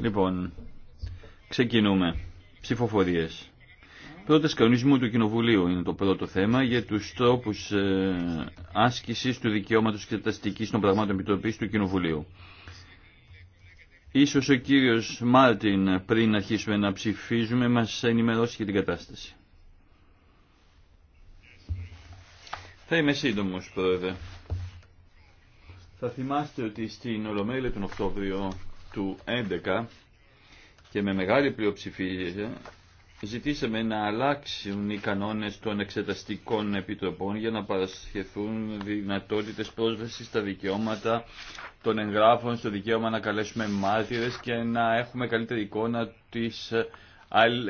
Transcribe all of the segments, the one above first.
Λοιπόν, ξεκινούμε. Ψηφοφορίε. Πρώτα κανονισμού του Κοινοβουλίου είναι το πρώτο θέμα για ε, του τρόπου άσκηση του δικαιώματο και των πραγμάτων επιτροπή του Κοινοβουλίου. Ίσως ο κύριος Μάρτιν πριν αρχίσουμε να ψηφίζουμε μας ενημερώσει για την κατάσταση. Θα είμαι σύντομος, Πρόεδρε. Θα θυμάστε ότι στην Ολομέλεια τον Οκτώβριο του 2011 και με μεγάλη πλειοψηφία ζητήσαμε να αλλάξουν οι κανόνες των εξεταστικών επιτροπών για να παρασχεθούν δυνατότητες πρόσβασης στα δικαιώματα των εγγράφων, στο δικαίωμα να καλέσουμε μάρτυρες και να έχουμε καλύτερη εικόνα της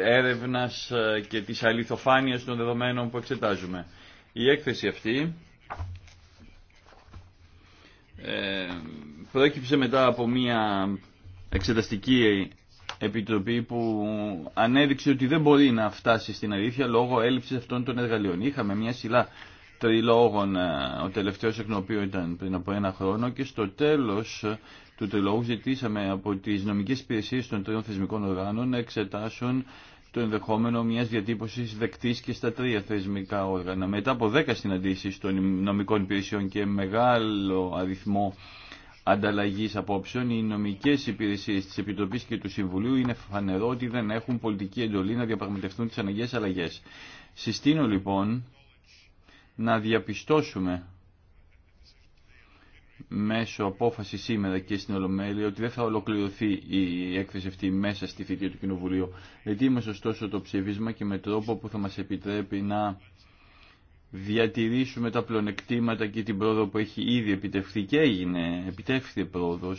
έρευνας και της αληθοφάνειας των δεδομένων που εξετάζουμε. Η έκθεση αυτή ε, Πρόκειται μετά από μια εξεταστική επιτροπή που ανέδειξε ότι δεν μπορεί να φτάσει στην αλήθεια λόγω έλλειψης αυτών των εργαλείων. Είχαμε μια σειρά τριλόγων, ε, ο τελευταίος εκ ήταν πριν από ένα χρόνο και στο τέλος του τριλόγου ζητήσαμε από τις νομικές υπηρεσίες των τριών θεσμικών οργάνων να εξετάσουν το ενδεχόμενο μιας διατύπωσης δεκτής και στα τρία θεσμικά όργανα. Μετά από δέκα συναντήσεις των νομικών υπηρεσιών και μεγάλο αριθμό ανταλλαγή απόψεων, οι νομικές υπηρεσίες τη επιτροπή και του Συμβουλίου είναι φανερό ότι δεν έχουν πολιτική εντολή να διαπραγματευτούν τις αναγκαίες αλλαγές. Συστήνω λοιπόν να διαπιστώσουμε μέσω απόφαση σήμερα και στην Ολομέλεια ότι δεν θα ολοκληρωθεί η έκθεση αυτή μέσα στη θητεία του Κοινοβουλίου. Γιατί είμαστε ωστόσο το ψήφισμα και με τρόπο που θα μα επιτρέπει να διατηρήσουμε τα πλονεκτήματα και την πρόοδο που έχει ήδη επιτευχθεί και έγινε, επιτεύχθη πρόοδο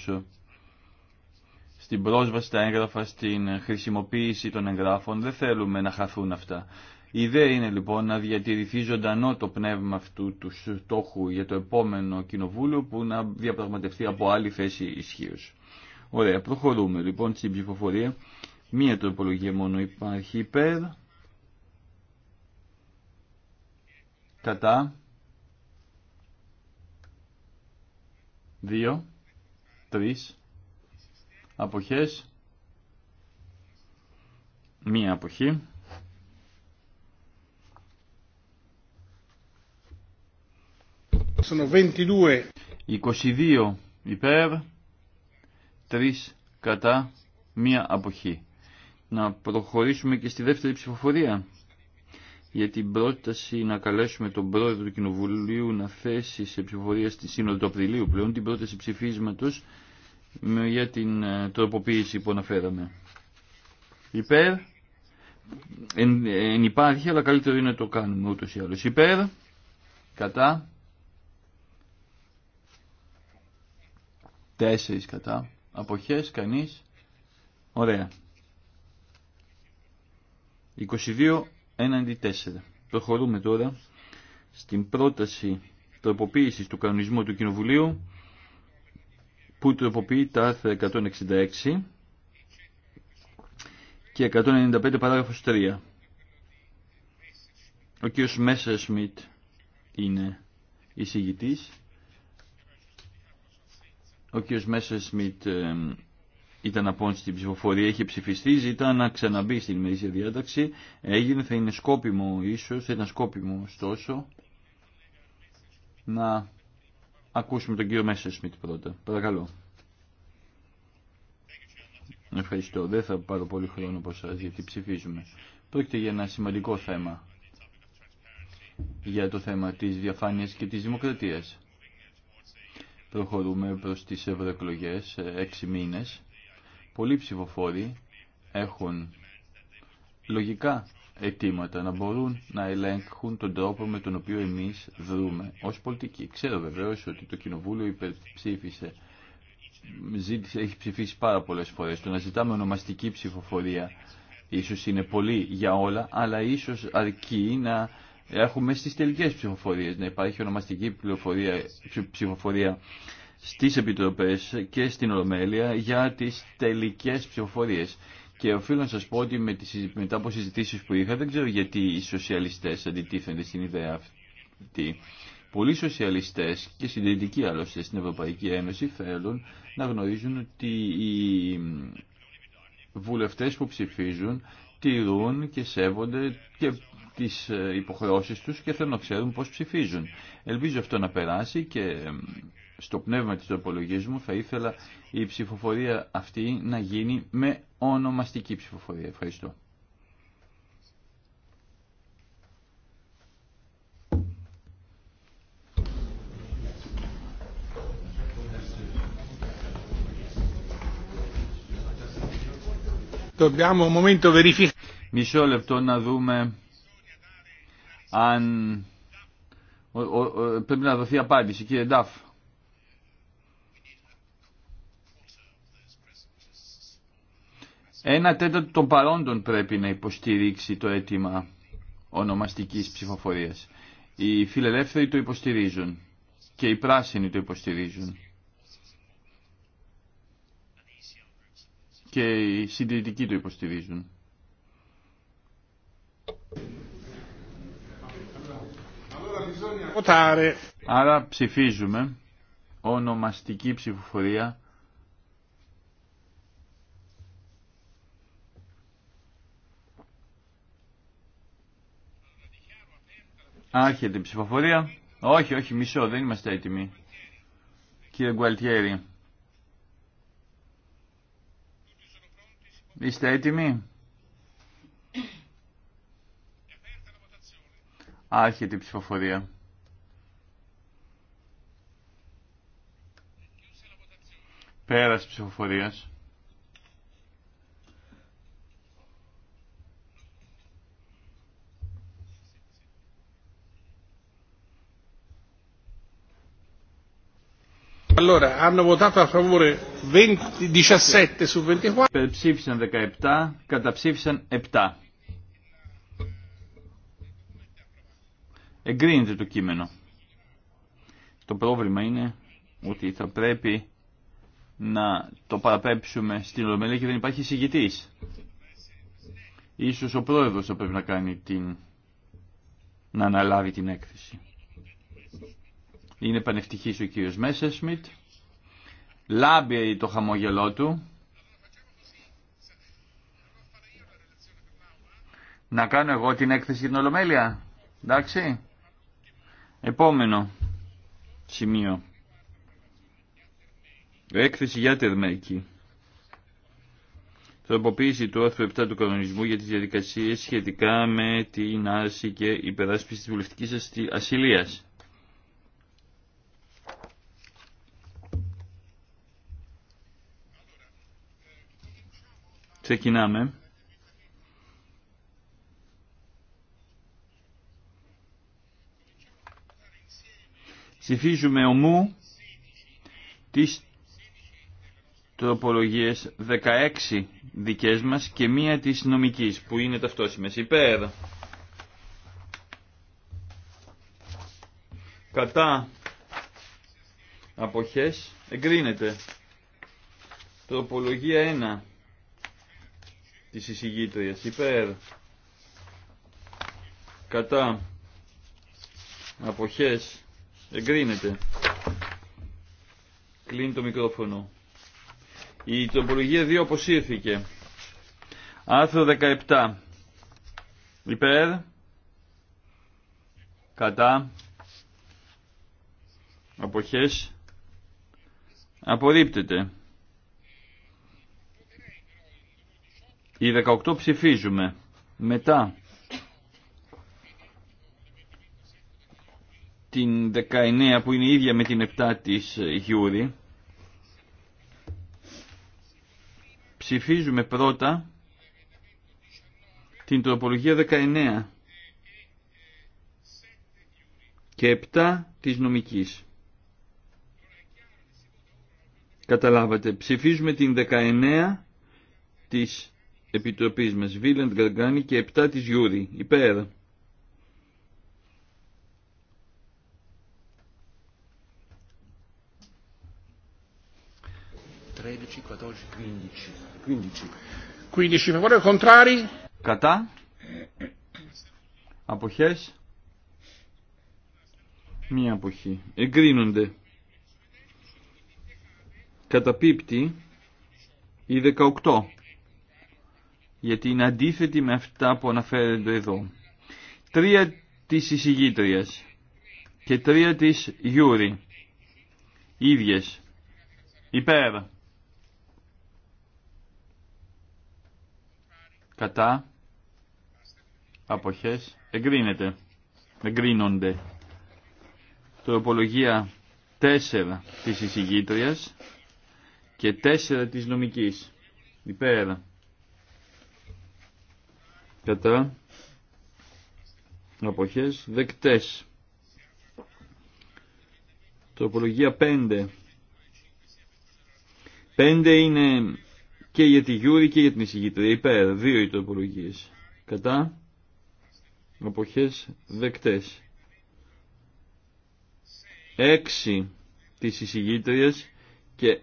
στην πρόσβαση στα έγγραφα, στην χρησιμοποίηση των εγγράφων. Δεν θέλουμε να χαθούν αυτά. Η ιδέα είναι λοιπόν να διατηρηθεί ζωντανό το πνεύμα αυτού του στόχου για το επόμενο κοινοβούλιο που να διαπραγματευτεί από άλλη θέση ισχύω. Ωραία, προχωρούμε λοιπόν στην ψηφοφορία. Μία τροπολογία μόνο υπάρχει υπέρ. Κατά. Δύο. Τρεις. Αποχές. Μία αποχή. 22. υπέρ, 3 κατά, μία αποχή. Να προχωρήσουμε και στη δεύτερη ψηφοφορία για την πρόταση να καλέσουμε τον πρόεδρο του Κοινοβουλίου να θέσει σε ψηφοφορία στη Σύνοδο του Απριλίου πλέον την πρόταση ψηφίσματος για την ε, τροποποίηση που αναφέραμε. Υπέρ, εν, ε, εν, υπάρχει αλλά καλύτερο είναι να το κάνουμε ούτως ή άλλως. Υπέρ, κατά, Τέσσερις κατά. Αποχές, κανείς. Ωραία. 22 έναντι 4. Προχωρούμε τώρα στην πρόταση τροποποίησης του κανονισμού του Κοινοβουλίου που τροποποιεί τα άρθρα 166 και 195 παράγραφος 3. Ο κ. Μέσσερ Σμιτ είναι εισηγητής. Ο κ. Μέσσερ Σμιτ ήταν απόν στην ψηφοφορία, είχε ψηφιστεί, ζητά να ξαναμπεί στην ημερήσια διάταξη. Έγινε, θα είναι σκόπιμο ίσως, θα ήταν σκόπιμο ωστόσο, να ακούσουμε τον κύριο Μέσσερ Σμιτ πρώτα. Παρακαλώ. Ευχαριστώ. Δεν θα πάρω πολύ χρόνο από εσά γιατί ψηφίζουμε. Πρόκειται για ένα σημαντικό θέμα για το θέμα της διαφάνειας και της δημοκρατίας προχωρούμε προς τις ευρωεκλογέ ε, έξι μήνες. Πολλοί ψηφοφόροι έχουν λογικά αιτήματα να μπορούν να ελέγχουν τον τρόπο με τον οποίο εμείς δρούμε ως πολιτικοί. Ξέρω βεβαίως ότι το Κοινοβούλιο υπερψήφισε, ζήτησε, έχει ψηφίσει πάρα πολλές φορές. Το να ζητάμε ονομαστική ψηφοφορία ίσως είναι πολύ για όλα, αλλά ίσως αρκεί να έχουμε στι τελικές ψηφοφορίε. να υπάρχει ονομαστική ψηφοφορία στις επιτροπέ και στην Ολομέλεια για τις τελικές ψηφοφορίε. Και οφείλω να σα πω ότι με τις, μετά από συζητήσεις που είχα δεν ξέρω γιατί οι σοσιαλιστές αντιτίθενται στην ιδέα αυτή. Πολλοί σοσιαλιστές και συντηρητικοί άλλωστε στην Ευρωπαϊκή Ένωση θέλουν να γνωρίζουν ότι οι βουλευτέ που ψηφίζουν τηρούν και σέβονται και τις ε, υποχρεώσεις τους και θέλουν να ξέρουν πώς ψηφίζουν. Ελπίζω αυτό να περάσει και ε, στο πνεύμα της τροπολογίας μου θα ήθελα η ψηφοφορία αυτή να γίνει με ονομαστική ψηφοφορία. Ευχαριστώ. Μισό λεπτό να δούμε αν πρέπει να δοθεί απάντηση. Κύριε Ντάφ. Ένα τέταρτο των παρόντων πρέπει να υποστηρίξει το αίτημα ονομαστικής ψηφοφορίας. Οι φιλελεύθεροι το υποστηρίζουν και οι πράσινοι το υποστηρίζουν. Και οι συντηρητικοί το υποστηρίζουν. Άρα ψηφίζουμε ονομαστική ψηφοφορία Άρχεται η ψηφοφορία. Όχι, όχι, μισό, δεν είμαστε έτοιμοι. Κύριε Γκουαλτιέρη. Είστε έτοιμοι. Άρχεται η ψηφοφορία. Πέρας ψηφοφορίας. Allora, hanno votato a favore 20, 17 su 24. Ψήφισαν 17, καταψήφισαν 7. εγκρίνεται το κείμενο. Το πρόβλημα είναι ότι θα πρέπει να το παραπέψουμε στην Ολομέλεια και δεν υπάρχει εισηγητής. Ίσως ο πρόεδρος θα πρέπει να κάνει την... να αναλάβει την έκθεση. Είναι πανευτυχής ο κύριος Μέσσεσμιτ. Λάμπει το χαμόγελό του. Να κάνω εγώ την έκθεση στην Ολομέλεια. Εντάξει. Επόμενο σημείο. Έκθεση για τερμαϊκή. Τροποποίηση του άρθρου 7 του κανονισμού για τις διαδικασίες σχετικά με την άρση και υπεράσπιση της βουλευτικής ασυλίας. Ξεκινάμε. Ψηφίζουμε ομού τις τροπολογίες 16 δικές μας και μία της νομικής που είναι ταυτόσημες υπέρ. Κατά αποχές εγκρίνεται. Τροπολογία 1 της εισηγήτριας υπέρ κατά αποχές Εγκρίνεται. Κλείνει το μικρόφωνο. Η τροπολογία 2 αποσύρθηκε. Άρθρο 17. Υπέρ. Κατά. Αποχές. Απορρίπτεται. Η 18 ψηφίζουμε. Μετά την 19 που είναι ίδια με την 7 της Γιούρη. Ψηφίζουμε πρώτα την τροπολογία 19 και 7 της νομικής. Καταλάβατε, ψηφίζουμε την 19 της Επιτροπής μας, Βίλεντ Γκαργκάνη και 7 της Γιούρη, υπέρ. 13, 14, 15. 15. 15 favore, contrari. Κατά. Αποχές. Μία αποχή. Εγκρίνονται. Καταπίπτει η 18. Γιατί είναι αντίθετη με αυτά που αναφέρονται εδώ. Τρία της εισηγήτριας και τρία της Γιούρι. Ίδιες. Υπέρ. κατά, αποχές, εγκρίνεται, εγκρίνονται. Τροπολογία 4 της εισηγήτριας και 4 της νομικής. Υπέρ. Κατά. Αποχές δεκτές. Τροπολογία 5. 5 είναι και για τη Γιούρη και για την εισηγήτρια. Υπέρ, δύο οι τροπολογίε. Κατά, αποχές δεκτές. Έξι της εισηγήτριας και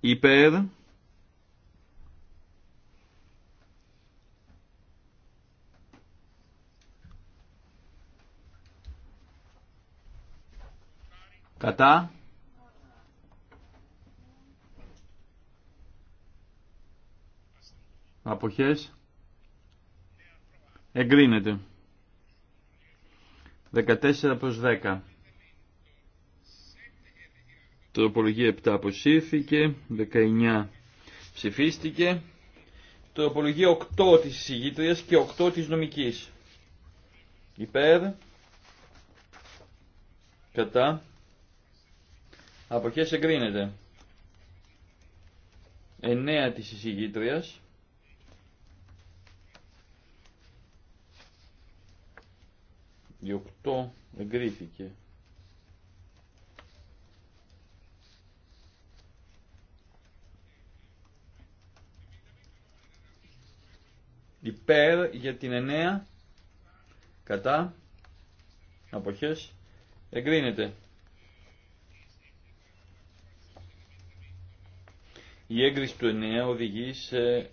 υπέρ, Κατά. αποχές εγκρίνεται 14 προς 10 τροπολογία 7 αποσύρθηκε 19 ψηφίστηκε τροπολογία 8 της εισηγήτριας και 8 της νομικής υπέρ κατά αποχές εγκρίνεται 9 της εισηγήτριας Η 28 εγκρίθηκε. ΠΕΡ για την 9 κατά αποχές εγκρίνεται. Η έγκριση του 9 οδηγεί σε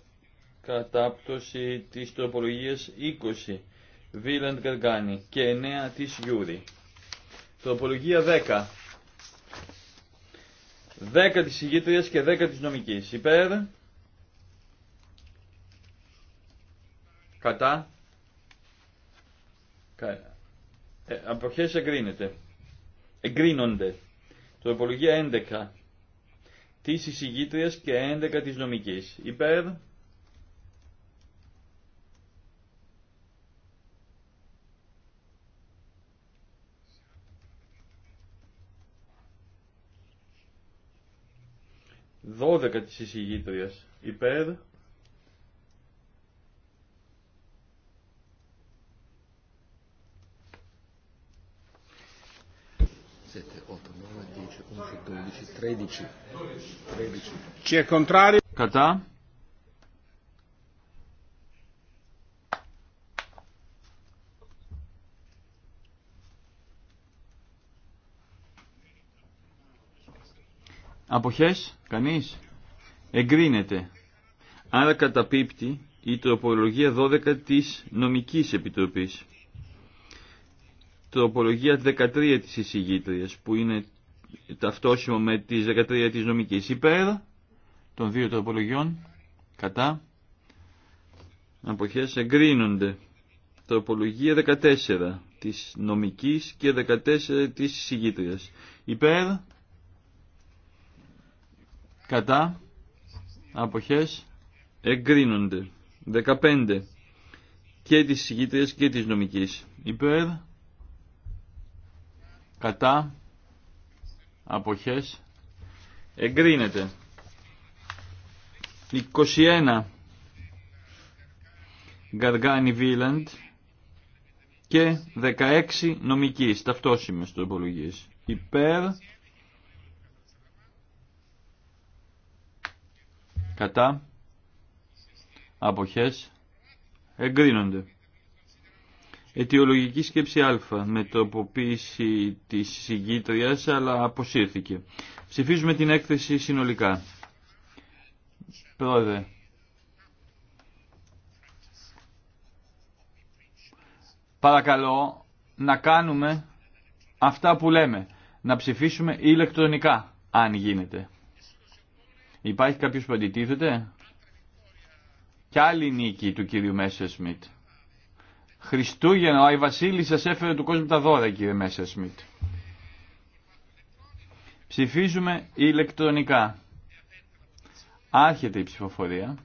κατάπτωση της τροπολογίας 20 Βίλαντ Γκαργκάνη και 9 της Γιούρη. Τροπολογία 10. 10 της ηγήτριας και 10 της νομικής. Υπέρ. Κατά. Ε, αποχές εγκρίνεται. Εγκρίνονται. Τροπολογία 11. Της εισηγήτριας και 11 της νομικής. Υπέρ. 12 της εισηγήτριας υπέρ Κατά. Αποχές. Κανείς. Εγκρίνεται. Άρα καταπίπτει η τροπολογία 12 της νομικής επιτροπής. Τροπολογία 13 της εισηγήτριας που είναι ταυτόσιμο με τις 13 της νομικής υπέρ των δύο τροπολογιών κατά αποχές εγκρίνονται. Τροπολογία 14 της νομικής και 14 της εισηγήτριας. Υπέρ κατά αποχές εγκρίνονται 15 και τις συγκήτριας και τις νομικής υπέρ κατά αποχές εγκρίνεται 21 Γκαργάνι Βίλαντ και 16 νομικής ταυτόσημες τροπολογίες υπέρ κατά αποχές εγκρίνονται. Αιτιολογική σκέψη α με τοποποίηση της συγκήτριας αλλά αποσύρθηκε. Ψηφίζουμε την έκθεση συνολικά. Πρόεδρε. Παρακαλώ να κάνουμε αυτά που λέμε. Να ψηφίσουμε ηλεκτρονικά αν γίνεται. Υπάρχει κάποιος που αντιτίθεται. Κι άλλη νίκη του κύριου Μέσσερ Σμιτ. Χριστούγεννα, ο Άι Βασίλη σας έφερε του κόσμου τα δώρα κύριε Μέσσερ Σμιτ. Ψηφίζουμε ηλεκτρονικά. Άρχεται η ψηφοφορία.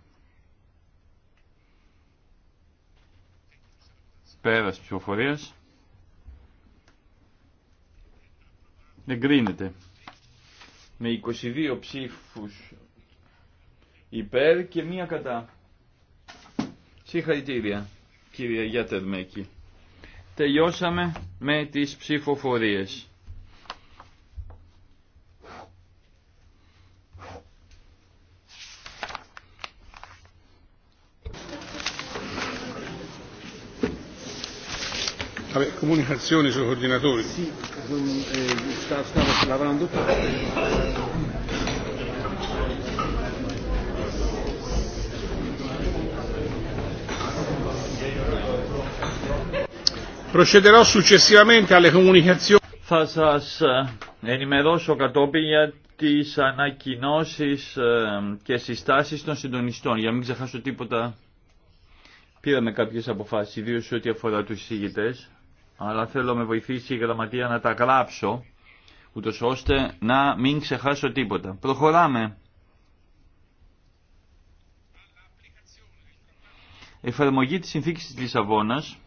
Πέρας ψηφοφορίας. Εγκρίνεται. Με 22 ψήφους υπέρ και μία κατά. Συγχαρητήρια κύριε Γιατερμέκη. Τελειώσαμε με τις ψηφοφορίες. Vabbè, comunicazioni sui coordinatori. Sì, eh, stavo lavorando. tutto. Procederò successivamente Θα σα ε, ενημερώσω κατόπιν για τι ανακοινώσει ε, και συστάσει των συντονιστών. Για να μην ξεχάσω τίποτα, πήραμε κάποιες αποφάσεις, σε ό,τι αφορά του εισηγητές, αλλά θέλω με βοηθήσει η γραμματεία να τα γράψω, ούτω ώστε να μην ξεχάσω τίποτα. Προχωράμε. Εφαρμογή της συνθήκης της Λισαβόνας,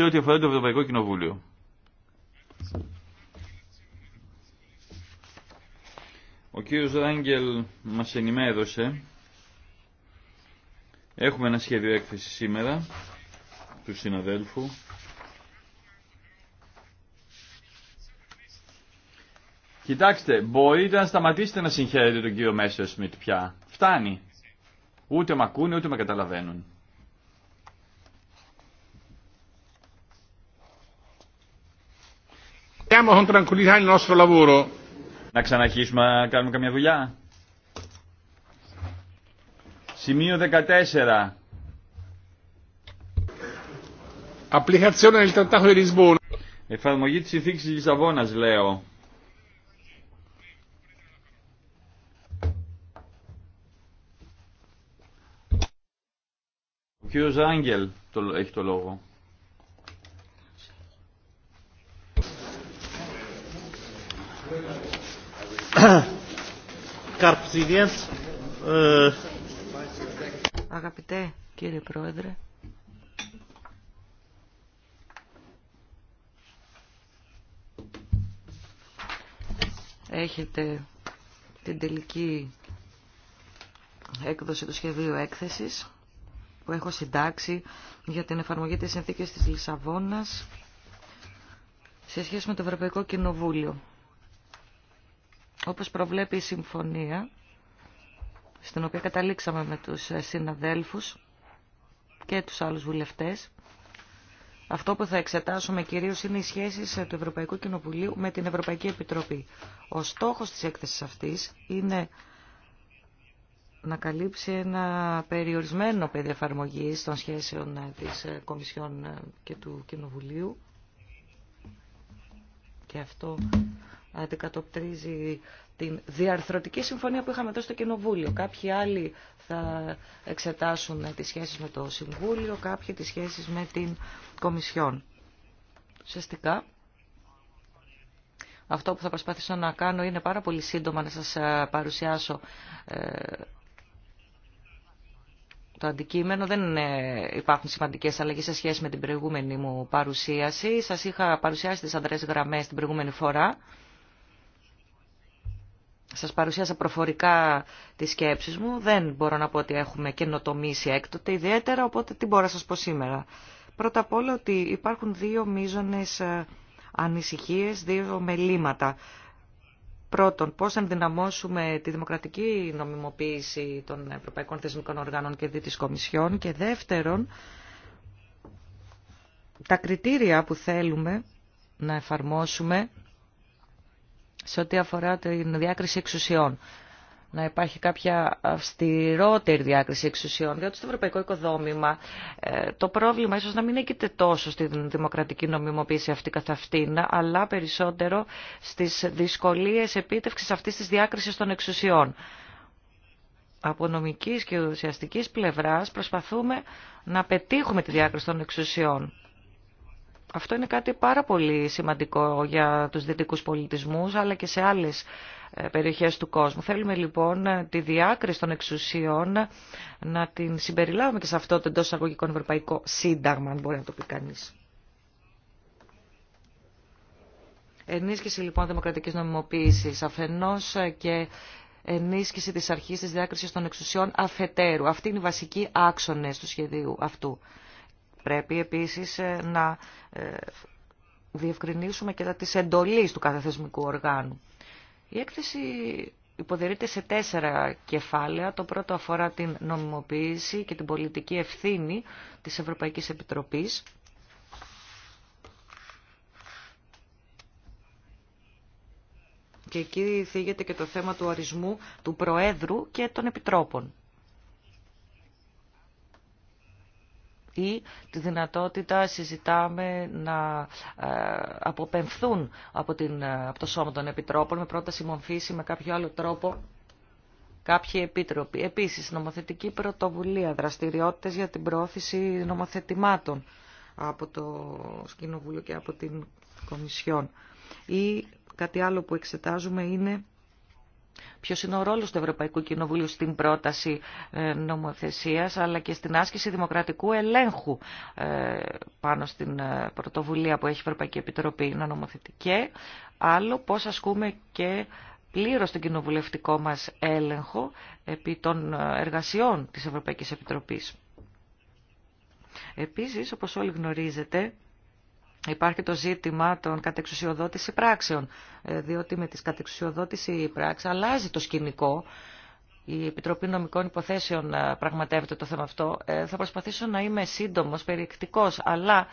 σε ό,τι αφορά το Ευρωπαϊκό Κοινοβούλιο. Ο κύριος Ράγκελ μας ενημέρωσε. Έχουμε ένα σχέδιο έκθεση σήμερα του συναδέλφου. Κοιτάξτε, μπορείτε να σταματήσετε να συγχαίρετε τον κύριο Μέσσερ Σμιτ πια. Φτάνει. Ούτε με ακούνε, ούτε με καταλαβαίνουν. riprendiamo con tranquillità il nostro lavoro. Να ξαναρχίσουμε να κάνουμε καμιά δουλειά. Σημείο 14. Applicazione del Trattato di Lisbona. Εφαρμογή της συνθήκης της Λισαβόνας, λέω. Ο κύριος Άγγελ το, έχει το λόγο. Ε, Αγαπητέ κύριε Πρόεδρε, έχετε την τελική έκδοση του σχεδίου έκθεσης που έχω συντάξει για την εφαρμογή της συνθήκης της Λισαβόνας σε σχέση με το Ευρωπαϊκό Κοινοβούλιο. Όπως προβλέπει η συμφωνία, στην οποία καταλήξαμε με τους συναδέλφους και τους άλλους βουλευτές, αυτό που θα εξετάσουμε κυρίως είναι οι σχέσεις του Ευρωπαϊκού Κοινοβουλίου με την Ευρωπαϊκή Επιτροπή. Ο στόχος της έκθεσης αυτής είναι να καλύψει ένα περιορισμένο πεδίο εφαρμογή των σχέσεων της Κομισιόν και του Κοινοβουλίου. Και αυτό αντικατοπτρίζει την διαρθρωτική συμφωνία που είχαμε εδώ στο Κοινοβούλιο. Κάποιοι άλλοι θα εξετάσουν τις σχέσεις με το Συμβούλιο, κάποιοι τις σχέσεις με την Κομισιόν. Ουσιαστικά, αυτό που θα προσπαθήσω να κάνω είναι πάρα πολύ σύντομα να σας ε, παρουσιάσω ε, το αντικείμενο. Δεν ε, υπάρχουν σημαντικές αλλαγές σε σχέση με την προηγούμενη μου παρουσίαση. Σας είχα παρουσιάσει τις αντρές γραμμές την προηγούμενη φορά. Σας παρουσίασα προφορικά τις σκέψεις μου. Δεν μπορώ να πω ότι έχουμε καινοτομήσει έκτοτε ιδιαίτερα, οπότε τι μπορώ να σας πω σήμερα. Πρώτα απ' όλα ότι υπάρχουν δύο μείζονες ε, ανησυχίες, δύο μελήματα. Πρώτον, πώς ενδυναμώσουμε τη δημοκρατική νομιμοποίηση των Ευρωπαϊκών Θεσμικών Οργάνων και της Κομισιόν. Και δεύτερον, τα κριτήρια που θέλουμε να εφαρμόσουμε σε ό,τι αφορά την διάκριση εξουσιών. Να υπάρχει κάποια αυστηρότερη διάκριση εξουσιών, διότι στο ευρωπαϊκό οικοδόμημα ε, το πρόβλημα ίσως να μην έγινε τόσο στη δημοκρατική νομιμοποίηση αυτή καθ' αυτήν, αλλά περισσότερο στις δυσκολίες επίτευξης αυτής της διάκρισης των εξουσιών από νομικής και ουσιαστικής πλευράς προσπαθούμε να πετύχουμε τη διάκριση των εξουσιών. Αυτό είναι κάτι πάρα πολύ σημαντικό για τους δυτικούς πολιτισμούς, αλλά και σε άλλες ε, περιοχές του κόσμου. Θέλουμε λοιπόν ε, τη διάκριση των εξουσιών ε, να την συμπεριλάβουμε και σε αυτό το εντό αγωγικών ευρωπαϊκό σύνταγμα, αν μπορεί να το πει κανείς. Ενίσχυση λοιπόν δημοκρατικής νομιμοποίησης αφενός και ενίσχυση της αρχής της διάκρισης των εξουσιών αφετέρου. Αυτή είναι η βασική άξονες του σχεδίου αυτού. Πρέπει επίσης ε, να ε, διευκρινίσουμε και τα της εντολής του καθεθεσμικού οργάνου. Η έκθεση υποδηρείται σε τέσσερα κεφάλαια. Το πρώτο αφορά την νομιμοποίηση και την πολιτική ευθύνη της Ευρωπαϊκής Επιτροπής. Και εκεί θίγεται και το θέμα του ορισμού του Προέδρου και των Επιτρόπων. ή τη δυνατότητα συζητάμε να ε, αποπεμφθούν από, την, ε, από το σώμα των επιτρόπων με πρόταση ή με κάποιο άλλο τρόπο κάποιοι επίτροποι. Επίσης, νομοθετική πρωτοβουλία, δραστηριότητες για την πρόθεση νομοθετημάτων από το Σκηνοβούλιο και από την Κομισιόν. Ή κάτι άλλο που εξετάζουμε είναι Ποιο είναι ο ρόλο του Ευρωπαϊκού Κοινοβουλίου στην πρόταση ε, νομοθεσία αλλά και στην άσκηση δημοκρατικού ελέγχου ε, πάνω στην ε, πρωτοβουλία που έχει η Ευρωπαϊκή Επιτροπή να νομοθετεί. Και άλλο πώ ασκούμε και πλήρω τον κοινοβουλευτικό μα έλεγχο επί των εργασιών τη Ευρωπαϊκή Επιτροπή. Επίσης, όπω όλοι γνωρίζετε, Υπάρχει το ζήτημα των κατεξουσιοδότηση πράξεων, ε, διότι με τις κατεξουσιοδότηση πράξεων αλλάζει το σκηνικό. Η Επιτροπή Νομικών Υποθέσεων ε, πραγματεύεται το θέμα αυτό. Ε, θα προσπαθήσω να είμαι σύντομος, περιεκτικός, αλλά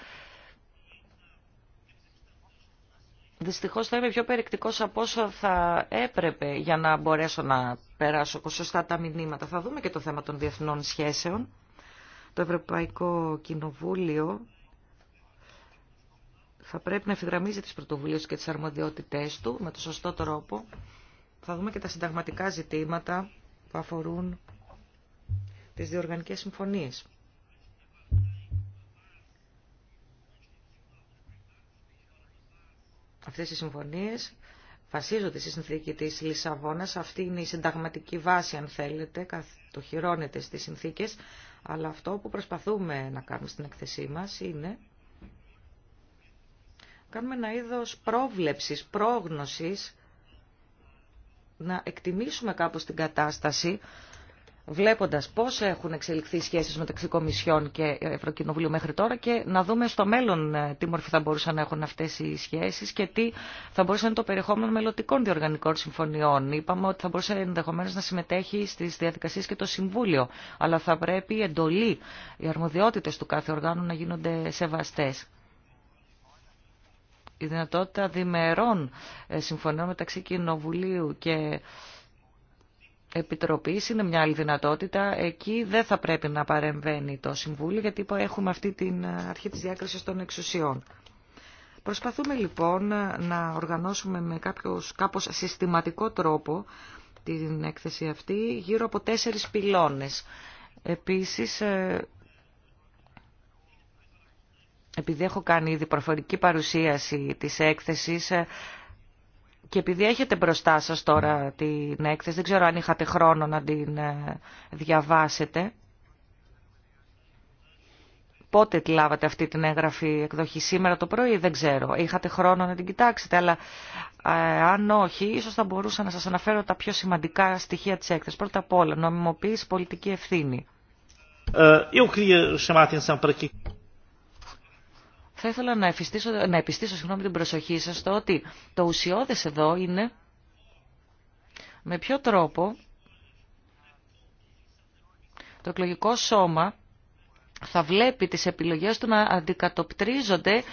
δυστυχώς θα είμαι πιο περιεκτικός από όσο θα έπρεπε για να μπορέσω να περάσω σωστά τα μηνύματα. Θα δούμε και το θέμα των διεθνών σχέσεων. Το Ευρωπαϊκό Κοινοβούλιο θα πρέπει να εφηγραμμίζει τις πρωτοβουλίες και τις αρμοδιότητές του με το σωστό τρόπο. Θα δούμε και τα συνταγματικά ζητήματα που αφορούν τις διοργανικές συμφωνίες. Αυτές οι συμφωνίες βασίζονται στη συνθήκη της Λισαβόνας. Αυτή είναι η συνταγματική βάση, αν θέλετε, το χειρώνεται στις συνθήκες. Αλλά αυτό που προσπαθούμε να κάνουμε στην εκθεσή μας είναι κάνουμε ένα είδος πρόβλεψης, πρόγνωσης, να εκτιμήσουμε κάπως την κατάσταση, βλέποντας πώς έχουν εξελιχθεί οι σχέσεις μεταξύ Κομισιόν και Ευρωκοινοβουλίου μέχρι τώρα και να δούμε στο μέλλον ε, τι μορφή θα μπορούσαν να έχουν αυτές οι σχέσεις και τι θα μπορούσε να είναι το περιεχόμενο μελλοντικών διοργανικών συμφωνιών. Είπαμε ότι θα μπορούσε ενδεχομένως να συμμετέχει στις διαδικασίες και το Συμβούλιο, αλλά θα πρέπει η εντολή, οι αρμοδιότητες του κάθε οργάνου να γίνονται σεβαστές η δυνατότητα διμερών ε, συμφωνιών μεταξύ Κοινοβουλίου και Επιτροπής είναι μια άλλη δυνατότητα. Εκεί δεν θα πρέπει να παρεμβαίνει το Συμβούλιο, γιατί έχουμε αυτή την ε, αρχή της διάκρισης των εξουσιών. Προσπαθούμε λοιπόν να οργανώσουμε με κάποιος, κάπως συστηματικό τρόπο την έκθεση αυτή γύρω από τέσσερις πυλώνες. Επίσης ε, επειδή έχω κάνει ήδη προφορική παρουσίαση της έκθεσης ε, και επειδή έχετε μπροστά σας τώρα την έκθεση, δεν ξέρω αν είχατε χρόνο να την ε, διαβάσετε. Πότε τη λάβατε αυτή την έγγραφη εκδοχή σήμερα το πρωί, δεν ξέρω. Είχατε χρόνο να την κοιτάξετε, αλλά ε, αν όχι, ίσως θα μπορούσα να σας αναφέρω τα πιο σημαντικά στοιχεία της έκθεσης. Πρώτα απ' όλα, νομιμοποίηση, πολιτική ευθύνη θα ήθελα να, εφιστήσω, να επιστήσω συγγνώμη την προσοχή σας στο ότι το ουσιώδες εδώ είναι με ποιο τρόπο το εκλογικό σώμα θα βλέπει τις επιλογές του να αντικατοπτρίζονται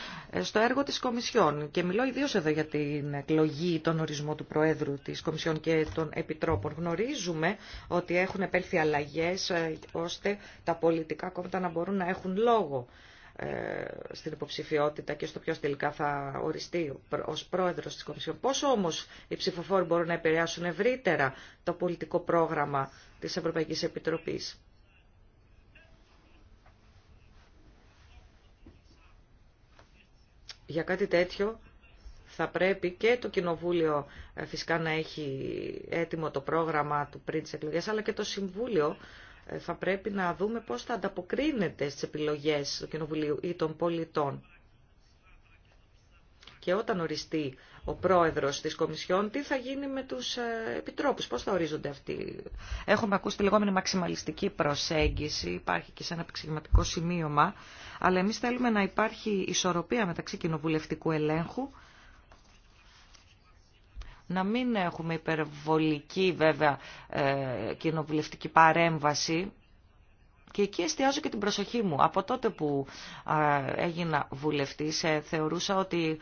στο έργο της Κομισιόν. Και μιλώ ιδίως εδώ για την εκλογή, τον ορισμό του Προέδρου της Κομισιόν και των Επιτρόπων. Γνωρίζουμε ότι έχουν επέλθει αλλαγές ε, ώστε τα πολιτικά κόμματα να μπορούν να έχουν λόγο ε, στην υποψηφιότητα και στο ποιος τελικά θα οριστεί ω πρόεδρος τη Κομισιόν. Πώ όμως οι ψηφοφόροι μπορούν να επηρεάσουν ευρύτερα το πολιτικό πρόγραμμα της Ευρωπαϊκής Επιτροπής. Για κάτι τέτοιο θα πρέπει και το Κοινοβούλιο ε, φυσικά να έχει έτοιμο το πρόγραμμα του πριν τις εκλογές, αλλά και το Συμβούλιο ε, θα πρέπει να δούμε πώς θα ανταποκρίνεται στις επιλογές του Κοινοβουλίου ή των πολιτών. Και όταν οριστεί ο πρόεδρος της Κομισιόν, τι θα γίνει με τους ε, επιτρόπους, πώς θα ορίζονται αυτοί. Έχουμε ακούσει τη λεγόμενη μαξιμαλιστική προσέγγιση, υπάρχει και σε ένα επεξηγηματικό σημείωμα, αλλά εμείς θέλουμε να υπάρχει ισορροπία μεταξύ κοινοβουλευτικού ελέγχου να μην έχουμε υπερβολική βέβαια ε, κοινοβουλευτική παρέμβαση και εκεί εστιάζω και την προσοχή μου. Από τότε που έγινα βουλευτής ε, θεωρούσα ότι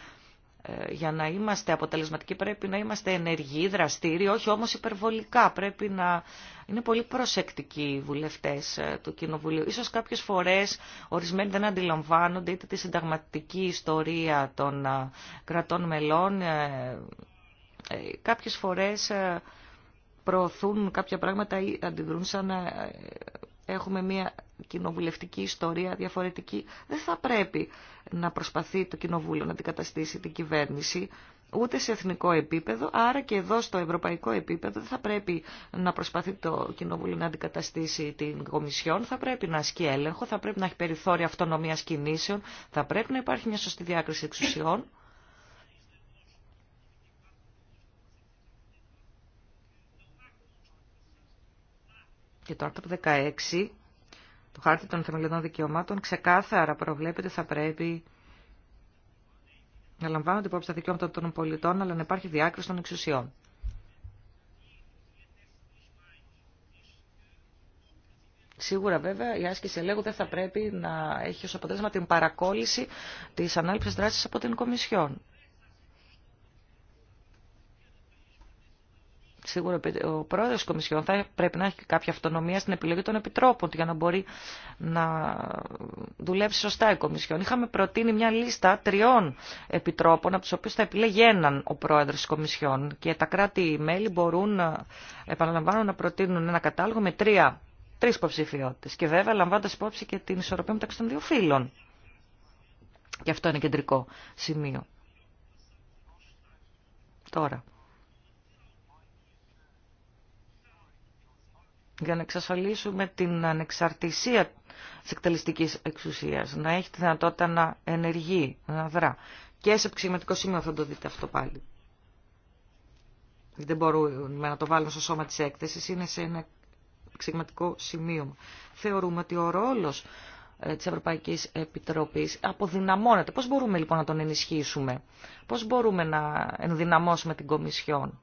ε, για να είμαστε αποτελεσματικοί πρέπει να είμαστε ενεργοί, δραστήριοι, όχι όμως υπερβολικά. Πρέπει να είναι πολύ προσεκτικοί οι βουλευτές του Κοινοβουλίου. Ίσως κάποιες φορές ορισμένοι δεν αντιλαμβάνονται είτε τη συνταγματική ιστορία των κρατών μελών, ε, κάποιες φορές ε, προωθούν κάποια πράγματα ή αντιδρούν σαν να ε, έχουμε μια κοινοβουλευτική ιστορία διαφορετική. Δεν θα πρέπει να προσπαθεί το κοινοβούλιο να αντικαταστήσει την κυβέρνηση ούτε σε εθνικό επίπεδο, άρα και εδώ στο ευρωπαϊκό επίπεδο δεν θα πρέπει να προσπαθεί το Κοινοβούλιο να αντικαταστήσει την Κομισιόν, θα πρέπει να ασκεί έλεγχο, θα πρέπει να έχει περιθώρια αυτονομίας κινήσεων, θα πρέπει να υπάρχει μια σωστή διάκριση εξουσιών Και το άρθρο 16 του Χάρτη των Θεμελιωδών Δικαιωμάτων ξεκάθαρα προβλέπεται θα πρέπει να λαμβάνονται υπόψη τα δικαιώματα των πολιτών, αλλά να υπάρχει διάκριση των εξουσιών. Σίγουρα βέβαια η άσκηση ελέγχου δεν θα πρέπει να έχει ως αποτέλεσμα την παρακόλληση της ανάληψης δράσης από την Κομισιόν. Σίγουρα ο πρόεδρο τη Κομισιόν θα πρέπει να έχει κάποια αυτονομία στην επιλογή των επιτρόπων για να μπορεί να δουλεύσει σωστά η Κομισιόν. Είχαμε προτείνει μια λίστα τριών επιτρόπων, από του οποίου θα επιλέγει έναν ο πρόεδρο τη Κομισιόν. Και τα κράτη-μέλη μπορούν, επαναλαμβάνω, να προτείνουν ένα κατάλογο με τρία, τρει υποψηφιότητε. Και βέβαια λαμβάνοντα υπόψη και την ισορροπία μεταξύ των δύο φύλων. Και αυτό είναι κεντρικό σημείο. Τώρα, για να εξασφαλίσουμε την ανεξαρτησία της εκτελεστικής εξουσίας, να έχει τη δυνατότητα να ενεργεί, να δρά. Και σε επεξηγηματικό σημείο θα το δείτε αυτό πάλι. Δεν μπορούμε να το βάλουμε στο σώμα της έκθεσης, είναι σε ένα επεξηγηματικό σημείο. Θεωρούμε ότι ο ρόλος ε, της Ευρωπαϊκής Επιτροπής αποδυναμώνεται. Πώς μπορούμε λοιπόν να τον ενισχύσουμε, πώς μπορούμε να ενδυναμώσουμε την Κομισιόν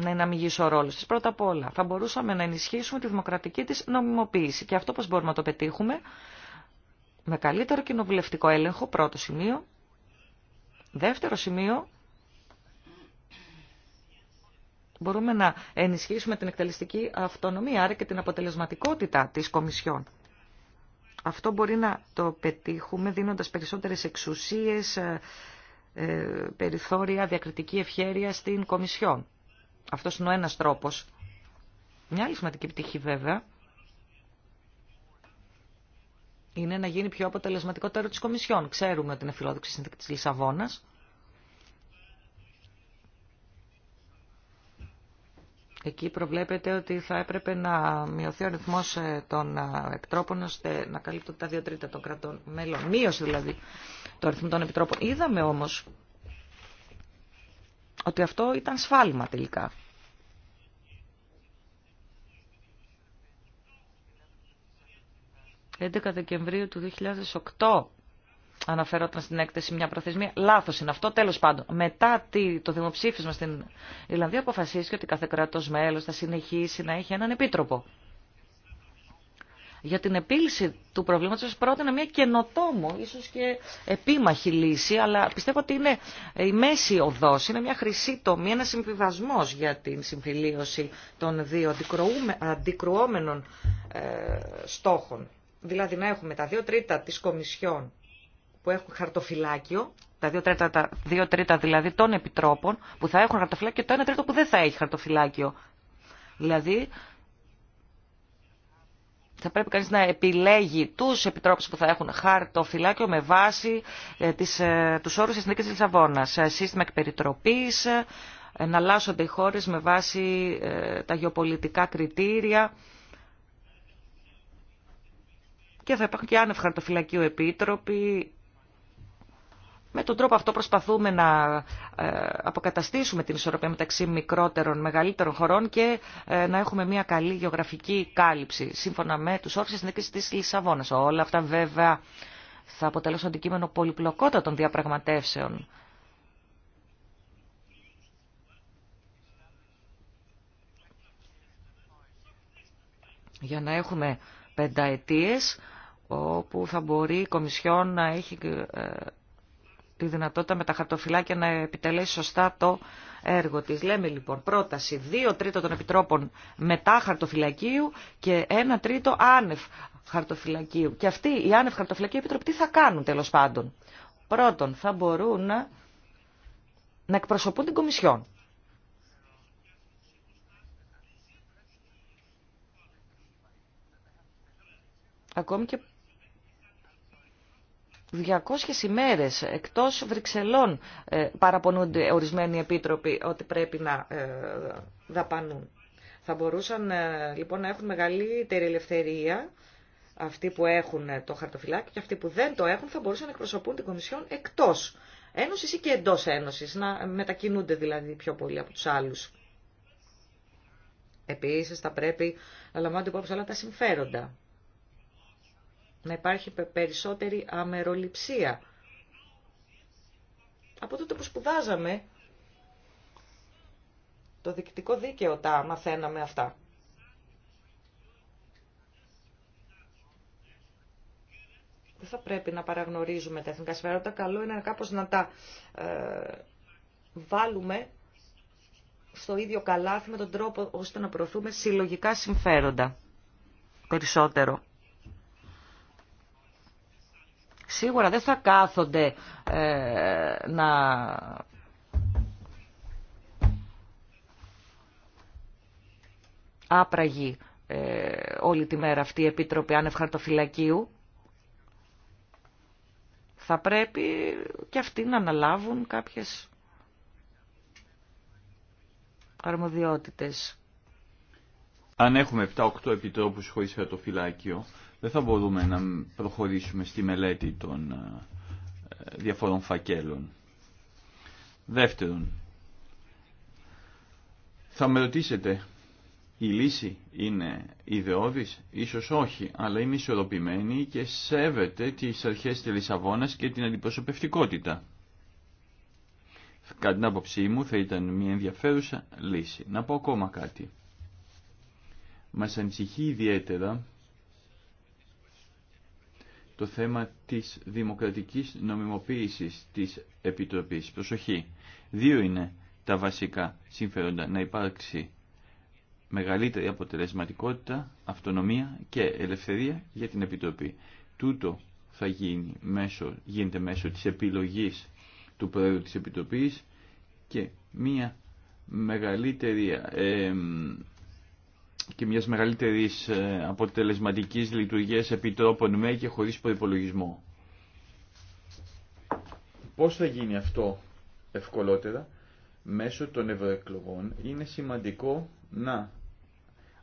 ναι, να εναμιγήσω ο ρόλο. της. Πρώτα απ' όλα, θα μπορούσαμε να ενισχύσουμε τη δημοκρατική της νομιμοποίηση. Και αυτό πώς μπορούμε να το πετύχουμε, με καλύτερο κοινοβουλευτικό έλεγχο, πρώτο σημείο. Δεύτερο σημείο, μπορούμε να ενισχύσουμε την εκτελεστική αυτονομία, άρα και την αποτελεσματικότητα της Κομισιόν. Αυτό μπορεί να το πετύχουμε δίνοντας περισσότερες εξουσίες, ε, ε, περιθώρια, διακριτική ευχέρεια στην Κομισιόν. Αυτός είναι ο ένας τρόπος. Μια άλλη σημαντική πτυχή βέβαια είναι να γίνει πιο αποτελεσματικό το έργο της Κομισιόν. Ξέρουμε ότι είναι φιλόδοξη συνθήκη της Λισαβόνας. Εκεί προβλέπεται ότι θα έπρεπε να μειωθεί ο αριθμό ε, των επιτρόπων ώστε να καλύπτουν τα δύο τρίτα των κρατών μέλων. Μείωση δηλαδή το ρυθμό των επιτρόπων. Είδαμε όμως ότι αυτό ήταν σφάλμα τελικά. «11 Δεκεμβρίου του 2008» αναφερόταν στην έκθεση μια προθεσμία. Λάθος είναι αυτό. Τέλος πάντων, μετά το δημοψήφισμα στην Ιρλανδία αποφασίστηκε ότι κάθε κράτος μέλος θα συνεχίσει να έχει έναν επίτροπο για την επίλυση του προβλήματος σας πρότεινα μια καινοτόμο, ίσως και επίμαχη λύση, αλλά πιστεύω ότι είναι η μέση οδός, είναι μια χρυσή τομή, ένα συμβιβασμός για την συμφιλίωση των δύο αντικρουόμενων ε, στόχων. Δηλαδή να έχουμε τα δύο τρίτα της Κομισιόν που έχουν χαρτοφυλάκιο, τα δύο τρίτα, τα δύο τρίτα δηλαδή των επιτρόπων που θα έχουν χαρτοφυλάκιο και το ένα τρίτο που δεν θα έχει χαρτοφυλάκιο. Δηλαδή θα πρέπει κανείς να επιλέγει τους επιτρόπους που θα έχουν χαρτοφυλάκιο με βάση ε, τις, ε, τους όρους της Νίκης της Λισαβόνας. Ε, σύστημα εκπεριτροπής, εναλλάσσονται οι χώρες με βάση ε, τα γεωπολιτικά κριτήρια και θα υπάρχουν και άνευ χαρτοφυλακίου επίτροποι με τον τρόπο αυτό προσπαθούμε να ε, αποκαταστήσουμε την ισορροπία μεταξύ μικρότερων, μεγαλύτερων χωρών και ε, να έχουμε μια καλή γεωγραφική κάλυψη, σύμφωνα με τους όρους της συνδίκησης της Λισαβόνας. Όλα αυτά βέβαια θα αποτελέσουν αντικείμενο πολυπλοκότητα των διαπραγματεύσεων. Για να έχουμε πενταετίες όπου θα μπορεί η Κομισιόν να έχει ε, τη δυνατότητα με τα χαρτοφυλάκια να επιτελέσει σωστά το έργο της. Λέμε λοιπόν πρόταση 2 τρίτο των επιτρόπων μετά χαρτοφυλακίου και 1 τρίτο άνευ χαρτοφυλακίου. Και αυτοί οι άνευ χαρτοφυλακίου επιτρόποι τι θα κάνουν τέλος πάντων. Πρώτον θα μπορούν να, να εκπροσωπούν την Κομισιόν. Ακόμη και 200 ημέρες εκτός Βρυξελών ε, παραπονούνται ορισμένοι επίτροποι ότι πρέπει να ε, δαπανούν. Θα μπορούσαν ε, λοιπόν να έχουν μεγαλύτερη ελευθερία αυτοί που έχουν το χαρτοφυλάκι και αυτοί που δεν το έχουν θα μπορούσαν να εκπροσωπούν την Κομισιόν εκτός Ένωση ή και εντός Ένωσης, να μετακινούνται δηλαδή πιο πολύ από τους άλλους. Επίσης θα πρέπει να λαμβάνονται υπόψη όλα τα συμφέροντα να υπάρχει περισσότερη αμεροληψία. Από τότε που σπουδάζαμε, το δικτικό δίκαιο τα μαθαίναμε αυτά. Δεν θα πρέπει να παραγνωρίζουμε τα εθνικά συμφέροντα. Καλό είναι κάπως να τα ε, βάλουμε στο ίδιο καλάθι με τον τρόπο ώστε να προωθούμε συλλογικά συμφέροντα περισσότερο σίγουρα δεν θα κάθονται ε, να άπραγοι ε, όλη τη μέρα αυτή η Επίτροπη Ανευχαρτοφυλακίου. Θα πρέπει και αυτοί να αναλάβουν κάποιες αρμοδιότητες. Αν έχουμε 7-8 επιτρόπους χωρίς χαρτοφυλάκιο, δεν θα μπορούμε να προχωρήσουμε στη μελέτη των ε, διαφορών φακέλων. Δεύτερον, θα με ρωτήσετε, η λύση είναι ιδεώδης, ίσως όχι, αλλά είναι ισορροπημένη και σέβεται τις αρχές της Λισαβόνας και την αντιπροσωπευτικότητα. Κατά την άποψή μου θα ήταν μια ενδιαφέρουσα λύση. Να πω ακόμα κάτι. Μας ανησυχεί ιδιαίτερα το θέμα της δημοκρατικής νομιμοποίησης της Επιτροπής. Προσοχή. Δύο είναι τα βασικά συμφέροντα. Να υπάρξει μεγαλύτερη αποτελεσματικότητα, αυτονομία και ελευθερία για την Επιτροπή. Τούτο θα γίνει μέσω, γίνεται μέσω της επιλογής του Προέδρου της Επιτροπής και μία μεγαλύτερη ε, και μιας μεγαλύτερης ε, αποτελεσματικής λειτουργίας επιτρόπων με και χωρίς προϋπολογισμό. Πώς θα γίνει αυτό ευκολότερα μέσω των ευρωεκλογών είναι σημαντικό να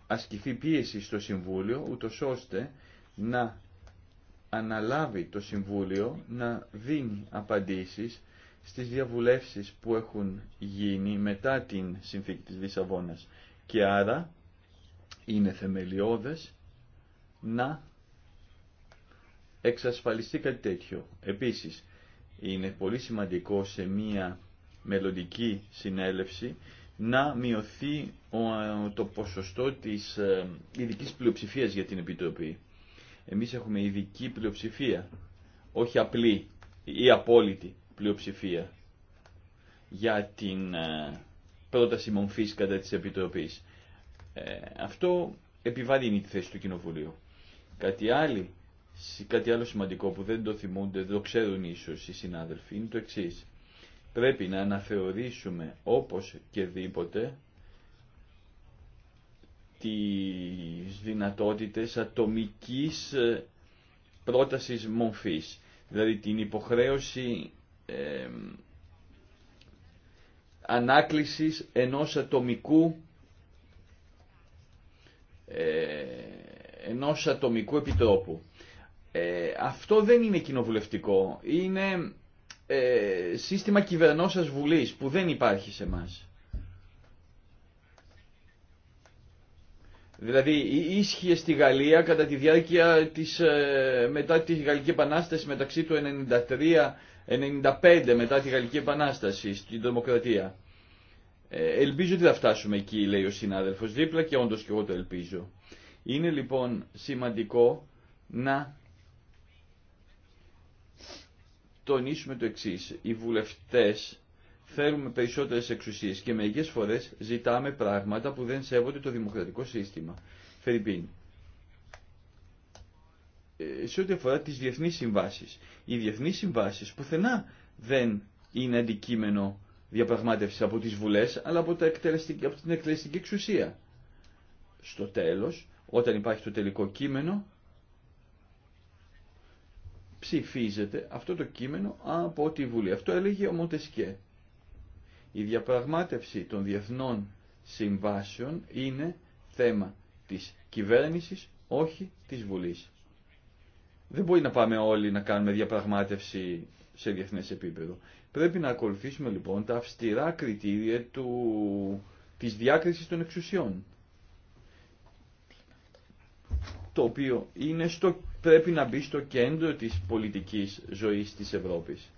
ασκηθεί πίεση στο Συμβούλιο ούτω ώστε να αναλάβει το Συμβούλιο να δίνει απαντήσεις στις διαβουλεύσεις που έχουν γίνει μετά την συνθήκη της Λισαβόνας και άρα είναι θεμελιώδες να εξασφαλιστεί κάτι τέτοιο. Επίσης, είναι πολύ σημαντικό σε μία μελλοντική συνέλευση να μειωθεί το ποσοστό της ε, ειδική πλειοψηφίας για την Επιτροπή. Εμείς έχουμε ειδική πλειοψηφία, όχι απλή ή απόλυτη πλειοψηφία για την ε, πρόταση μομφής κατά της Επιτροπής. Ε, αυτό επιβαρύνει τη θέση του Κοινοβουλίου. Κάτι, άλλη, κάτι άλλο σημαντικό που δεν το θυμούνται, δεν το ξέρουν ίσω οι συνάδελφοι, είναι το εξής. Πρέπει να αναθεωρήσουμε όπως και δίποτε τις δυνατότητες ατομικής ε, πρότασης μορφής. Δηλαδή την υποχρέωση ε, ανάκλησης ενός ατομικού ε, ενός ατομικού επιτρόπου. Ε, αυτό δεν είναι κοινοβουλευτικό. Είναι ε, σύστημα κυβερνώσας βουλής που δεν υπάρχει σε μας. Δηλαδή ίσχυε στη Γαλλία κατά τη διάρκεια της, ε, μετά τη Γαλλική Επανάσταση μεταξύ του 93-95 μετά τη Γαλλική Επανάσταση στην Δημοκρατία. Ε, ελπίζω ότι θα φτάσουμε εκεί, λέει ο συνάδελφο, δίπλα και όντω και εγώ το ελπίζω. Είναι λοιπόν σημαντικό να τονίσουμε το εξή. Οι βουλευτές θέλουμε περισσότερες εξουσίε και μερικέ φορές ζητάμε πράγματα που δεν σέβονται το δημοκρατικό σύστημα. Φερρυπίν. Ε, σε ό,τι αφορά τι διεθνεί συμβάσει, Οι διεθνεί συμβάσει πουθενά δεν είναι αντικείμενο Διαπραγμάτευση από τις βουλές, αλλά από, από την εκτελεστική εξουσία. Στο τέλος, όταν υπάρχει το τελικό κείμενο, ψηφίζεται αυτό το κείμενο από τη Βουλή. Αυτό έλεγε ο Μοντεσκέ. Η διαπραγμάτευση των διεθνών συμβάσεων είναι θέμα της κυβέρνησης, όχι της Βουλής. Δεν μπορεί να πάμε όλοι να κάνουμε διαπραγμάτευση σε διεθνές επίπεδο. Πρέπει να ακολουθήσουμε λοιπόν τα αυστηρά κριτήρια του, της διάκρισης των εξουσιών. Το οποίο είναι στο, πρέπει να μπει στο κέντρο της πολιτικής ζωής της Ευρώπης.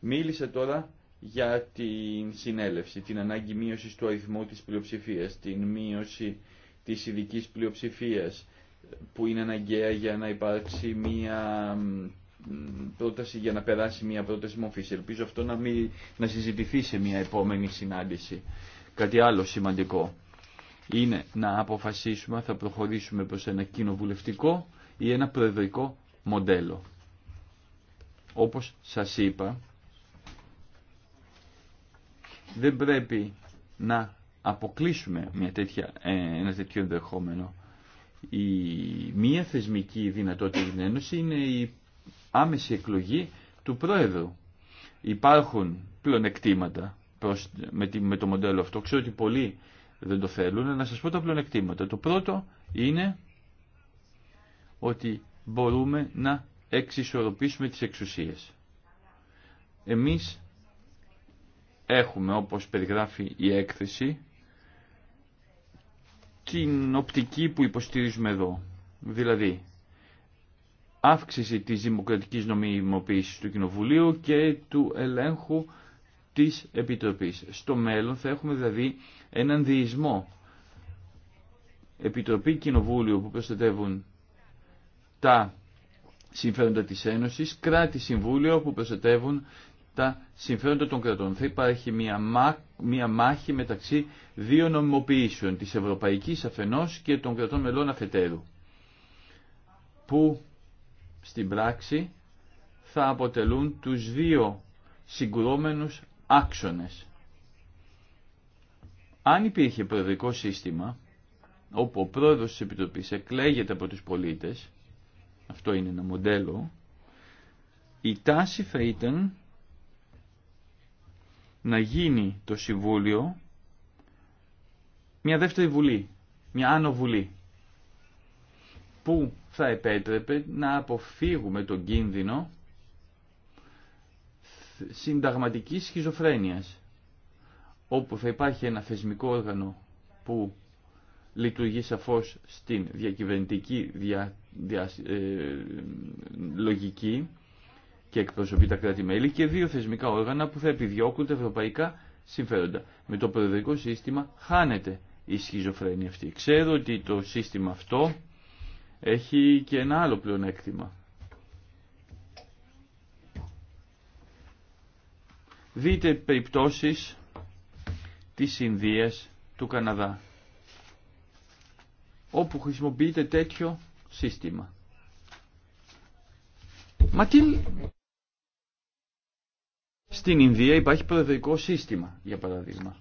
Μίλησε τώρα για την συνέλευση, την ανάγκη μείωσης του αριθμού της πλειοψηφίας, την μείωση της ειδική πλειοψηφίας που είναι αναγκαία για να υπάρξει μία πρόταση για να περάσει μια πρόταση μορφής. Ελπίζω αυτό να, μην, να συζητηθεί σε μια επόμενη συνάντηση. Κάτι άλλο σημαντικό είναι να αποφασίσουμε θα προχωρήσουμε προς ένα κοινοβουλευτικό ή ένα προεδρικό μοντέλο. Όπως σας είπα, δεν πρέπει να αποκλείσουμε μια τέτοια, ε, ένα τέτοιο ενδεχόμενο. Η μία θεσμική δυνατότητα της Ένωση είναι η άμεση εκλογή του Πρόεδρου. Υπάρχουν πλονεκτήματα με, με το μοντέλο αυτό. Ξέρω ότι πολλοί δεν το θέλουν. Να σας πω τα πλονεκτήματα. Το πρώτο είναι ότι μπορούμε να εξισορροπήσουμε τις εξουσίες. Εμείς έχουμε, όπως περιγράφει η έκθεση, την οπτική που υποστηρίζουμε εδώ. Δηλαδή, αύξηση της δημοκρατικής νομιμοποίησης του Κοινοβουλίου και του ελέγχου της Επιτροπής. Στο μέλλον θα έχουμε δηλαδή έναν διεισμό Επιτροπή Κοινοβούλιο που προστατεύουν τα συμφέροντα της Ένωσης, κράτη Συμβούλιο που προστατεύουν τα συμφέροντα των κρατών. Θα υπάρχει μια, μια μάχη μεταξύ δύο νομιμοποιήσεων, της Ευρωπαϊκής αφενός και των κρατών μελών αφετέρου, στην πράξη θα αποτελούν τους δύο συγκρούμενους άξονες. Αν υπήρχε προεδρικό σύστημα, όπου ο πρόεδρος της Επιτροπής εκλέγεται από τους πολίτες, αυτό είναι ένα μοντέλο, η τάση θα ήταν να γίνει το Συμβούλιο μια δεύτερη βουλή, μια άνοβουλή που θα επέτρεπε να αποφύγουμε τον κίνδυνο συνταγματικής σχιζοφρένειας, όπου θα υπάρχει ένα θεσμικό όργανο που λειτουργεί σαφώς στην διακυβερνητική δια, δια, ε, λογική και εκπροσωπεί τα κράτη-μέλη και δύο θεσμικά όργανα που θα επιδιώκουν τα ευρωπαϊκά συμφέροντα. Με το προεδρικό σύστημα χάνεται η σχιζοφρένεια αυτή. Ξέρω ότι το σύστημα αυτό έχει και ένα άλλο πλεονέκτημα. Δείτε περιπτώσεις της Ινδίας, του Καναδά, όπου χρησιμοποιείται τέτοιο σύστημα. Μα τι... Στην Ινδία υπάρχει προεδρικό σύστημα, για παράδειγμα.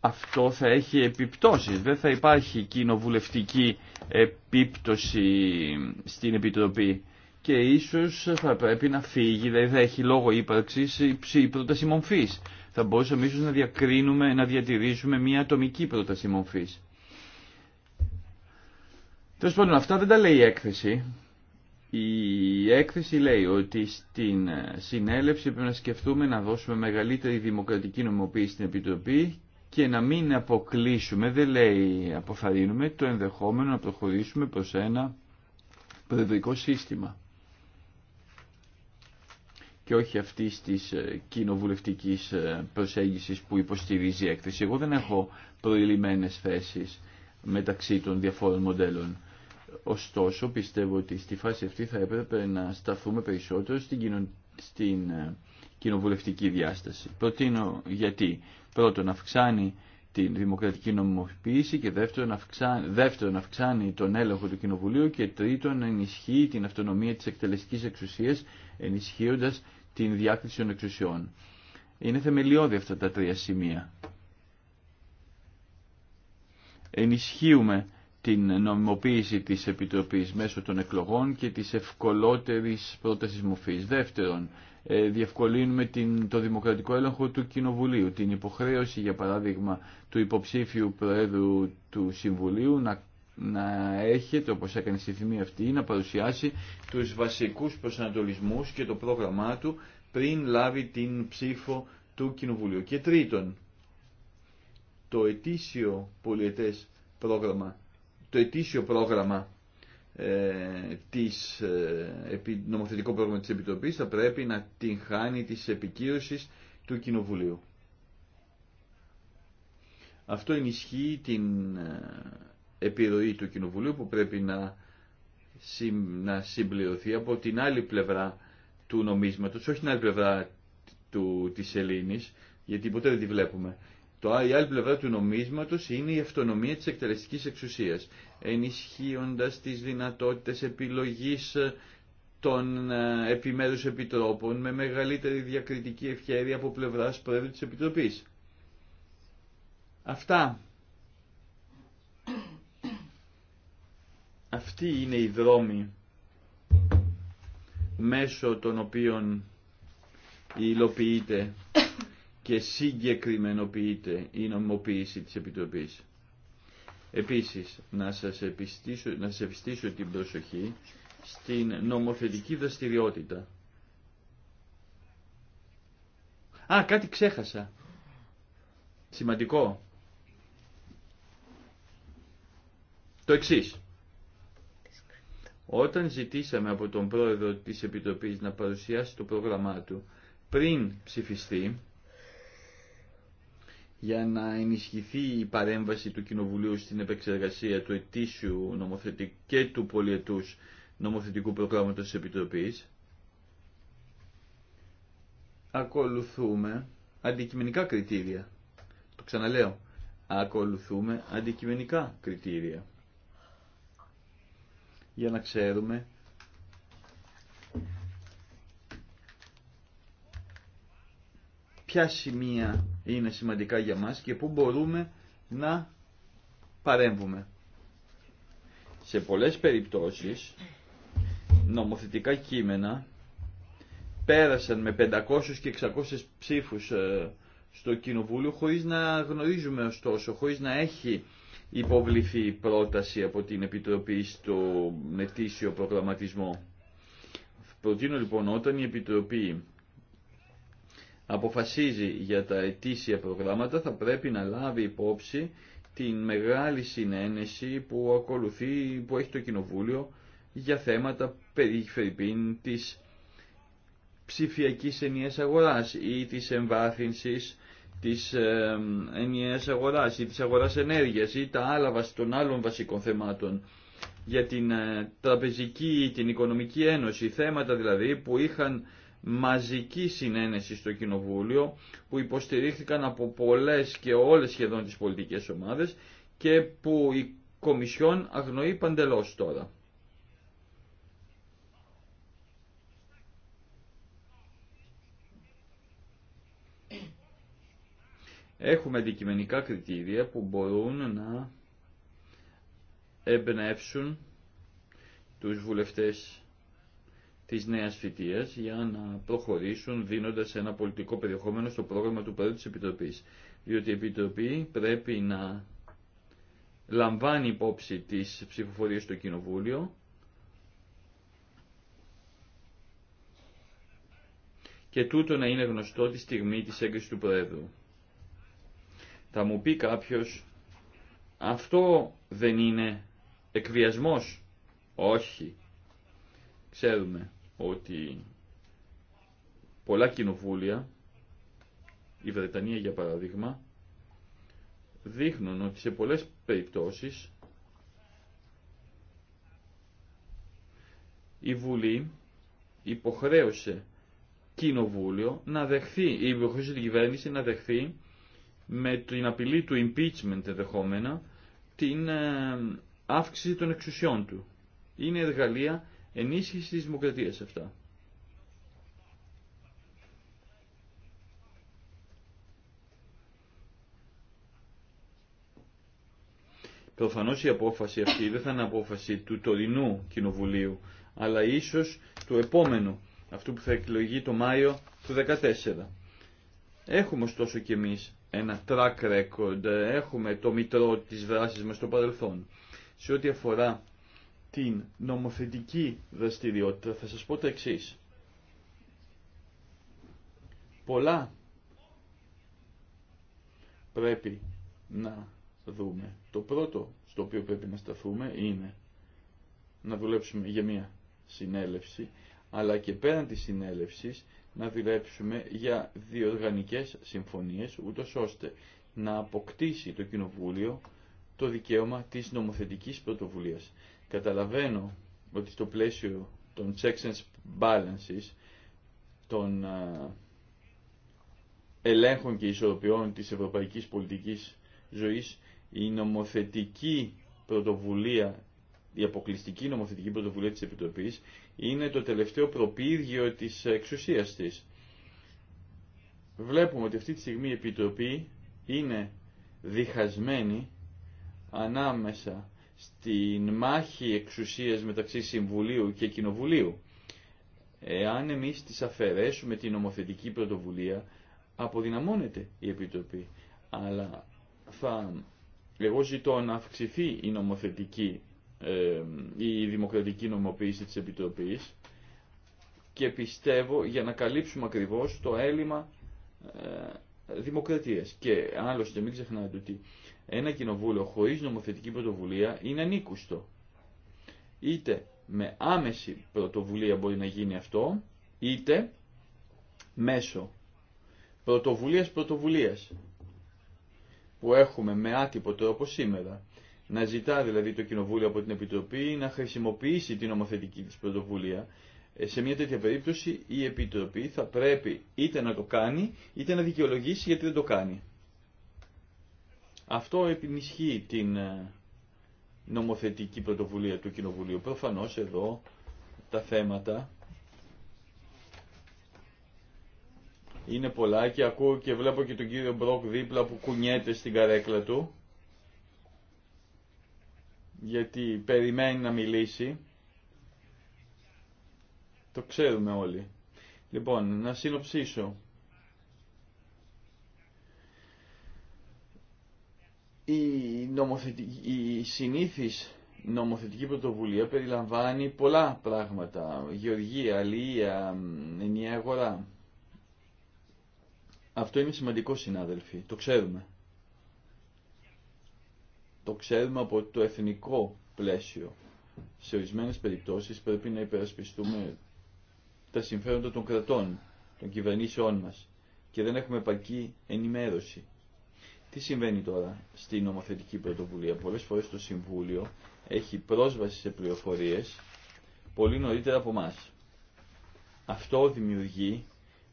αυτό θα έχει επιπτώσεις. Δεν θα υπάρχει κοινοβουλευτική επίπτωση στην Επιτροπή και ίσως θα πρέπει να φύγει, δηλαδή θα έχει λόγο ύπαρξη, η πρόταση μομφής. Θα μπορούσαμε ίσως να διακρίνουμε, να διατηρήσουμε μια ατομική πρόταση μομφής. Τέλος πάντων, αυτά δεν τα λέει η έκθεση. Η έκθεση λέει ότι στην συνέλευση πρέπει να σκεφτούμε να δώσουμε μεγαλύτερη δημοκρατική νομοποίηση στην Επιτροπή και να μην αποκλείσουμε, δεν λέει αποθαρρύνουμε, το ενδεχόμενο να προχωρήσουμε προς ένα προεδρικό σύστημα και όχι αυτή τη ε, κοινοβουλευτική ε, προσέγγιση που υποστηρίζει η έκθεση. Εγώ δεν έχω προηλημένε θέσει μεταξύ των διαφόρων μοντέλων. Ωστόσο, πιστεύω ότι στη φάση αυτή θα έπρεπε να σταθούμε περισσότερο στην, στην ε, κοινοβουλευτική διάσταση. Προτείνω γιατί. Πρώτον, αυξάνει την δημοκρατική νομιμοποίηση και δεύτερον αυξάνει, δεύτερον τον έλεγχο του Κοινοβουλίου και τρίτον ενισχύει την αυτονομία της εκτελεστικής εξουσίας ενισχύοντας την διάκριση των εξουσιών. Είναι θεμελιώδη αυτά τα τρία σημεία. Ενισχύουμε την νομιμοποίηση της Επιτροπής μέσω των εκλογών και της ευκολότερης πρότασης μορφής. Δεύτερον, ε, διευκολύνουμε την, το δημοκρατικό έλεγχο του Κοινοβουλίου. Την υποχρέωση, για παράδειγμα, του υποψήφιου Προέδρου του Συμβουλίου να, να έρχεται, όπως έκανε στη θυμή αυτή, να παρουσιάσει τους βασικούς προσανατολισμούς και το πρόγραμμά του πριν λάβει την ψήφο του Κοινοβουλίου. Και τρίτον, το ετήσιο πολιετές πρόγραμμα, το ετήσιο πρόγραμμα ε, της, ε, νομοθετικό πρόγραμμα της Επιτροπής θα πρέπει να την χάνει της επικύρωσης του Κοινοβουλίου. Αυτό ενισχύει την ε, επιρροή του Κοινοβουλίου που πρέπει να, να συμπληρωθεί από την άλλη πλευρά του νομίσματος, όχι την άλλη πλευρά του, της Ελλήνης, γιατί ποτέ δεν τη βλέπουμε. Το, η άλλη πλευρά του νομίσματος είναι η αυτονομία της εκτελεστικής εξουσίας, ενισχύοντας τις δυνατότητες επιλογής ε, των ε, επιμέρους επιτρόπων με μεγαλύτερη διακριτική ευχαίρεια από πλευράς πρόεδρου της Επιτροπής. Αυτά. αυτή είναι η δρόμη μέσω των οποίων υλοποιείται και συγκεκριμενοποιείται η νομοποίηση της Επιτροπής. Επίσης, να σας, επιστήσω, να σας επιστήσω την προσοχή στην νομοθετική δραστηριότητα. Α, κάτι ξέχασα. Σημαντικό. Το εξής. Όταν ζητήσαμε από τον πρόεδρο της Επιτροπής να παρουσιάσει το πρόγραμμά του πριν ψηφιστεί, για να ενισχυθεί η παρέμβαση του Κοινοβουλίου στην επεξεργασία του ετήσιου νομοθετικού και του πολιετούς νομοθετικού προγράμματος της Επιτροπής. Ακολουθούμε αντικειμενικά κριτήρια. Το ξαναλέω. Ακολουθούμε αντικειμενικά κριτήρια. Για να ξέρουμε ποια σημεία είναι σημαντικά για μας και πού μπορούμε να παρέμβουμε. Σε πολλές περιπτώσεις νομοθετικά κείμενα πέρασαν με 500 και 600 ψήφους ε, στο Κοινοβούλιο χωρίς να γνωρίζουμε ωστόσο, χωρίς να έχει υποβληθεί πρόταση από την Επιτροπή στο ετήσιο προγραμματισμό. Προτείνω λοιπόν όταν η Επιτροπή αποφασίζει για τα ετήσια προγράμματα θα πρέπει να λάβει υπόψη την μεγάλη συνένεση που ακολουθεί, που έχει το Κοινοβούλιο για θέματα περί Φερρυπίν της ψηφιακής ενιαίας αγοράς ή της εμβάθυνσης της ε, ενιαίας αγοράς ή της αγοράς ενέργειας ή τα άλλα των άλλων βασικών θεμάτων για την ε, τραπεζική ή την οικονομική ένωση, θέματα δηλαδή που είχαν μαζική συνένεση στο Κοινοβούλιο που υποστηρίχθηκαν από πολλές και όλες σχεδόν τις πολιτικές ομάδες και που η Κομισιόν αγνοεί παντελώς τώρα. Έχουμε αντικειμενικά κριτήρια που μπορούν να εμπνεύσουν τους βουλευτές της Νέας Φοιτείας για να προχωρήσουν δίνοντας ένα πολιτικό περιεχόμενο στο πρόγραμμα του Πρόεδρου της Επιτροπής. Διότι η Επιτροπή πρέπει να λαμβάνει υπόψη τις ψηφοφορίες στο Κοινοβούλιο και τούτο να είναι γνωστό τη στιγμή της έγκρισης του Πρόεδρου. Θα μου πει κάποιος, αυτό δεν είναι εκβιασμός. Όχι. Ξέρουμε ότι πολλά κοινοβούλια, η Βρετανία για παράδειγμα, δείχνουν ότι σε πολλές περιπτώσεις η Βουλή υποχρέωσε κοινοβούλιο να δεχθεί, η υποχρέωση την κυβέρνηση να δεχθεί με την απειλή του impeachment ενδεχόμενα την ε, αύξηση των εξουσιών του. Είναι εργαλεία ενίσχυση της δημοκρατίας αυτά. Προφανώ η απόφαση αυτή δεν θα είναι απόφαση του τωρινού κοινοβουλίου, αλλά ίσως του επόμενου, αυτού που θα εκλογεί το Μάιο του 2014. Έχουμε ωστόσο κι εμείς ένα track record, έχουμε το μητρό της δράση μας στο παρελθόν. Σε ό,τι αφορά την νομοθετική δραστηριότητα θα σας πω το εξής. Πολλά πρέπει να δούμε. Το πρώτο στο οποίο πρέπει να σταθούμε είναι να δουλέψουμε για μια συνέλευση, αλλά και πέραν της συνέλευσης να δουλέψουμε για διοργανικές συμφωνίες, ούτως ώστε να αποκτήσει το Κοινοβούλιο το δικαίωμα της νομοθετικής πρωτοβουλίας. Καταλαβαίνω ότι στο πλαίσιο των checks and balances, των ελέγχων και ισορροπιών της ευρωπαϊκής πολιτικής ζωής, η νομοθετική πρωτοβουλία, η αποκλειστική νομοθετική πρωτοβουλία της Επιτροπής είναι το τελευταίο προπίδιο της εξουσίας της. Βλέπουμε ότι αυτή τη στιγμή η Επιτροπή είναι διχασμένη ανάμεσα στην μάχη εξουσίας μεταξύ Συμβουλίου και Κοινοβουλίου. Εάν εμείς τις αφαιρέσουμε την νομοθετική πρωτοβουλία, αποδυναμώνεται η Επιτροπή. Αλλά θα, εγώ ζητώ να αυξηθεί η νομοθετική, ε, η δημοκρατική νομοποίηση της Επιτροπής και πιστεύω για να καλύψουμε ακριβώς το έλλειμμα ε, δημοκρατίες Και άλλωστε μην ξεχνάτε ότι ένα κοινοβούλιο χωρί νομοθετική πρωτοβουλία είναι ανήκουστο. Είτε με άμεση πρωτοβουλία μπορεί να γίνει αυτό, είτε μέσω πρωτοβουλία πρωτοβουλίας που έχουμε με άτυπο τρόπο σήμερα. Να ζητά δηλαδή το Κοινοβούλιο από την Επιτροπή να χρησιμοποιήσει την νομοθετική της πρωτοβουλία ε, σε μια τέτοια περίπτωση η Επιτροπή θα πρέπει είτε να το κάνει είτε να δικαιολογήσει γιατί δεν το κάνει. Αυτό επινισχύει την ε, νομοθετική πρωτοβουλία του Κοινοβουλίου. Προφανώς εδώ τα θέματα είναι πολλά και ακούω και βλέπω και τον κύριο Μπρόκ δίπλα που κουνιέται στην καρέκλα του γιατί περιμένει να μιλήσει το ξέρουμε όλοι. Λοιπόν, να συνοψίσω. Η, νομοθετική, η συνήθις νομοθετική πρωτοβουλία περιλαμβάνει πολλά πράγματα. Γεωργία, αλληλεία, ενιαία αγορά. Αυτό είναι σημαντικό συνάδελφοι, το ξέρουμε. Το ξέρουμε από το εθνικό πλαίσιο. Σε ορισμένε περιπτώσεις πρέπει να υπερασπιστούμε τα συμφέροντα των κρατών, των κυβερνήσεών μας και δεν έχουμε επαρκή ενημέρωση. Τι συμβαίνει τώρα στη νομοθετική πρωτοβουλία. Πολλές φορές το Συμβούλιο έχει πρόσβαση σε πληροφορίες πολύ νωρίτερα από εμά. Αυτό δημιουργεί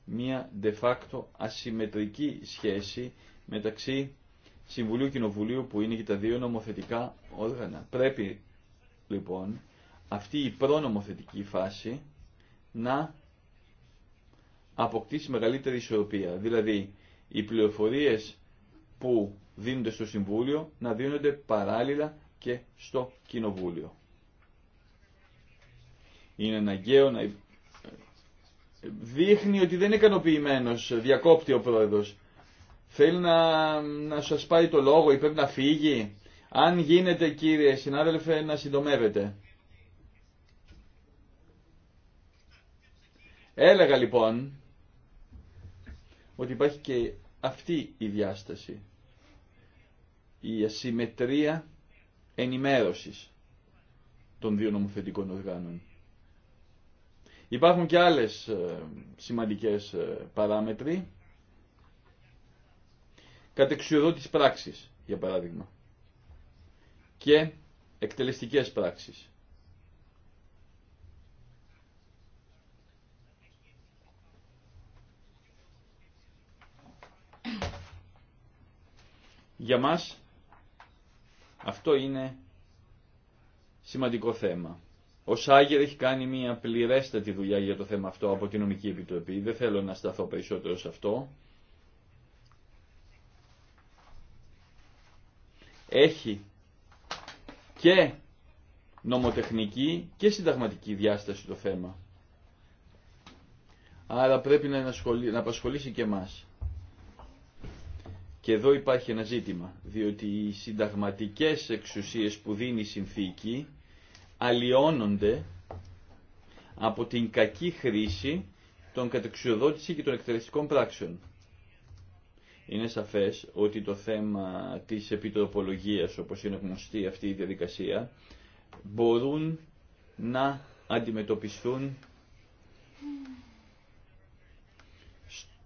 μία de facto ασυμμετρική σχέση μεταξύ Συμβουλίου και Κοινοβουλίου που είναι και τα δύο νομοθετικά όργανα. Πρέπει λοιπόν αυτή η προνομοθετική φάση να αποκτήσει μεγαλύτερη ισορροπία. Δηλαδή, οι πληροφορίες που δίνονται στο Συμβούλιο να δίνονται παράλληλα και στο Κοινοβούλιο. Είναι αναγκαίο να... Δείχνει ότι δεν είναι ικανοποιημένο, διακόπτει ο πρόεδρο. Θέλει να, να σας πάρει το λόγο ή πρέπει να φύγει. Αν γίνεται κύριε συνάδελφε να συντομεύετε. Έλεγα λοιπόν ότι υπάρχει και αυτή η διάσταση. Η ασυμμετρία ενημέρωσης των δύο νομοθετικών οργάνων. Υπάρχουν και άλλες ε, σημαντικές ε, παράμετροι. της πράξης, για παράδειγμα. Και εκτελεστικές πράξεις. Για μας αυτό είναι σημαντικό θέμα. Ο Σάγερ έχει κάνει μια πληρέστατη δουλειά για το θέμα αυτό από την νομική επιτροπή. Δεν θέλω να σταθώ περισσότερο σε αυτό. Έχει και νομοτεχνική και συνταγματική διάσταση το θέμα. Άρα πρέπει να, να απασχολήσει και εμάς. Και εδώ υπάρχει ένα ζήτημα, διότι οι συνταγματικές εξουσίες που δίνει η συνθήκη αλλοιώνονται από την κακή χρήση των κατεξουδότηση και των εκτελεστικών πράξεων. Είναι σαφές ότι το θέμα της επιτροπολογίας, όπως είναι γνωστή αυτή η διαδικασία, μπορούν να αντιμετωπιστούν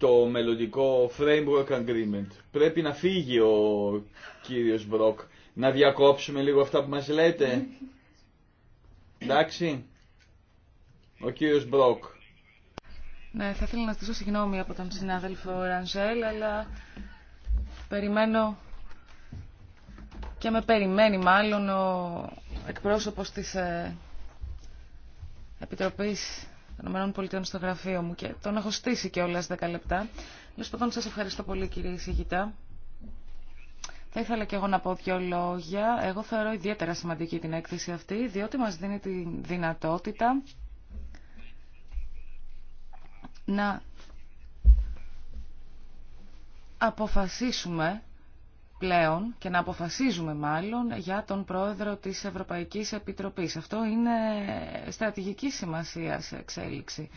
το μελλοντικό framework agreement. Πρέπει να φύγει ο κύριος Μπροκ. Να διακόψουμε λίγο αυτά που μας λέτε. Εντάξει. Ο κύριος Μπροκ. Ναι, θα ήθελα να στήσω συγγνώμη από τον συνάδελφο Ρανζέλ, αλλά περιμένω και με περιμένει μάλλον ο εκπρόσωπος της ε, Επιτροπής Ενωμένων πολιτείων στο γραφείο μου και τον έχω στήσει και όλα 10 λεπτά. Λοιπόν, σας σα ευχαριστώ πολύ, κύριε Σίγητά. Θα ήθελα και εγώ να πω δύο λόγια. Εγώ θεωρώ ιδιαίτερα σημαντική την έκθεση αυτή, διότι μας δίνει τη δυνατότητα να αποφασίσουμε πλέον και να αποφασίζουμε μάλλον για τον πρόεδρο της Ευρωπαϊκής Επιτροπής. Αυτό είναι στρατηγική σημασία σε εξέλιξη.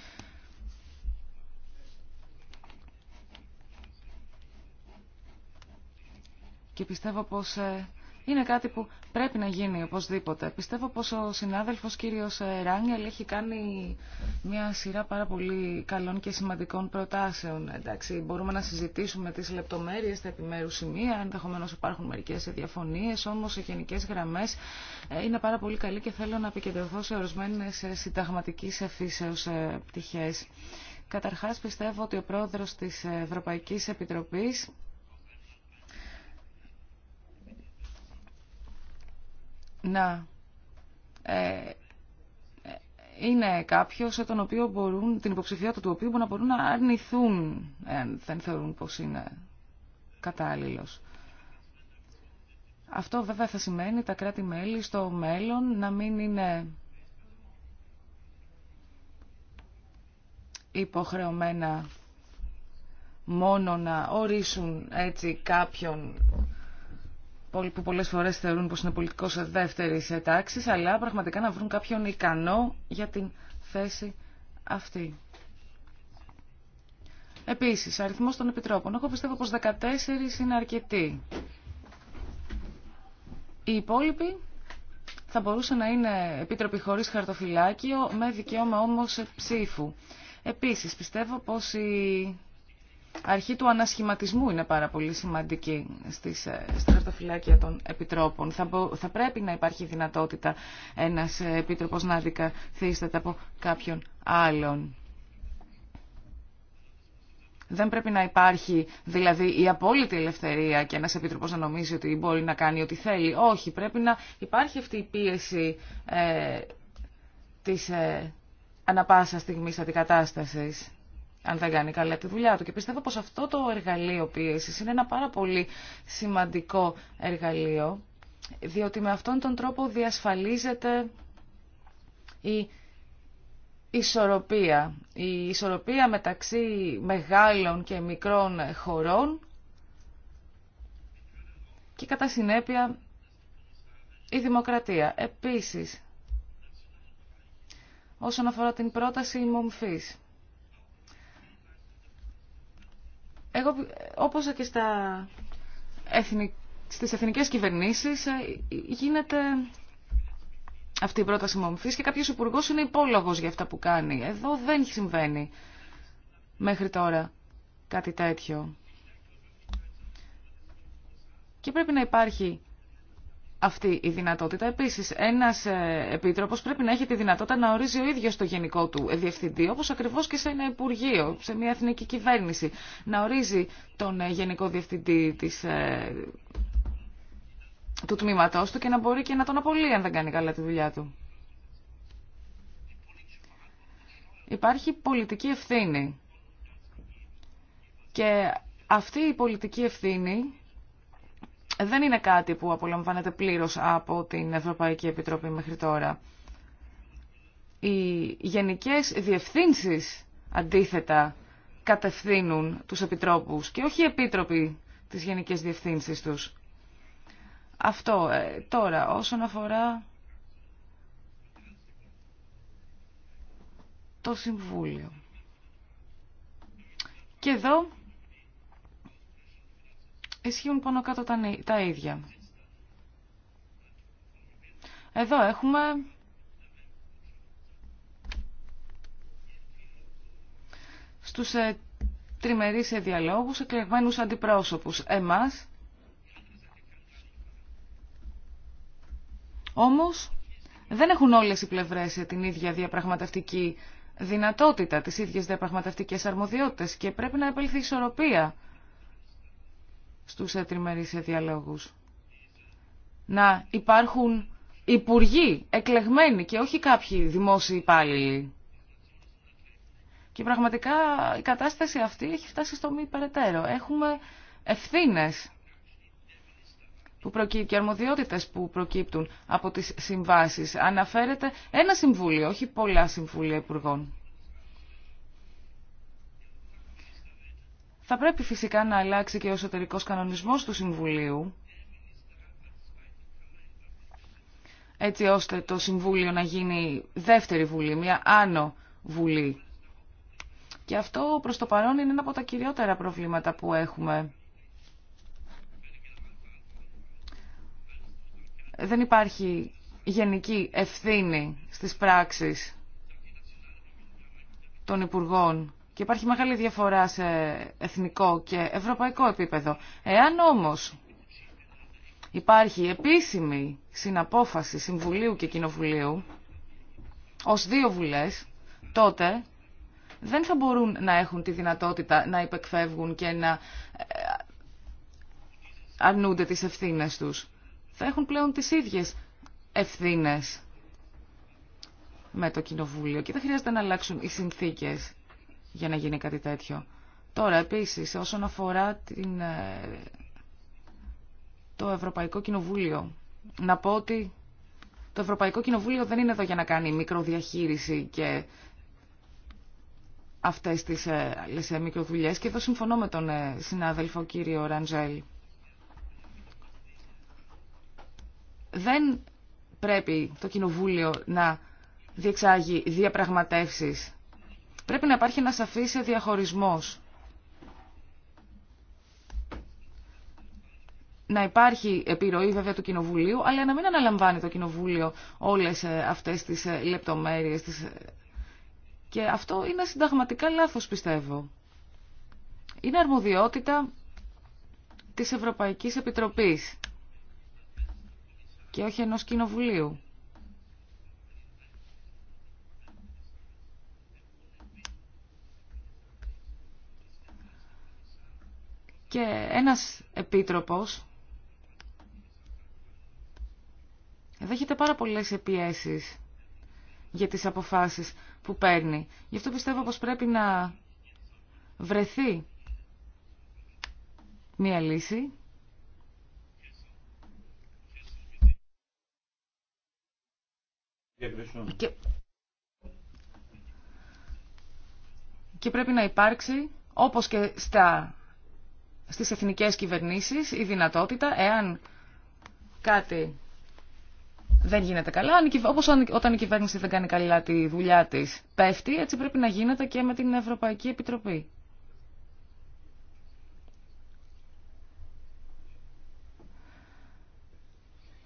Και πιστεύω πως ε, είναι κάτι που πρέπει να γίνει οπωσδήποτε. Πιστεύω πως ο συνάδελφος κύριος ε, Ράνιελ έχει κάνει μια σειρά πάρα πολύ καλών και σημαντικών προτάσεων. Εντάξει, μπορούμε να συζητήσουμε τις λεπτομέρειες, τα επιμέρους σημεία, ενδεχομένως υπάρχουν μερικές διαφωνίες, όμως οι γενικές γραμμές ε, είναι πάρα πολύ καλή και θέλω να επικεντρωθώ σε ορισμένες ε, συνταγματικής εφήσεως πτυχές. Καταρχάς πιστεύω ότι ο πρόεδρος της Ευρωπαϊκής Επιτροπής να ε, ε είναι σε τον οποίο μπορούν, την υποψηφιότητα του οποίου να μπορούν να αρνηθούν εάν δεν θεωρούν πως είναι κατάλληλος. Αυτό βέβαια θα σημαίνει τα κράτη-μέλη στο μέλλον να μην είναι υποχρεωμένα μόνο να ορίσουν έτσι κάποιον που πολλές φορές θεωρούν πως είναι πολιτικός δεύτερης τάξης, αλλά πραγματικά να βρουν κάποιον ικανό για την θέση αυτή. Επίσης, αριθμός των επιτρόπων. Εγώ πιστεύω πως 14 είναι αρκετοί. Οι υπόλοιποι θα μπορούσαν να είναι επίτροποι χωρίς χαρτοφυλάκιο, με δικαίωμα όμως ψήφου. Επίσης, πιστεύω πως η αρχή του ανασχηματισμού είναι πάρα πολύ σημαντική στις, ε, στα χαρτοφυλάκια των επιτρόπων. Θα, πρέπει να υπάρχει δυνατότητα ένας ε, επίτροπος να αντικαθίσταται από κάποιον άλλον. Δεν πρέπει να υπάρχει δηλαδή η απόλυτη ελευθερία και ένας επίτροπος να νομίζει ότι μπορεί να κάνει ό,τι θέλει. Όχι, πρέπει να υπάρχει αυτή η πίεση ε, της ε, αναπάσα στιγμής αντικατάστασης αν δεν κάνει καλά τη δουλειά του. Και πιστεύω πως αυτό το εργαλείο πίεσης είναι ένα πάρα πολύ σημαντικό εργαλείο, διότι με αυτόν τον τρόπο διασφαλίζεται η ισορροπία. Η ισορροπία μεταξύ μεγάλων και μικρών χωρών και κατά συνέπεια η δημοκρατία. Επίσης, όσον αφορά την πρόταση μομφής, Εγώ, όπως και στα εθνικ στις εθνικές κυβερνήσεις ε, γίνεται αυτή η πρόταση μομφής και κάποιος υπουργό είναι υπόλογος για αυτά που κάνει. Εδώ δεν συμβαίνει μέχρι τώρα κάτι τέτοιο. Και πρέπει να υπάρχει αυτή η δυνατότητα. Επίσης, ένας ε, επίτροπος πρέπει να έχει τη δυνατότητα να ορίζει ο ίδιος το γενικό του διευθυντή, όπω ακριβώ και σε ένα υπουργείο, σε μια εθνική κυβέρνηση, να ορίζει τον ε, γενικό διευθυντή της, ε, του τμήματό του και να μπορεί και να τον απολύει αν δεν κάνει καλά τη δουλειά του. Υπάρχει πολιτική ευθύνη. Και αυτή η πολιτική ευθύνη δεν είναι κάτι που απολαμβάνεται πλήρως από την Ευρωπαϊκή Επιτροπή μέχρι τώρα. Οι γενικές διευθύνσεις αντίθετα κατευθύνουν τους επιτρόπους και όχι οι επίτροποι τις γενικές διευθύνσεις τους. Αυτό ε, τώρα όσον αφορά το Συμβούλιο. Και εδώ ισχύουν πάνω κάτω τα ίδια. Εδώ έχουμε στους ε, τριμερείς διαλόγους εκλεγμένους αντιπρόσωπους. Εμάς, όμως, δεν έχουν όλες οι πλευρές ε, την ίδια διαπραγματευτική δυνατότητα, τις ίδιες διαπραγματευτικές αρμοδιότητες και πρέπει να επέλθει ισορροπία στους ετριμερείς διαλόγους. Να υπάρχουν υπουργοί εκλεγμένοι και όχι κάποιοι δημόσιοι υπάλληλοι. Και πραγματικά η κατάσταση αυτή έχει φτάσει στο μη περαιτέρω. Έχουμε ευθύνες που και αρμοδιότητες που προκύπτουν από τις συμβάσεις. Αναφέρεται ένα συμβούλιο, όχι πολλά συμβούλια υπουργών. Θα πρέπει φυσικά να αλλάξει και ο εσωτερικός κανονισμός του Συμβουλίου, έτσι ώστε το Συμβούλιο να γίνει δεύτερη βουλή, μια άνω βουλή. Και αυτό προς το παρόν είναι ένα από τα κυριότερα προβλήματα που έχουμε. Δεν υπάρχει γενική ευθύνη στις πράξεις των Υπουργών και υπάρχει μεγάλη διαφορά σε εθνικό και ευρωπαϊκό επίπεδο. Εάν όμως υπάρχει επίσημη συναπόφαση Συμβουλίου και Κοινοβουλίου ως δύο βουλές, τότε δεν θα μπορούν να έχουν τη δυνατότητα να υπεκφεύγουν και να ε, αρνούνται τις ευθύνες τους. Θα έχουν πλέον τις ίδιες ευθύνες με το Κοινοβούλιο και δεν χρειάζεται να αλλάξουν οι συνθήκες για να γίνει κάτι τέτοιο. Τώρα, επίσης, όσον αφορά την, ε, το Ευρωπαϊκό Κοινοβούλιο, να πω ότι το Ευρωπαϊκό Κοινοβούλιο δεν είναι εδώ για να κάνει μικροδιαχείριση και αυτές τις ε, ε μικροδουλειές και εδώ συμφωνώ με τον ε, συνάδελφο κύριο Ραντζέλ. Δεν πρέπει το Κοινοβούλιο να διεξάγει διαπραγματεύσεις Πρέπει να υπάρχει ένα σαφής διαχωρισμός. Να υπάρχει επιρροή βέβαια του Κοινοβουλίου, αλλά να μην αναλαμβάνει το Κοινοβούλιο όλες ε, αυτές τις ε, λεπτομέρειες. Ε, και αυτό είναι συνταγματικά λάθος πιστεύω. Είναι αρμοδιότητα της Ευρωπαϊκής Επιτροπής και όχι ενός Κοινοβουλίου. Και ένας επίτροπος δέχεται πάρα πολλές επιέσεις για τις αποφάσεις που παίρνει. Γι' αυτό πιστεύω πως πρέπει να βρεθεί μία λύση. Και... πρέπει να υπάρξει, όπως και στα στις εθνικές κυβερνήσεις η δυνατότητα, εάν κάτι δεν γίνεται καλά, όπως όταν η κυβέρνηση δεν κάνει καλά τη δουλειά της πέφτει, έτσι πρέπει να γίνεται και με την Ευρωπαϊκή Επιτροπή.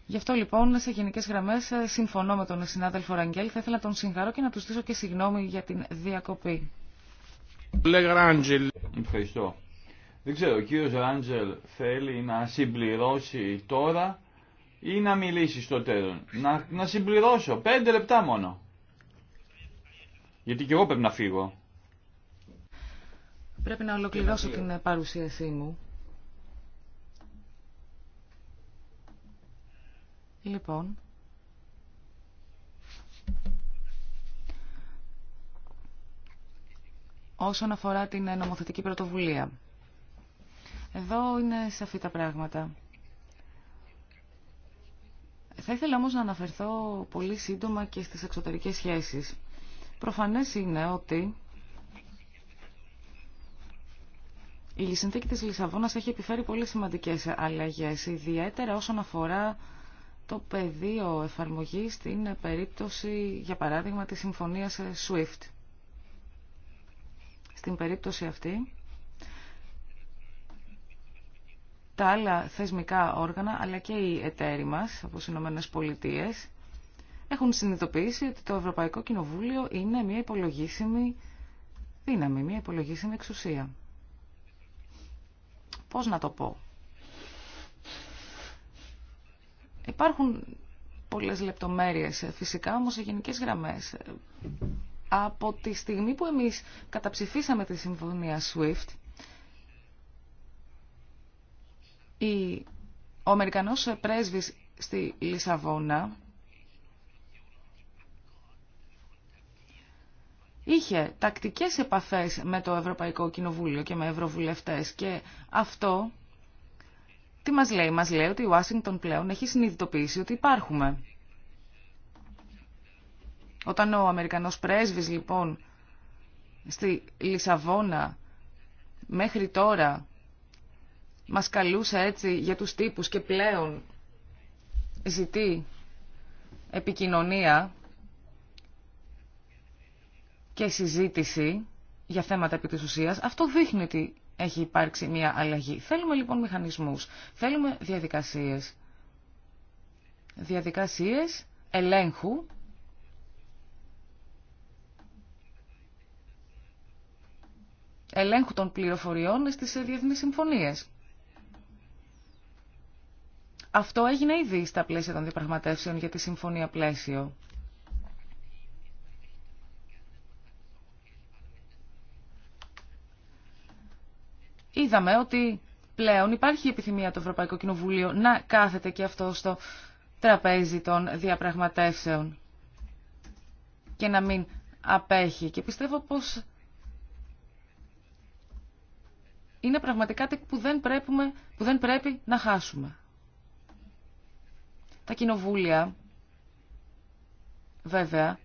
Γι' αυτό λοιπόν σε γενικές γραμμές ε, συμφωνώ με τον συνάδελφο Ραγγέλ. Θα ήθελα να τον συγχαρώ και να του στήσω και συγγνώμη για την διακοπή. Ευχαριστώ. Δεν ξέρω, ο κύριος Ράντζελ θέλει να συμπληρώσει τώρα ή να μιλήσει στο τέλο. Να, να συμπληρώσω, πέντε λεπτά μόνο. Γιατί και εγώ πρέπει να φύγω. Πρέπει να ολοκληρώσω την παρουσίασή μου. Λοιπόν... Όσον αφορά την νομοθετική πρωτοβουλία. Εδώ είναι σαφή τα πράγματα. Θα ήθελα όμως να αναφερθώ πολύ σύντομα και στις εξωτερικές σχέσεις. Προφανές είναι ότι η συνθήκη της Λισαβόνας έχει επιφέρει πολύ σημαντικές αλλαγές, ιδιαίτερα όσον αφορά το πεδίο εφαρμογής στην περίπτωση, για παράδειγμα, της συμφωνίας SWIFT. Στην περίπτωση αυτή, τα άλλα θεσμικά όργανα, αλλά και οι εταίροι μας, από οι Πολιτείες, έχουν συνειδητοποιήσει ότι το Ευρωπαϊκό Κοινοβούλιο είναι μια υπολογίσιμη δύναμη, μια υπολογίσιμη εξουσία. Πώς να το πω. Υπάρχουν πολλές λεπτομέρειες φυσικά, όμως σε γενικές γραμμές. Από τη στιγμή που εμείς καταψηφίσαμε τη συμφωνία SWIFT, η, ο Αμερικανός πρέσβης στη Λισαβόνα είχε τακτικές επαφές με το Ευρωπαϊκό Κοινοβούλιο και με ευρωβουλευτές και αυτό τι μας λέει, μας λέει ότι η Ουάσιγκτον πλέον έχει συνειδητοποιήσει ότι υπάρχουμε. Όταν ο Αμερικανός πρέσβης λοιπόν στη Λισαβόνα μέχρι τώρα μας καλούσε έτσι για τους τύπους και πλέον ζητεί επικοινωνία και συζήτηση για θέματα επί της ουσίας, αυτό δείχνει ότι έχει υπάρξει μια αλλαγή. Θέλουμε λοιπόν μηχανισμούς, θέλουμε διαδικασίες. Διαδικασίες ελέγχου ελέγχου των πληροφοριών στις διεθνείς συμφωνίες. Αυτό έγινε ήδη στα πλαίσια των διαπραγματεύσεων για τη Συμφωνία Πλαίσιο. Είδαμε ότι πλέον υπάρχει επιθυμία το Ευρωπαϊκό Κοινοβούλιο να κάθεται και αυτό στο τραπέζι των διαπραγματεύσεων και να μην απέχει. Και πιστεύω πως είναι πραγματικά κάτι που δεν, πρέπει, που δεν πρέπει να χάσουμε. Τα κοινοβούλια, βέβαια,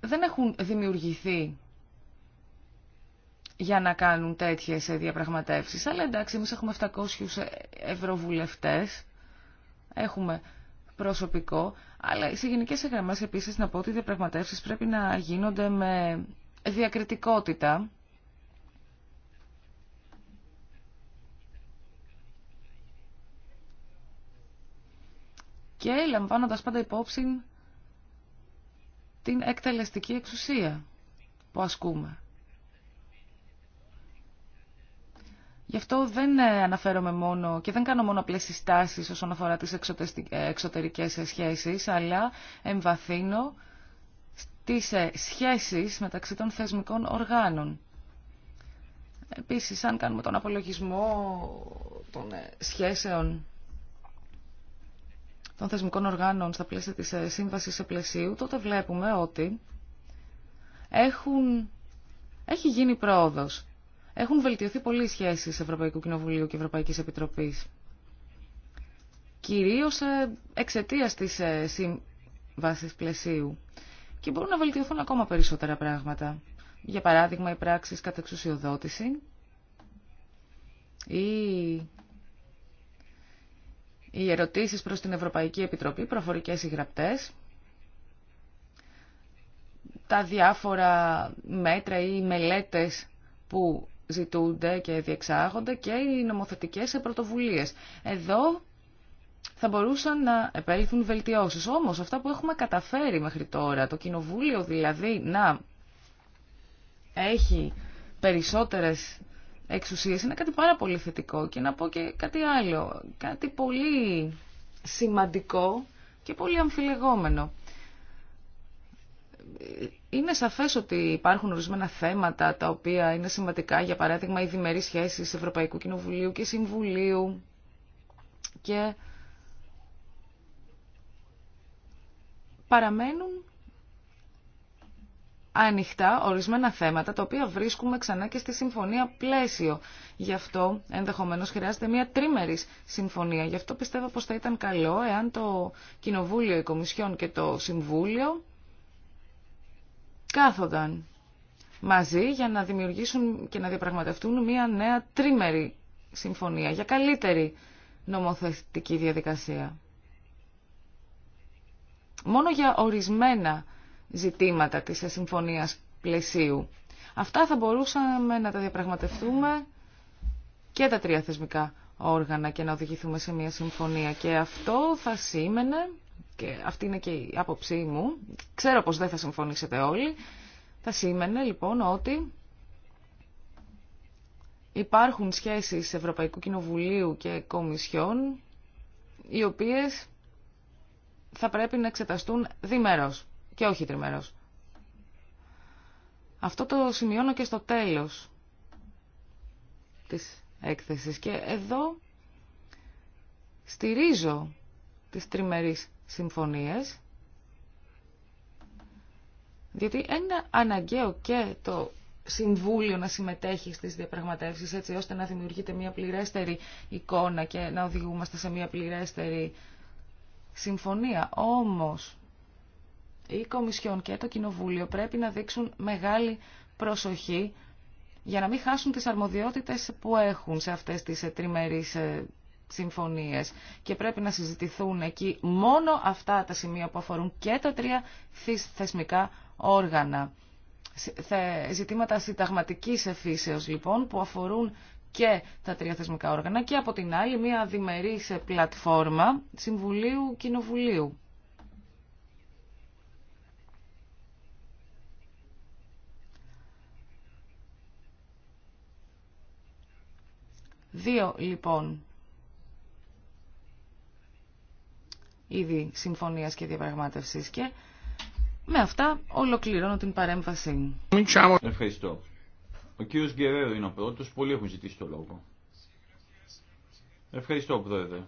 δεν έχουν δημιουργηθεί για να κάνουν τέτοιες διαπραγματεύσεις. Αλλά εντάξει, εμείς έχουμε 700 ε, ευρωβουλευτές, έχουμε προσωπικό, αλλά σε γενικές γραμμές επίσης να πω ότι οι διαπραγματεύσεις πρέπει να γίνονται με διακριτικότητα και λαμβάνοντας πάντα υπόψη την εκτελεστική εξουσία που ασκούμε. Γι' αυτό δεν ε, αναφέρομαι μόνο και δεν κάνω μόνο απλές συστάσεις όσον αφορά τις ε, εξωτερικές ε, σχέσεις, αλλά εμβαθύνω στις σχέσεις μεταξύ των θεσμικών οργάνων. Επίσης, αν κάνουμε τον απολογισμό των σχέσεων των θεσμικών οργάνων στα πλαίσια της ε, σύμβασης πλαισίου, τότε βλέπουμε ότι έχουν, έχει γίνει πρόοδος. Έχουν βελτιωθεί πολλοί σχέσεις Ευρωπαϊκού Κοινοβουλίου και Ευρωπαϊκής Επιτροπής. Κυρίως ε, εξαιτία της ε, σύμβάση πλαισίου. Και μπορούν να βελτιωθούν ακόμα περισσότερα πράγματα. Για παράδειγμα, οι πράξεις κατά εξουσιοδότηση ή οι ερωτήσεις προς την Ευρωπαϊκή Επιτροπή, προφορικές ή γραπτές, τα διάφορα μέτρα ή μελέτες που ζητούνται και διεξάγονται και οι νομοθετικές πρωτοβουλίες. Εδώ θα μπορούσαν να επέλθουν βελτιώσεις. Όμως αυτά που έχουμε καταφέρει μέχρι τώρα, το Κοινοβούλιο δηλαδή να έχει περισσότερες Εξουσία είναι κάτι πάρα πολύ θετικό και να πω και κάτι άλλο, κάτι πολύ σημαντικό και πολύ αμφιλεγόμενο. Είναι σαφές ότι υπάρχουν ορισμένα θέματα τα οποία είναι σημαντικά, για παράδειγμα οι διμερείς σχέσεις Ευρωπαϊκού Κοινοβουλίου και Συμβουλίου και παραμένουν ανοιχτά ορισμένα θέματα τα οποία βρίσκουμε ξανά και στη συμφωνία πλαίσιο. Γι' αυτό ενδεχομένως χρειάζεται μια τρίμερη συμφωνία. Γι' αυτό πιστεύω πως θα ήταν καλό εάν το Κοινοβούλιο, η Κομισιόν και το Συμβούλιο κάθονταν μαζί για να δημιουργήσουν και να διαπραγματευτούν μια νέα τρίμερη συμφωνία για καλύτερη νομοθετική διαδικασία. Μόνο για ορισμένα ζητήματα της συμφωνίας πλαισίου. Αυτά θα μπορούσαμε να τα διαπραγματευτούμε και τα τρία θεσμικά όργανα και να οδηγηθούμε σε μια συμφωνία. Και αυτό θα σήμαινε, και αυτή είναι και η άποψή μου, ξέρω πως δεν θα συμφωνήσετε όλοι, θα σήμαινε λοιπόν ότι υπάρχουν σχέσεις Ευρωπαϊκού Κοινοβουλίου και Κομισιών, οι οποίες θα πρέπει να εξεταστούν διμερώς και όχι τριμερός. Αυτό το σημειώνω και στο τέλος της έκθεσης και εδώ στηρίζω τις τριμερείς συμφωνίες διότι είναι αναγκαίο και το Συμβούλιο να συμμετέχει στις διαπραγματεύσεις έτσι ώστε να δημιουργείται μια πληρέστερη εικόνα και να οδηγούμαστε σε μια πληρέστερη συμφωνία. Όμως η Κομισιόν και το Κοινοβούλιο πρέπει να δείξουν μεγάλη προσοχή για να μην χάσουν τις αρμοδιότητες που έχουν σε αυτές τις ε, τριμερείς ε, συμφωνίες και πρέπει να συζητηθούν εκεί μόνο αυτά τα σημεία που αφορούν και τα τρία θεσμικά όργανα. Ζητήματα συνταγματικής εφήσεως λοιπόν που αφορούν και τα τρία θεσμικά όργανα και από την άλλη μια διμερής ε, πλατφόρμα Συμβουλίου Κοινοβουλίου. Δύο λοιπόν είδη συμφωνίας και διαπραγμάτευσης και με αυτά ολοκληρώνω την παρέμβαση. Ευχαριστώ. Ο κύριος Γκερέρο είναι ο πρώτος, πολλοί έχουν ζητήσει το λόγο. Ευχαριστώ πρόεδρε.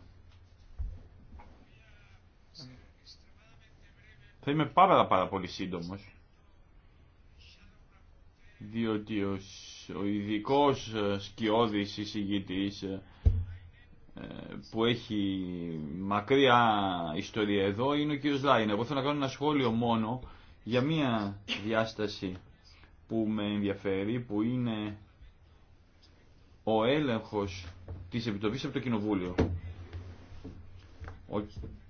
Θα είμαι πάρα πάρα πολύ σύντομος, διότι ο ο ειδικό ε, σκιώδης εισηγητής ε, που έχει μακριά ιστορία εδώ είναι ο κύριος Λάιν. Εγώ θέλω να κάνω ένα σχόλιο μόνο για μία διάσταση που με ενδιαφέρει που είναι ο έλεγχος της Επιτροπής από το Κοινοβούλιο. Ο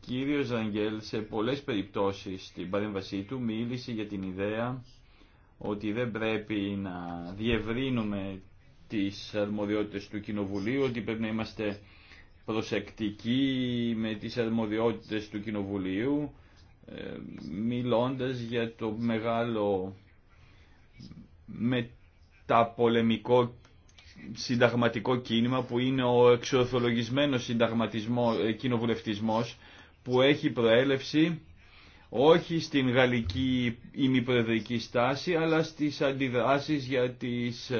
κύριος Ραγγέλ σε πολλές περιπτώσεις στην παρέμβασή του μίλησε για την ιδέα ότι δεν πρέπει να διευρύνουμε τις αρμοδιότητες του Κοινοβουλίου, ότι πρέπει να είμαστε προσεκτικοί με τις αρμοδιότητες του Κοινοβουλίου, ε, μιλώντας για το μεγάλο μεταπολεμικό συνταγματικό κίνημα που είναι ο εξορθολογισμένος συνταγματισμός, ε, κοινοβουλευτισμός που έχει προέλευση όχι στην γαλλική ημιπροεδρική στάση, αλλά στις αντιδράσεις για τις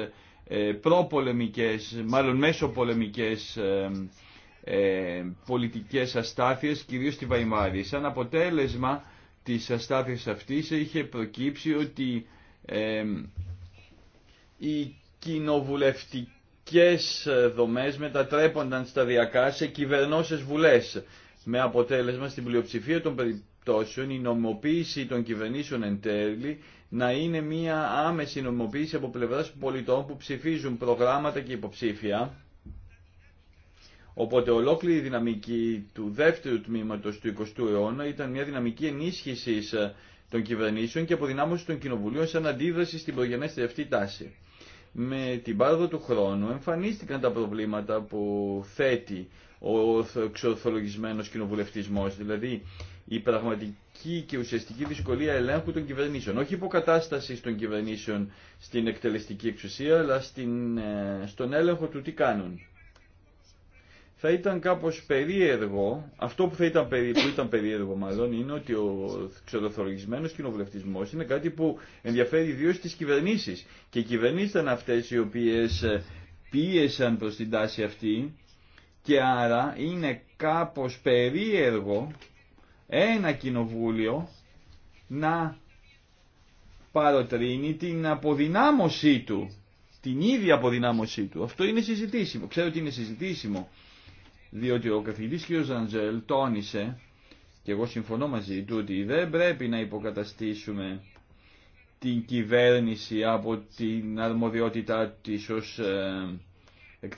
ε, προπολεμικές, μάλλον μέσοπολεμικές ε, ε, πολιτικές αστάθειες, κυρίως στη Βαϊμάρη. Σαν αποτέλεσμα της αστάθειας αυτής είχε προκύψει ότι ε, οι κοινοβουλευτικές δομές μετατρέπονταν σταδιακά σε κυβερνώσεις βουλές, με αποτέλεσμα στην πλειοψηφία των περιπτώσεων περιπτώσεων η νομοποίηση των κυβερνήσεων εν τέλει να είναι μια άμεση νομοποίηση από πλευρά πολιτών που ψηφίζουν προγράμματα και υποψήφια. Οπότε ολόκληρη η δυναμική του δεύτερου τμήματος του 20ου αιώνα ήταν μια δυναμική ενίσχυση των κυβερνήσεων και αποδυνάμωση των κοινοβουλίων σαν αντίδραση στην προγενέστερη αυτή τάση. Με την πάροδο του χρόνου εμφανίστηκαν τα προβλήματα που θέτει ο εξορθολογισμένος κοινοβουλευτισμός, δηλαδή η πραγματική και ουσιαστική δυσκολία ελέγχου των κυβερνήσεων. Όχι υποκατάσταση των κυβερνήσεων στην εκτελεστική εξουσία, αλλά στην, ε, στον έλεγχο του τι κάνουν. Θα ήταν κάπως περίεργο, αυτό που, θα ήταν, περί, που ήταν περίεργο μάλλον, είναι ότι ο ξεδοθολογισμένος κοινοβουλευτισμός είναι κάτι που ενδιαφέρει ιδίω τις κυβερνήσεις. Και οι κυβερνήσεις ήταν αυτές οι οποίες ε, πίεσαν προς την τάση αυτή και άρα είναι κάπως περίεργο ένα κοινοβούλιο να παροτρύνει την αποδυνάμωσή του, την ίδια αποδυνάμωσή του. Αυτό είναι συζητήσιμο. Ξέρω ότι είναι συζητήσιμο, διότι ο καθηγητής κ. Ζαντζέλ τόνισε, και εγώ συμφωνώ μαζί του, ότι δεν πρέπει να υποκαταστήσουμε την κυβέρνηση από την αρμοδιότητά της ως,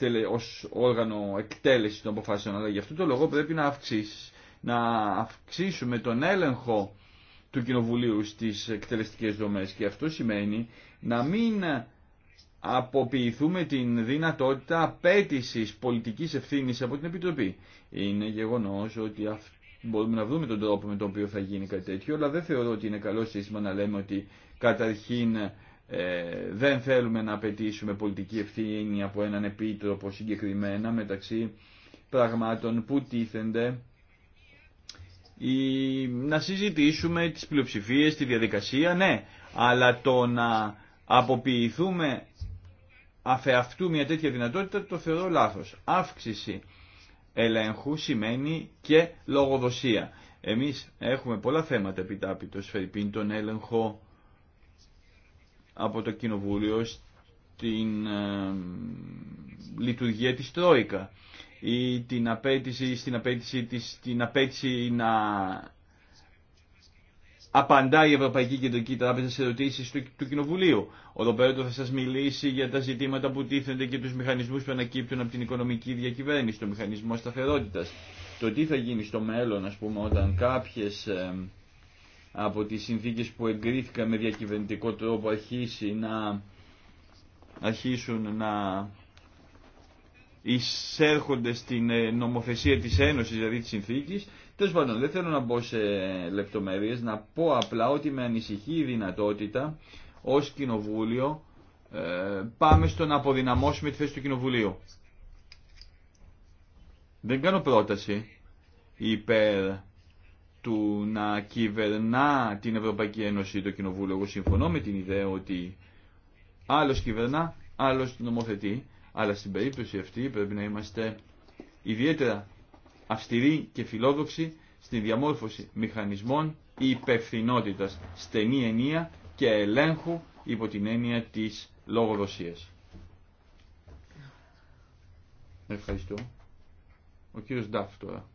ε, ως όργανο εκτέλεσης των αποφάσεων, αλλά γι' αυτό το λόγο πρέπει να αυξήσει να αυξήσουμε τον έλεγχο του Κοινοβουλίου στις εκτελεστικές δομές και αυτό σημαίνει να μην αποποιηθούμε την δυνατότητα απέτηση πολιτικής ευθύνης από την Επιτροπή. Είναι γεγονός ότι αυτό μπορούμε να βρούμε τον τρόπο με τον οποίο θα γίνει κάτι τέτοιο, αλλά δεν θεωρώ ότι είναι καλό σύστημα να λέμε ότι καταρχήν ε, δεν θέλουμε να απαιτήσουμε πολιτική ευθύνη από έναν επίτροπο συγκεκριμένα μεταξύ πραγμάτων που τίθενται ή να συζητήσουμε τις πλειοψηφίες, τη διαδικασία, ναι, αλλά το να αποποιηθούμε αφεαυτού μια τέτοια δυνατότητα το θεωρώ λάθος. Αύξηση ελέγχου σημαίνει και λογοδοσία. Εμείς έχουμε πολλά θέματα επιτάπητος, φερπίν τον έλεγχο από το Κοινοβούλιο στην ε, λειτουργία της Τρόικα ή την απέτηση, στην απέτηση, της, την απέτηση να απαντα η Ευρωπαϊκή Κεντρική Τράπεζα σε ερωτήσει του, του Κοινοβουλίου. Ο Ρομπέρτο θα σα μιλήσει για τα ζητήματα που τίθενται και του μηχανισμού που ανακύπτουν από την οικονομική διακυβέρνηση, το μηχανισμό σταθερότητα. Το τι θα γίνει στο μέλλον, α πούμε, όταν κάποιε από τι συνθήκε που εγκρίθηκαν με διακυβερνητικό τρόπο αρχίσει να, αρχίσουν να εισέρχονται στην ε, νομοθεσία της Ένωσης, δηλαδή της συνθήκης. Τέλος πάντων, δεν θέλω να μπω σε λεπτομέρειες, να πω απλά ότι με ανησυχεί η δυνατότητα ως κοινοβούλιο ε, πάμε στο να αποδυναμώσουμε τη θέση του κοινοβουλίου. Δεν κάνω πρόταση υπέρ του να κυβερνά την Ευρωπαϊκή Ένωση το Κοινοβούλιο. Εγώ συμφωνώ με την ιδέα ότι άλλος κυβερνά, άλλος νομοθετεί αλλά στην περίπτωση αυτή πρέπει να είμαστε ιδιαίτερα αυστηροί και φιλόδοξοι στη διαμόρφωση μηχανισμών υπευθυνότητα στενή ενία και ελέγχου υπό την έννοια της λογοδοσίας. Ευχαριστώ. Ο κύριος Ντάφ τώρα.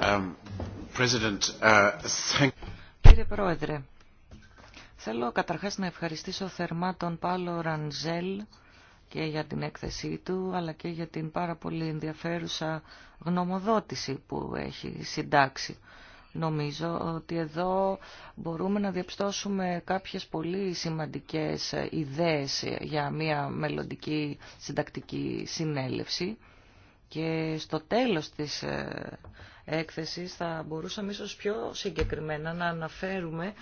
Um, uh, thank... Κύριε Πρόεδρε, Θέλω καταρχάς να ευχαριστήσω θερμά τον Πάλο Ρανζέλ και για την έκθεσή του, αλλά και για την πάρα πολύ ενδιαφέρουσα γνωμοδότηση που έχει συντάξει. Νομίζω ότι εδώ μπορούμε να διαπιστώσουμε κάποιες πολύ σημαντικές ιδέες για μια μελλοντική συντακτική συνέλευση και στο τέλος της ε, έκθεσης θα μπορούσαμε ίσως πιο συγκεκριμένα να αναφέρουμε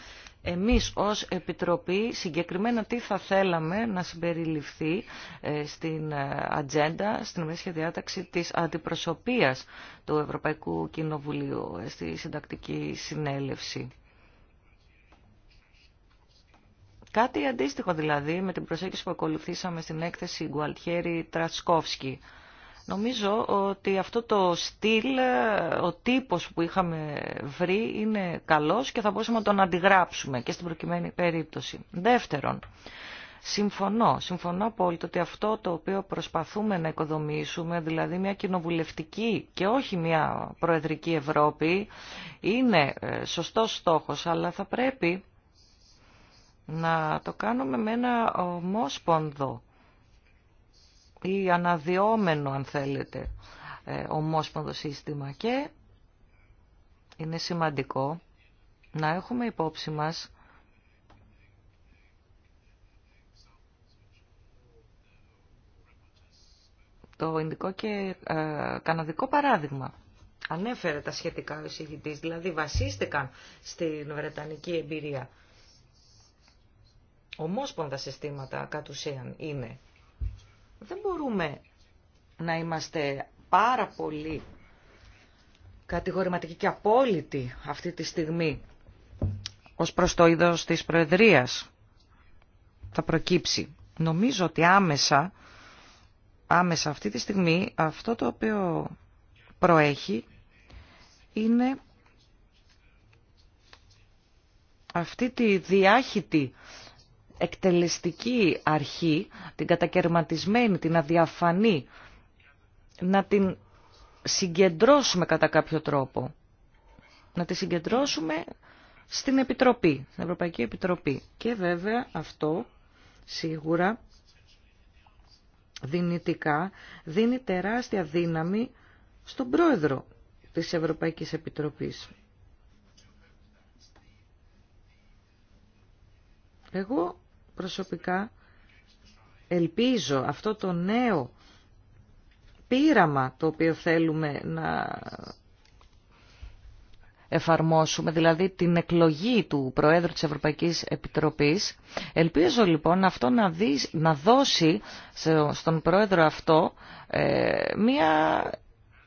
εμείς ως Επιτροπή συγκεκριμένα τι θα θέλαμε να συμπεριληφθεί ε, στην ε, ατζέντα, στην μέση διάταξη της αντιπροσωπείας του Ευρωπαϊκού Κοινοβουλίου ε, στη συντακτική συνέλευση. Κάτι αντίστοιχο δηλαδή με την προσέγγιση που ακολουθήσαμε στην έκθεση Γκουαλτιέρη Τρασκόφσκι. Νομίζω ότι αυτό το στυλ, ε, ο τύπος που είχαμε βρει είναι καλός και θα μπορούσαμε να τον αντιγράψουμε και στην προκειμένη περίπτωση. Δεύτερον, συμφωνώ, συμφωνώ απόλυτα ότι αυτό το οποίο προσπαθούμε να οικοδομήσουμε, δηλαδή μια κοινοβουλευτική και όχι μια προεδρική Ευρώπη, είναι ε, σωστός στόχος, αλλά θα πρέπει να το κάνουμε με ένα ομόσπονδο ή αναδιόμενο αν θέλετε ε, ομόσπονδο σύστημα και είναι σημαντικό να έχουμε υπόψη μας το Ινδικό και ε, Καναδικό παράδειγμα. Ανέφερε τα σχετικά ο εισηγητής, δηλαδή βασίστηκαν στην Βρετανική εμπειρία. Ομόσπονδα συστήματα κατ' ουσίαν είναι δεν μπορούμε να είμαστε πάρα πολύ κατηγορηματικοί και απόλυτοι αυτή τη στιγμή ως προς το είδος της Προεδρίας θα προκύψει. Νομίζω ότι άμεσα, άμεσα αυτή τη στιγμή αυτό το οποίο προέχει είναι αυτή τη διάχυτη εκτελεστική αρχή, την κατακαιρματισμένη, την αδιαφανή, να την συγκεντρώσουμε κατά κάποιο τρόπο. Να τη συγκεντρώσουμε στην Επιτροπή, στην Ευρωπαϊκή Επιτροπή. Και βέβαια αυτό σίγουρα δυνητικά δίνει τεράστια δύναμη στον πρόεδρο της Ευρωπαϊκής Επιτροπής. Εγώ προσωπικά ελπίζω αυτό το νέο πείραμα το οποίο θέλουμε να εφαρμόσουμε, δηλαδή την εκλογή του Προέδρου της Ευρωπαϊκής Επιτροπής. Ελπίζω λοιπόν αυτό να, να δώσει στον Πρόεδρο αυτό ε, μία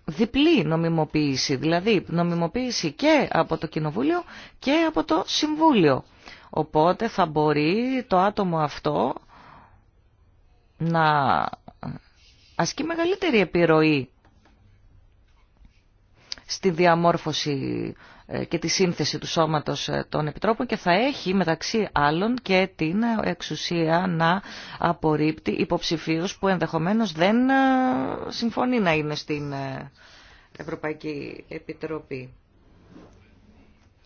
διπλή νομιμοποίηση, δηλαδή νομιμοποίηση και από το Κοινοβούλιο και από το Συμβούλιο. Οπότε θα μπορεί το άτομο αυτό να ασκεί μεγαλύτερη επιρροή στη διαμόρφωση ε, και τη σύνθεση του σώματος ε, των επιτρόπων και θα έχει μεταξύ άλλων και την ε, εξουσία να απορρίπτει υποψηφίους που ενδεχομένως δεν συμφωνεί να είναι στην Ευρωπαϊκή Επιτροπή.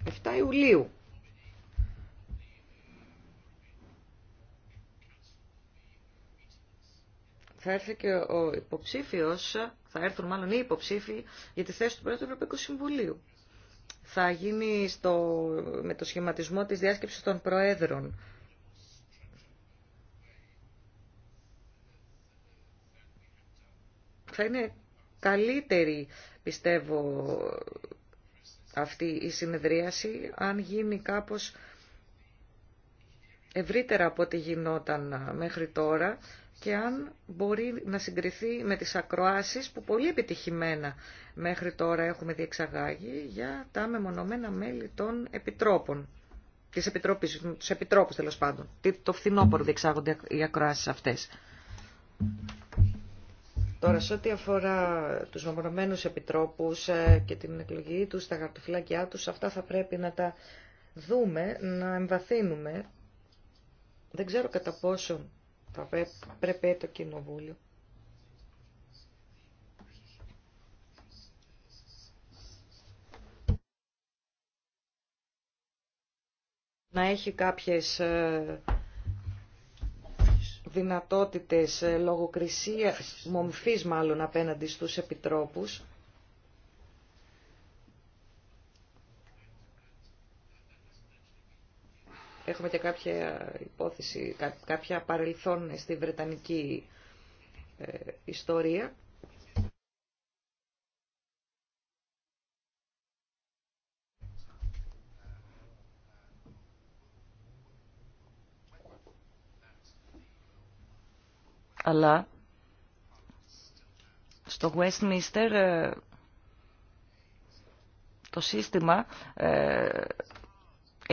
7 Ιουλίου θα έρθει και ο υποψήφιος, θα έρθουν μάλλον οι υποψήφοι για τη θέση του Πρόεδρου Ευρωπαϊκού Συμβουλίου. Θα γίνει στο, με το σχηματισμό της διάσκεψης των Προέδρων. Θα είναι καλύτερη, πιστεύω, αυτή η συνεδρίαση, αν γίνει κάπως ευρύτερα από ό,τι γινόταν μέχρι τώρα και αν μπορεί να συγκριθεί με τις ακροάσεις που πολύ επιτυχημένα μέχρι τώρα έχουμε διεξαγάγει για τα μεμονωμένα μέλη των επιτρόπων. Τις επιτρόπεις, τους επιτρόπους τέλος πάντων. Τι, το φθινόπωρο διεξάγονται οι ακροάσεις αυτές. Τώρα, σε ό,τι αφορά τους μεμονωμένους επιτρόπους ε, και την εκλογή τους, τα χαρτοφυλάκια τους, αυτά θα πρέπει να τα δούμε, να εμβαθύνουμε. Δεν ξέρω κατά πόσο πρέπει το κοινοβούλιο. να έχει κάποιες ε, δυνατότητες ε, λογοκρισία, μομφής μάλλον απέναντι στους επιτρόπους Έχουμε και κάποια υπόθεση, κάποια παρελθόν στη Βρετανική ε, ιστορία. Αλλά στο Westminster ε, το σύστημα ε,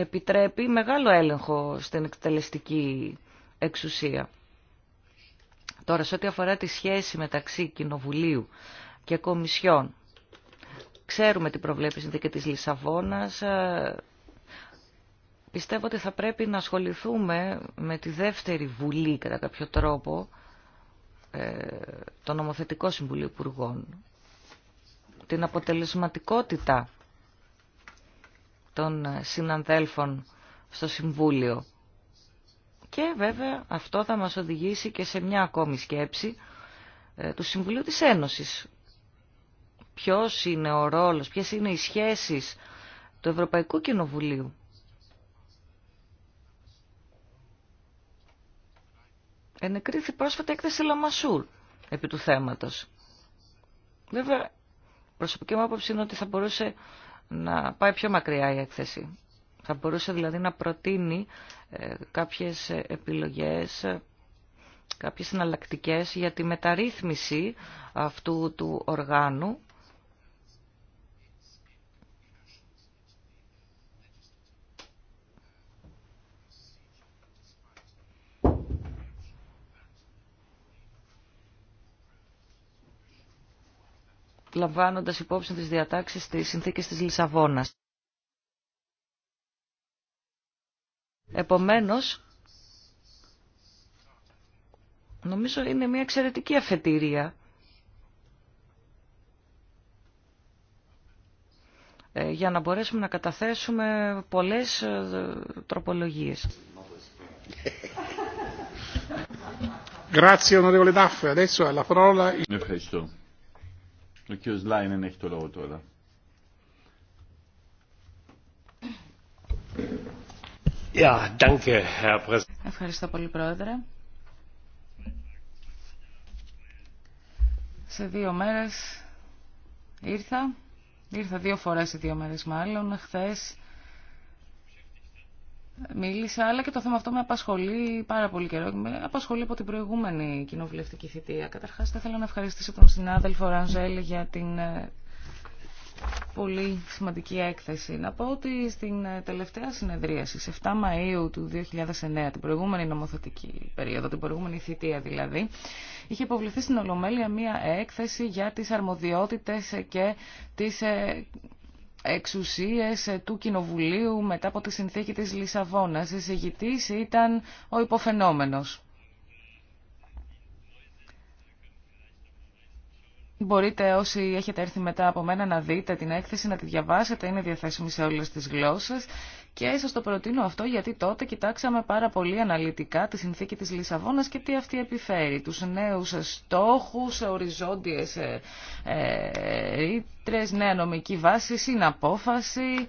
επιτρέπει μεγάλο έλεγχο στην εκτελεστική εξουσία. Τώρα, σε ό,τι αφορά τη σχέση μεταξύ Κοινοβουλίου και Κομισιών, ξέρουμε την προβλέπει η της Λισαβόνας. Ε, πιστεύω ότι θα πρέπει να ασχοληθούμε με τη δεύτερη βουλή, κατά κάποιο τρόπο, ε, το νομοθετικό Συμβουλίο Υπουργών. Την αποτελεσματικότητα των συναντέλφων στο Συμβούλιο. Και βέβαια αυτό θα μας οδηγήσει και σε μια ακόμη σκέψη ε, του Συμβουλίου της Ένωσης. Ποιος είναι ο ρόλος, ποιες είναι οι σχέσεις του Ευρωπαϊκού Κοινοβουλίου. Ενεκρίθη πρόσφατα έκθεση Λαμασούρ επί του θέματος. Βέβαια, προσωπική μου άποψη είναι ότι θα μπορούσε να πάει πιο μακριά η έκθεση. Θα μπορούσε δηλαδή να προτείνει ε, κάποιες επιλογές, κάποιες συναλλακτικές για τη μεταρρύθμιση αυτού του οργάνου λαμβάνοντας υπόψη τις διατάξεις της συνθήκης της Λισαβόνας. Επομένως, νομίζω είναι μια εξαιρετική αφετηρία ε, για να μπορέσουμε να καταθέσουμε πολλές ε, τροπολογίες. Ευχαριστώ. Ο κ. Λάινεν έχει το λόγο τώρα. Ευχαριστώ πολύ, Πρόεδρε. Σε δύο μέρες ήρθα. Ήρθα δύο φορές σε δύο μέρες μάλλον. Χθες μίλησα, αλλά και το θέμα αυτό με απασχολεί πάρα πολύ καιρό. Με απασχολεί από την προηγούμενη κοινοβουλευτική θητεία. Καταρχάς θα ήθελα να ευχαριστήσω τον συνάδελφο Ρανζέλ για την ε, πολύ σημαντική έκθεση. Να πω ότι στην ε, τελευταία συνεδρίαση, σε 7 Μαΐου του 2009, την προηγούμενη νομοθετική περίοδο, την προηγούμενη θητεία δηλαδή, είχε υποβληθεί στην Ολομέλεια μία έκθεση για τις αρμοδιότητες και τις ε, εξουσίες ε, του Κοινοβουλίου μετά από τη συνθήκη της Λισαβόνας. Εισηγητής ήταν ο υποφαινόμενος. Μπορείτε όσοι έχετε έρθει μετά από μένα να δείτε την έκθεση, να τη διαβάσετε, είναι διαθέσιμη σε όλες τις γλώσσες και σα το προτείνω αυτό γιατί τότε κοιτάξαμε πάρα πολύ αναλυτικά τη συνθήκη της Λισαβόνας και τι αυτή επιφέρει. του νέους στόχους, οριζόντιες ε, ε, νέα νομική βάση, συναπόφαση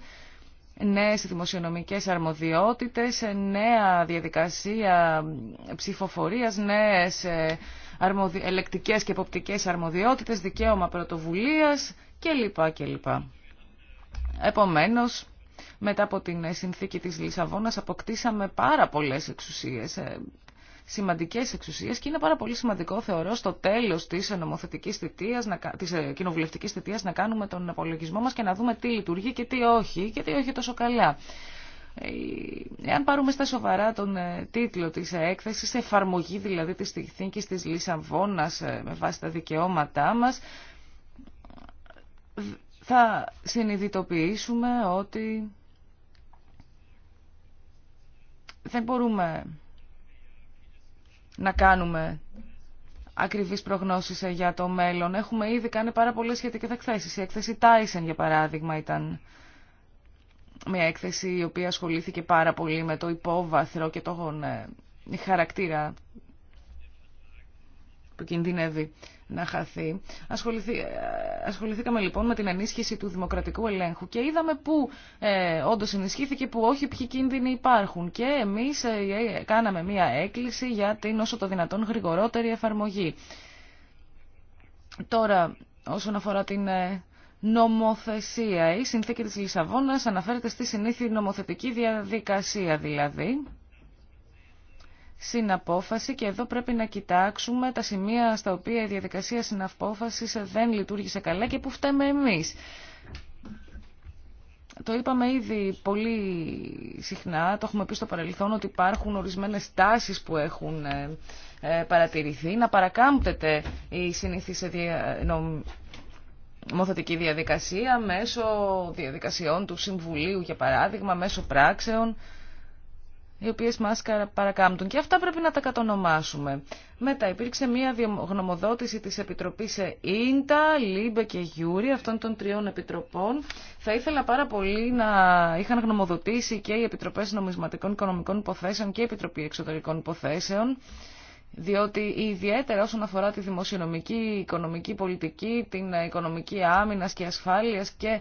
νέε δημοσιονομικέ αρμοδιότητες, νέα διαδικασία ψηφοφορίας, νέες ε, αρμοδι... και εποπτικές αρμοδιότητες, δικαίωμα πρωτοβουλίας κλπ. κλπ. Επομένως, μετά από την ε, συνθήκη της Λισαβόνας αποκτήσαμε πάρα πολλές εξουσίες, ε, σημαντικές εξουσίες και είναι πάρα πολύ σημαντικό θεωρώ στο τέλος της, ε, νομοθετικής θητείας, της κοινοβουλευτικής θητείας να κάνουμε τον απολογισμό μας και να δούμε τι λειτουργεί και τι όχι και τι όχι τόσο καλά. Εάν πάρουμε στα σοβαρά τον τίτλο της έκθεσης, εφαρμογή δηλαδή της θήκης της Λισαβόνας με βάση τα δικαιώματά μας, θα συνειδητοποιήσουμε ότι δεν μπορούμε να κάνουμε ακριβείς προγνώσεις ε, για το μέλλον. Έχουμε ήδη κάνει πάρα πολλές σχετικές εκθέσεις. Η έκθεση Tyson, για παράδειγμα, ήταν μια έκθεση η οποία ασχολήθηκε πάρα πολύ με το υπόβαθρο και το χαρακτήρα που κινδυνεύει να χαθεί. Ασχοληθήκαμε λοιπόν με την ενίσχυση του δημοκρατικού ελέγχου και είδαμε πού ε, όντω ενισχύθηκε, πού όχι, ποιοι κίνδυνοι υπάρχουν. Και εμεί ε, ε, κάναμε μία έκκληση για την όσο το δυνατόν γρηγορότερη εφαρμογή. Τώρα, όσον αφορά την ε, νομοθεσία, η συνθήκη της Λισαβόνας αναφέρεται στη συνήθη νομοθετική διαδικασία δηλαδή συναπόφαση και εδώ πρέπει να κοιτάξουμε τα σημεία στα οποία η διαδικασία συναπόφασης δεν λειτουργήσε καλά και που φταίμε εμείς. Το είπαμε ήδη πολύ συχνά, το έχουμε πει στο παρελθόν ότι υπάρχουν ορισμένες τάσεις που έχουν ε, ε, παρατηρηθεί. Να παρακάμπτεται η συνήθιση νομοθετική διαδικασία μέσω διαδικασιών του Συμβουλίου, για παράδειγμα, μέσω πράξεων οι οποίες μας παρακάμπτουν. Και αυτά πρέπει να τα κατονομάσουμε. Μετά υπήρξε μια γνωμοδότηση της Επιτροπής ΙΝΤΑ, ΛΥΜΠΕ και Γιούρι, αυτών των τριών επιτροπών. Θα ήθελα πάρα πολύ να είχαν γνωμοδοτήσει και οι Επιτροπές Νομισματικών Οικονομικών Υποθέσεων και η Επιτροπή Εξωτερικών Υποθέσεων διότι ιδιαίτερα όσον αφορά τη δημοσιονομική, οικονομική πολιτική, την οικονομική άμυνας και ασφάλειας και,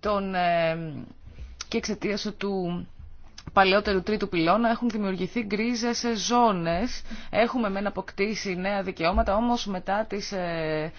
τον, ε, και εξαιτία του παλαιότερου τρίτου πυλώνα έχουν δημιουργηθεί γκρίζε ζώνε, Έχουμε μεν αποκτήσει νέα δικαιώματα, όμω μετά τις ε,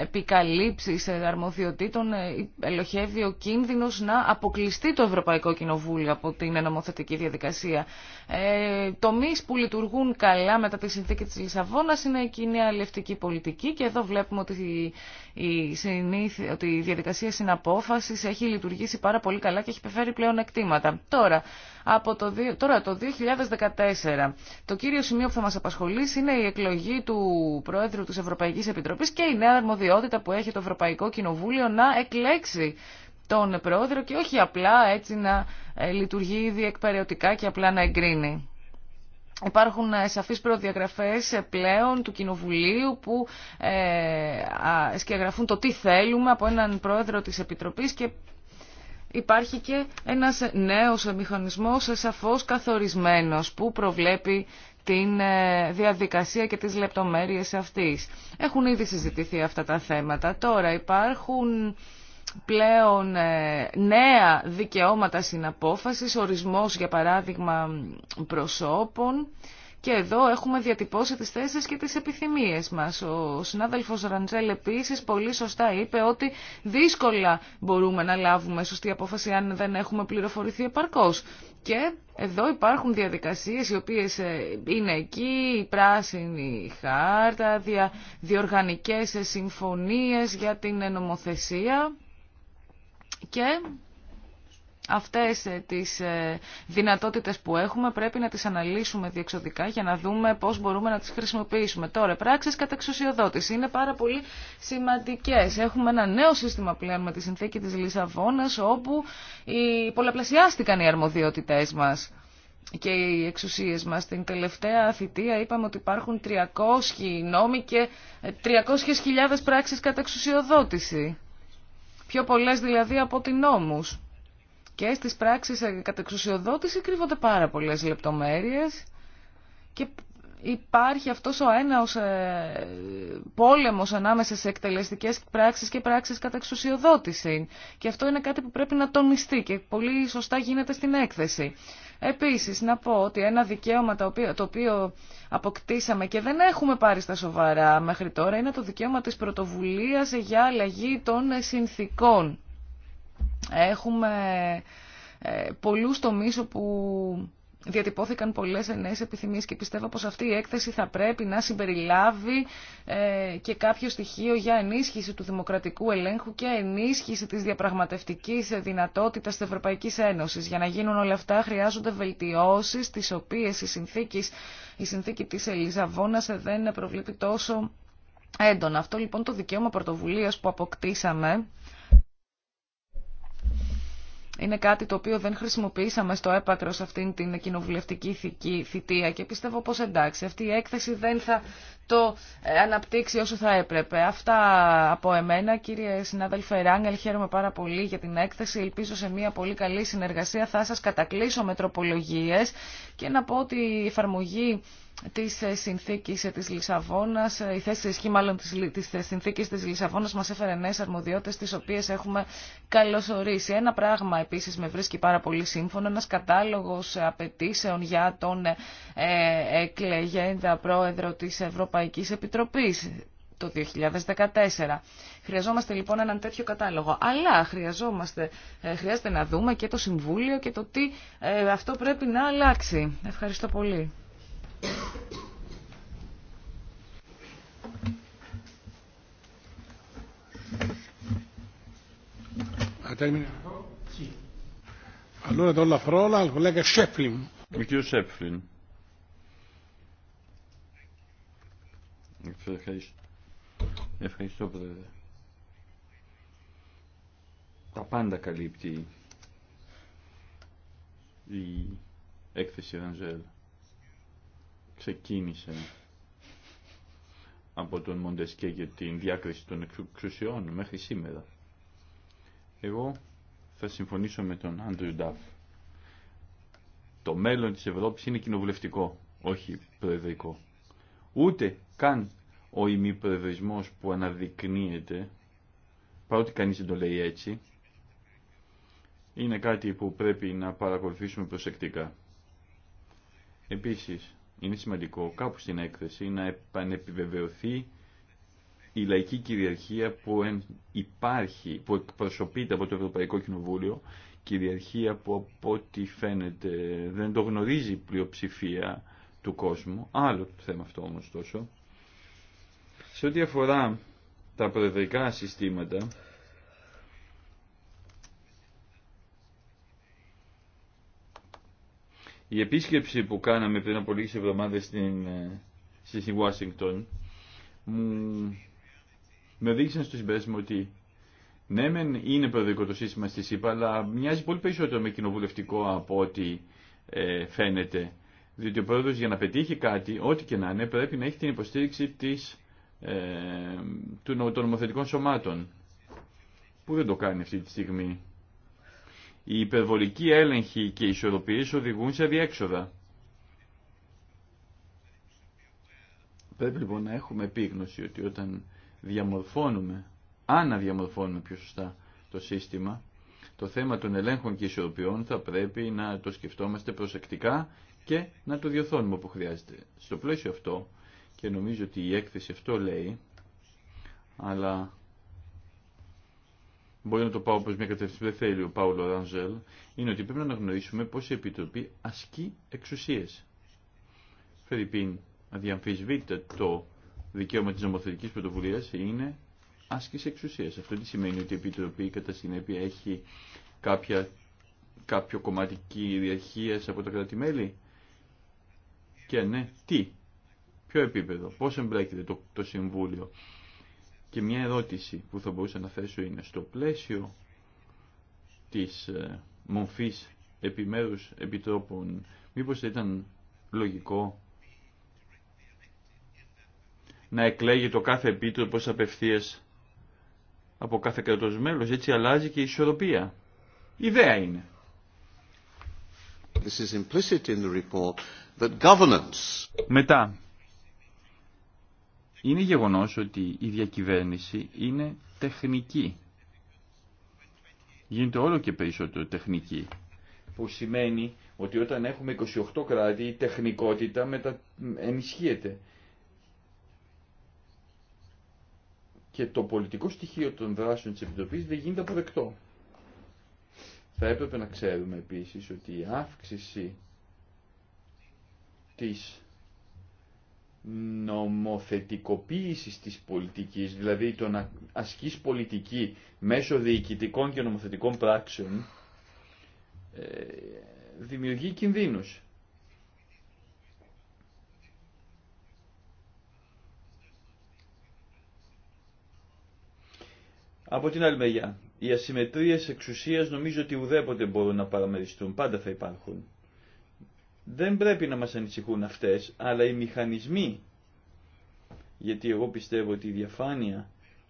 επικαλύψεις ε, αρμοδιοτήτων ε, ελοχεύει ο κίνδυνο να αποκλειστεί το Ευρωπαϊκό Κοινοβούλιο από την νομοθετική διαδικασία. Ε, τομείς που λειτουργούν καλά μετά τη συνθήκη τη Λισαβόνα είναι η κοινή αλληλευτική πολιτική και εδώ βλέπουμε ότι η, συνήθ, ότι η διαδικασία συναπόφαση έχει λειτουργήσει πάρα πολύ καλά και έχει επιφέρει πλέον εκτήματα. Τώρα, από το, τώρα το 2014. Το κύριο σημείο που θα μας απασχολήσει είναι η εκλογή του Πρόεδρου της Ευρωπαϊκής Επιτροπής και η νέα αρμοδιότητα που έχει το Ευρωπαϊκό Κοινοβούλιο να εκλέξει τον Πρόεδρο και όχι απλά έτσι να ε, λειτουργεί ήδη και απλά να εγκρίνει. Υπάρχουν ε, σαφείς προδιαγραφές ε, πλέον του Κοινοβουλίου που ε, σκεγγραφούν το τι θέλουμε από έναν πρόεδρο της Επιτροπής και υπάρχει και ένας νέος μηχανισμός σαφώς καθορισμένος που προβλέπει την ε, διαδικασία και τις λεπτομέρειες αυτής. Έχουν ήδη συζητηθεί αυτά τα θέματα. Τώρα υπάρχουν πλέον ε, νέα δικαιώματα συναπόφασης, ορισμός για παράδειγμα προσώπων και εδώ έχουμε διατυπώσει τις θέσεις και τις επιθυμίες μας. Ο συνάδελφος Ραντζέλ επίσης πολύ σωστά είπε ότι δύσκολα μπορούμε να λάβουμε σωστή απόφαση αν δεν έχουμε πληροφορηθεί επαρκώς. Και εδώ υπάρχουν διαδικασίες οι οποίες ε, είναι εκεί, η πράσινη χάρτα, δια, διοργανικές συμφωνίες για την νομοθεσία και Αυτές ε, τις ε, δυνατότητες που έχουμε πρέπει να τις αναλύσουμε διεξοδικά για να δούμε πώς μπορούμε να τις χρησιμοποιήσουμε. Τώρα, πράξεις κατά εξουσιοδότηση είναι πάρα πολύ σημαντικές. Έχουμε ένα νέο σύστημα πλέον με τη συνθήκη της Λισαβόνας όπου οι... πολλαπλασιάστηκαν οι αρμοδιότητές μας και οι εξουσίες μας. Στην τελευταία θητεία είπαμε ότι υπάρχουν 300 νόμοι και 300.000 ε, πράξεις κατά εξουσιοδότηση. Πιο πολλές δηλαδή από ότι νόμους. Και στις πράξεις ε, κατά εξουσιοδότηση κρύβονται πάρα πολλές λεπτομέρειες και υπάρχει αυτός ο ένας ε, πόλεμος ανάμεσα σε εκτελεστικές πράξεις και πράξεις κατά εξουσιοδότηση. Και αυτό είναι κάτι που πρέπει να τονιστεί και πολύ σωστά γίνεται στην έκθεση. Επίσης, να πω ότι ένα δικαίωμα το οποίο αποκτήσαμε και δεν έχουμε πάρει στα σοβαρά μέχρι τώρα είναι το δικαίωμα της πρωτοβουλίας για αλλαγή των συνθήκων. Έχουμε ε, πολλούς τομείς όπου διατυπώθηκαν πολλές νέες επιθυμίες και πιστεύω πως αυτή η έκθεση θα πρέπει να συμπεριλάβει ε, και κάποιο στοιχείο για ενίσχυση του δημοκρατικού ελέγχου και ενίσχυση της διαπραγματευτικής δυνατότητας της Ευρωπαϊκής Ένωσης. Για να γίνουν όλα αυτά χρειάζονται βελτιώσεις τις οποίες η, η συνθήκη της Ελισαβόνας δεν προβλέπει τόσο έντονα. Αυτό λοιπόν το δικαίωμα πρωτοβουλίας που αποκτήσαμε είναι κάτι το οποίο δεν χρησιμοποιήσαμε στο έπακρο σε αυτήν την κοινοβουλευτική θητεία και πιστεύω πως εντάξει, αυτή η έκθεση δεν θα το ε, αναπτύξει όσο θα έπρεπε. Αυτά από εμένα, κύριε συνάδελφε Ράγκελ, χαίρομαι πάρα πολύ για την έκθεση. Ελπίζω σε μια πολύ καλή συνεργασία θα σας κατακλείσω με τροπολογίες και να πω ότι η εφαρμογή της ε, συνθήκης ε, της Λισαβόνας, ε, η θέση ισχύ μάλλον της, της συνθήκης της Λισαβόνας μας έφερε νέες αρμοδιότητες τις οποίες έχουμε καλωσορίσει. Ένα πράγμα επίσης με βρίσκει πάρα πολύ σύμφωνο, ένας κατάλογος απαιτήσεων για τον ε, εκλεγέντα πρόεδρο της Ευρωπαϊκής Επιτροπής το 2014. Χρειαζόμαστε λοιπόν έναν τέτοιο κατάλογο. Αλλά χρειαζόμαστε, χρειάζεται να δούμε και το Συμβούλιο και το τι αυτό πρέπει να αλλάξει. Ευχαριστώ πολύ. Ευχαριστώ. Ευχαριστώ, Πρόεδρε. Τα πάντα καλύπτει η έκθεση Ρανζέλ ξεκίνησε από τον Μοντεσκέ για την διάκριση των εξουσιών μέχρι σήμερα. Εγώ θα συμφωνήσω με τον Άντριου Νταφ. Το μέλλον της Ευρώπης είναι κοινοβουλευτικό, όχι προεδρικό. Ούτε καν ο ημιπροεδρισμός που αναδεικνύεται, παρότι κανείς δεν το λέει έτσι, είναι κάτι που πρέπει να παρακολουθήσουμε προσεκτικά. Επίσης, είναι σημαντικό κάπου στην έκθεση να επανεπιβεβαιωθεί η λαϊκή κυριαρχία που υπάρχει, που εκπροσωπείται από το Ευρωπαϊκό Κοινοβούλιο, κυριαρχία που από ό,τι φαίνεται δεν το γνωρίζει η πλειοψηφία του κόσμου. Άλλο το θέμα αυτό όμως τόσο. Σε ό,τι αφορά τα προεδρικά συστήματα, Η επίσκεψη που κάναμε πριν από λίγες εβδομάδες στην, ε, στη Ουάσιγκτον με οδήγησαν στο συμπέρασμα ότι ναι, μεν είναι προεδρικό το σύστημα στη ΣΥΠΑ, αλλά μοιάζει πολύ περισσότερο με κοινοβουλευτικό από ό,τι ε, φαίνεται. Διότι ο πρόεδρο για να πετύχει κάτι, ό,τι και να είναι, πρέπει να έχει την υποστήριξη της, ε, του, των νομοθετικών σωμάτων. Που δεν το κάνει αυτή τη στιγμή. Οι υπερβολικοί έλεγχοι και ισορροπίες οδηγούν σε διέξοδα. Πρέπει λοιπόν να έχουμε επίγνωση ότι όταν διαμορφώνουμε, διαμορφώνουμε πιο σωστά το σύστημα, το θέμα των ελέγχων και ισορροπιών θα πρέπει να το σκεφτόμαστε προσεκτικά και να το διορθώνουμε όπου χρειάζεται. Στο πλαίσιο αυτό, και νομίζω ότι η έκθεση αυτό λέει, αλλά μπορεί να το πάω προς μια κατεύθυνση που δεν θέλει ο Παύλο Ρανζέλ, είναι ότι πρέπει να αναγνωρίσουμε πω η Επιτροπή ασκεί εξουσίε. Φερρυπίν, αδιαμφισβήτητα το δικαίωμα τη νομοθετική πρωτοβουλία είναι άσκηση εξουσία. Αυτό τι σημαίνει ότι η Επιτροπή κατά συνέπεια έχει κάποια, κάποιο κομμάτι κυριαρχία από τα κράτη-μέλη. Και ναι, τι, ποιο επίπεδο, πώ εμπλέκεται το, το Συμβούλιο, και μια ερώτηση που θα μπορούσα να θέσω είναι στο πλαίσιο της ε, μορφής επιμέρους επιτρόπων μήπως ήταν λογικό να εκλέγει το κάθε επίτροπος απευθείας από κάθε κρατός Έτσι αλλάζει και η ισορροπία. Ιδέα είναι. Μετά, είναι γεγονός ότι η διακυβέρνηση είναι τεχνική. Γίνεται όλο και περισσότερο τεχνική. Που σημαίνει ότι όταν έχουμε 28 κράτη η τεχνικότητα μετα... ενισχύεται. Και το πολιτικό στοιχείο των δράσεων της Επιτροπής δεν γίνεται αποδεκτό. Θα έπρεπε να ξέρουμε επίσης ότι η αύξηση της νομοθετικοποίηση της πολιτικής, δηλαδή το να πολιτική μέσω διοικητικών και νομοθετικών πράξεων, ε, δημιουργεί κινδύνους. Από την άλλη μεριά, οι ασυμμετρίες εξουσίας νομίζω ότι ουδέποτε μπορούν να παραμεριστούν, πάντα θα υπάρχουν δεν πρέπει να μας ανησυχούν αυτές, αλλά οι μηχανισμοί. Γιατί εγώ πιστεύω ότι η διαφάνεια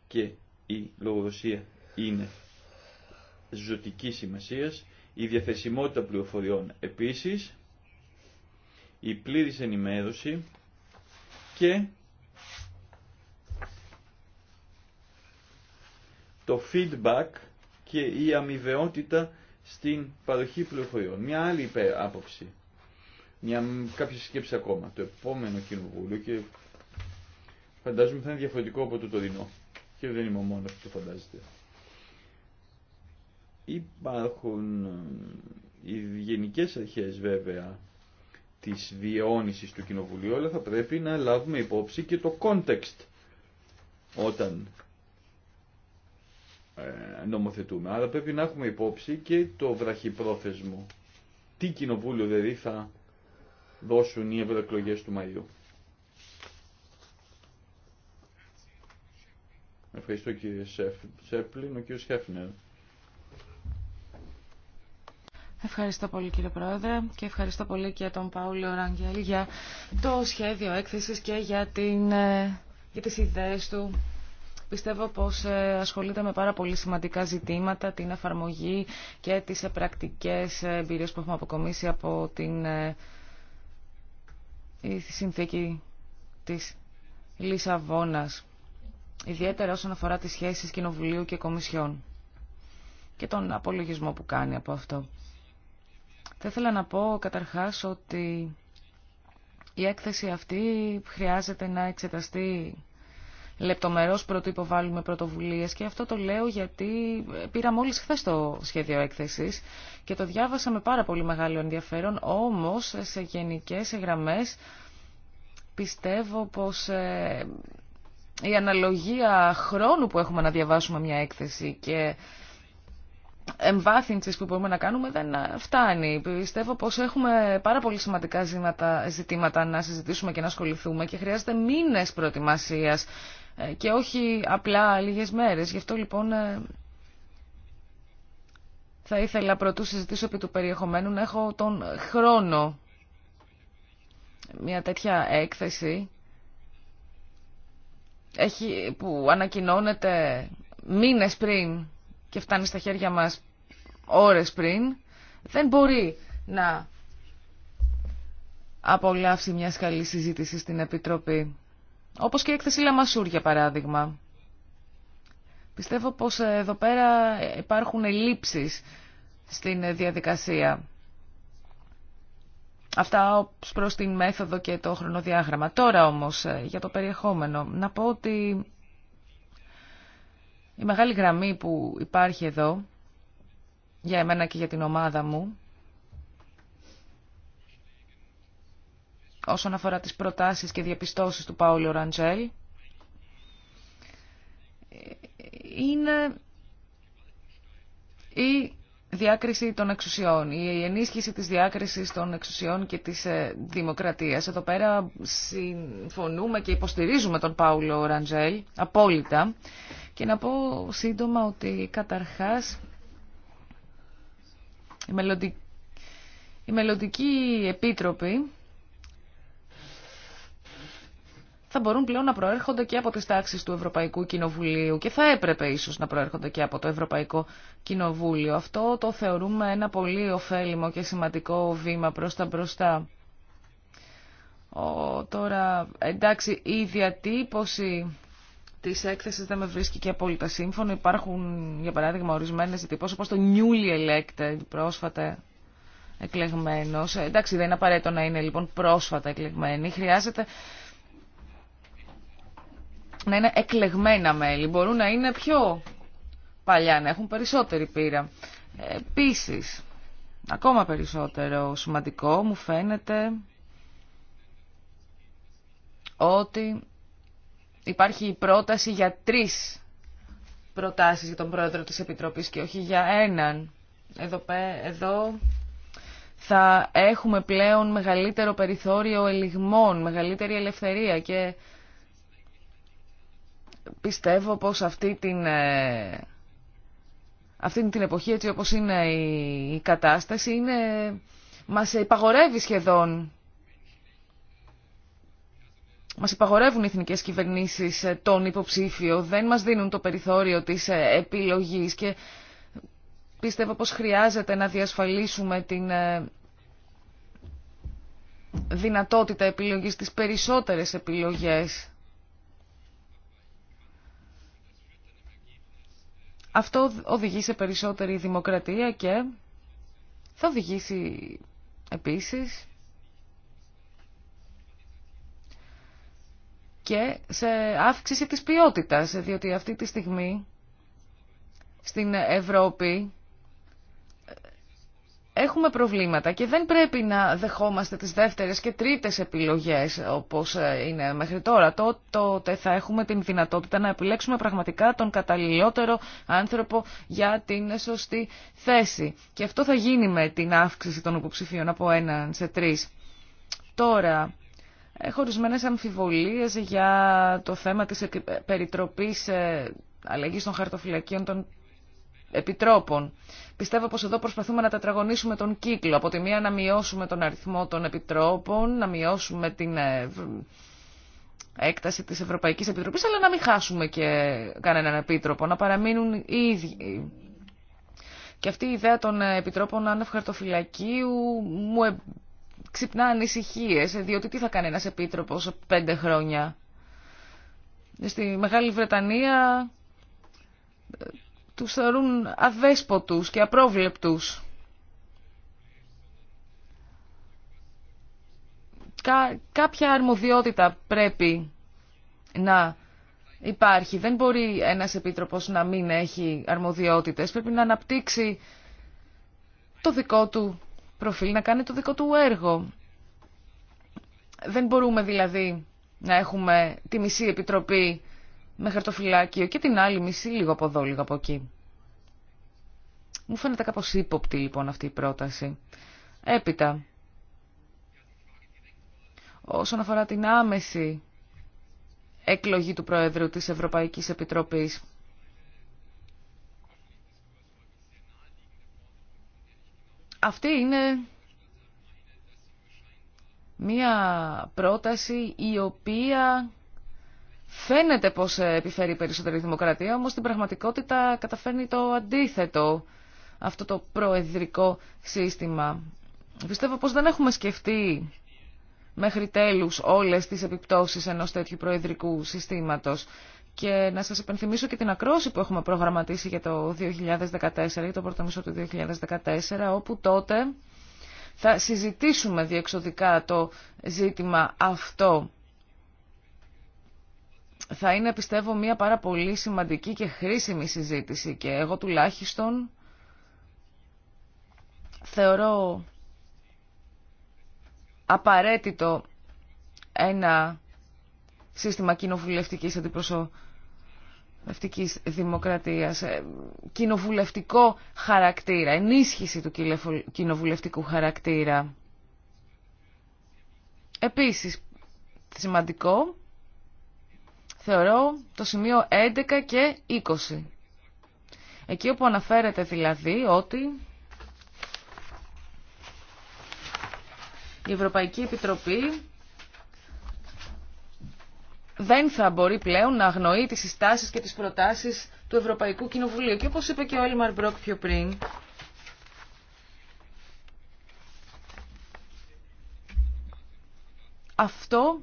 και η λογοδοσία είναι ζωτική σημασίας, η διαθεσιμότητα πληροφοριών επίσης, η πλήρης ενημέρωση και το feedback και η αμοιβαιότητα στην παροχή πληροφοριών. Μια άλλη άποψη μια, κάποια σκέψη ακόμα. Το επόμενο κοινοβούλιο και φαντάζομαι θα είναι διαφορετικό από το τωρινό. Και δεν είμαι ο μόνος που το φαντάζεται. Υπάρχουν ε, οι γενικές αρχές βέβαια της διαιώνισης του κοινοβουλίου, αλλά θα πρέπει να λάβουμε υπόψη και το context όταν ε, νομοθετούμε. Άρα πρέπει να έχουμε υπόψη και το βραχυπρόθεσμο. Τι κοινοβούλιο δηλαδή θα δώσουν οι ευρωεκλογέ του Μαΐου. Ευχαριστώ κύριε Σέπλιν, ο κύριος Χέφνερ. Ευχαριστώ πολύ κύριε Πρόεδρε και ευχαριστώ πολύ και τον Παούλιο Ραγγέλ για το σχέδιο έκθεσης και για, την, ε, για τις ιδέες του. Πιστεύω πως ε, ασχολείται με πάρα πολύ σημαντικά ζητήματα, την εφαρμογή και τις πρακτικές εμπειρίες που έχουμε αποκομίσει από την ε, η συνθήκη της Λισαβόνας, ιδιαίτερα όσον αφορά τις σχέσεις Κοινοβουλίου και Κομισιών και τον απολογισμό που κάνει από αυτό. Θα ήθελα να πω καταρχάς ότι η έκθεση αυτή χρειάζεται να εξεταστεί λεπτομερώς πρωτού υποβάλλουμε πρωτοβουλίες και αυτό το λέω γιατί ε, πήρα μόλις χθε το σχέδιο έκθεσης και το διάβασα με πάρα πολύ μεγάλο ενδιαφέρον, όμως σε γενικές γραμμές πιστεύω πως ε, η αναλογία χρόνου που έχουμε να διαβάσουμε μια έκθεση και εμβάθυνσης που μπορούμε να κάνουμε δεν φτάνει. Πιστεύω πως έχουμε πάρα πολύ σημαντικά ζητήματα να συζητήσουμε και να ασχοληθούμε και χρειάζεται μήνες προετοιμασίας ε, και όχι απλά λίγες μέρες. Γι' αυτό λοιπόν ε, θα ήθελα πρωτού συζητήσω επί του περιεχομένου να έχω τον χρόνο μια τέτοια έκθεση έχει, που ανακοινώνεται μήνες πριν και φτάνει στα χέρια μας ώρες πριν, δεν μπορεί να απολαύσει μια καλή συζήτηση στην Επιτροπή. Όπως και η έκθεση Λαμασούρ, για παράδειγμα. Πιστεύω πως εδώ πέρα υπάρχουν ελλείψεις στην διαδικασία. Αυτά ως προς την μέθοδο και το χρονοδιάγραμμα. Τώρα όμως, ε, για το περιεχόμενο, να πω ότι η μεγάλη γραμμή που υπάρχει εδώ, για εμένα και για την ομάδα μου, όσον αφορά τις προτάσεις και διαπιστώσεις του Παόλιο Ραντζέλ είναι η διάκριση των εξουσιών, η ενίσχυση της διάκρισης των εξουσιών και της ε, δημοκρατίας. Εδώ πέρα συμφωνούμε και υποστηρίζουμε τον Πάουλο Ραντζέλ απόλυτα και να πω σύντομα ότι καταρχάς η μελλοντική, η μελλοντική επίτροπη θα μπορούν πλέον να προέρχονται και από τις τάξεις του Ευρωπαϊκού Κοινοβουλίου και θα έπρεπε ίσως να προέρχονται και από το Ευρωπαϊκό Κοινοβούλιο. Αυτό το θεωρούμε ένα πολύ ωφέλιμο και σημαντικό βήμα προς τα μπροστά. Ο, τώρα, εντάξει, η διατύπωση της έκθεσης δεν με βρίσκει και απόλυτα σύμφωνο. Υπάρχουν, για παράδειγμα, ορισμένες διατυπώσεις όπως το newly elected πρόσφατα εκλεγμένος. Ε, εντάξει, δεν είναι απαραίτητο να είναι λοιπόν πρόσφατα εκλεγμένοι. Χρειάζεται να είναι εκλεγμένα μέλη. Μπορούν να είναι πιο παλιά, να έχουν περισσότερη πείρα. Επίσης, ακόμα περισσότερο σημαντικό μου φαίνεται ότι υπάρχει η πρόταση για τρεις προτάσεις για τον πρόεδρο της Επιτροπής και όχι για έναν. Εδώ, εδώ θα έχουμε πλέον μεγαλύτερο περιθώριο ελιγμών, μεγαλύτερη ελευθερία και πιστεύω πως αυτή την, ε, αυτή την εποχή έτσι όπως είναι η, κατάσταση είναι, μας υπαγορεύει σχεδόν μας υπαγορεύουν οι εθνικές κυβερνήσεις ε, τον υποψήφιο, δεν μας δίνουν το περιθώριο της ε, επιλογής και πιστεύω πως χρειάζεται να διασφαλίσουμε την δυνατότητα επιλογής, της περισσότερες επιλογές Αυτό οδηγεί σε περισσότερη δημοκρατία και θα οδηγήσει επίσης και σε αύξηση της ποιότητας, διότι αυτή τη στιγμή στην Ευρώπη έχουμε προβλήματα και δεν πρέπει να δεχόμαστε τις δεύτερες και τρίτες επιλογές όπως ε, είναι μέχρι τώρα. Τότε θα έχουμε την δυνατότητα να επιλέξουμε πραγματικά τον καταλληλότερο άνθρωπο για την σωστή θέση. Και αυτό θα γίνει με την αύξηση των υποψηφίων από έναν σε τρεις. Τώρα, έχω ορισμένες αμφιβολίες για το θέμα της περιτροπής ε, αλλαγής των χαρτοφυλακίων των επιτρόπων. Πιστεύω πως εδώ προσπαθούμε να τετραγωνίσουμε τον κύκλο. Από τη μία να μειώσουμε τον αριθμό των επιτρόπων, να μειώσουμε την ε, έκταση της Ευρωπαϊκής Επιτροπής, αλλά να μην χάσουμε και κανέναν επίτροπο, να παραμείνουν οι ίδιοι. Και αυτή η ιδέα των ε, επιτρόπων ανευχαρτοφυλακίου μου ε, ξυπνά ανησυχίε, διότι τι θα κάνει ένας επίτροπος πέντε χρόνια. Στη Μεγάλη Βρετανία τους θεωρούν αδέσποτους και απρόβλεπτους. Κα, κάποια αρμοδιότητα πρέπει να υπάρχει. Δεν μπορεί ένας επίτροπος να μην έχει αρμοδιότητες. Πρέπει να αναπτύξει το δικό του προφίλ, να κάνει το δικό του έργο. Δεν μπορούμε δηλαδή να έχουμε τη μισή επιτροπή με χαρτοφυλάκιο και την άλλη μισή λίγο από εδώ, λίγο από εκεί. Μου φαίνεται κάπως ύποπτη λοιπόν αυτή η πρόταση. Έπειτα, όσον αφορά την άμεση εκλογή του Προεδρού της Ευρωπαϊκής Επιτροπής, αυτή είναι μία πρόταση η οποία Φαίνεται πως ε, επιφέρει περισσότερη δημοκρατία, όμως στην πραγματικότητα καταφέρνει το αντίθετο αυτό το προεδρικό σύστημα. Πιστεύω πως δεν έχουμε σκεφτεί μέχρι τέλους όλες τις επιπτώσεις ενός τέτοιου προεδρικού συστήματος. Και να σας υπενθυμίσω και την ακρόση που έχουμε προγραμματίσει για το 2014 για το πρώτο μισό του 2014, όπου τότε θα συζητήσουμε διεξοδικά το ζήτημα αυτό θα είναι πιστεύω μια πάρα πολύ σημαντική και χρήσιμη συζήτηση και εγώ τουλάχιστον θεωρώ απαραίτητο ένα σύστημα κοινοβουλευτικής αντιπροσωπευτικής δημοκρατίας, ε, κοινοβουλευτικό χαρακτήρα, ενίσχυση του κοινοβουλευτικού χαρακτήρα. Επίσης, σημαντικό θεωρώ το σημείο 11 και 20. Εκεί όπου αναφέρεται δηλαδή ότι η Ευρωπαϊκή Επιτροπή δεν θα μπορεί πλέον να αγνοεί τις συστάσεις και τις προτάσεις του Ευρωπαϊκού Κοινοβουλίου. Και όπως είπε και ο Έλμαρ Μπρόκ πιο πριν, αυτό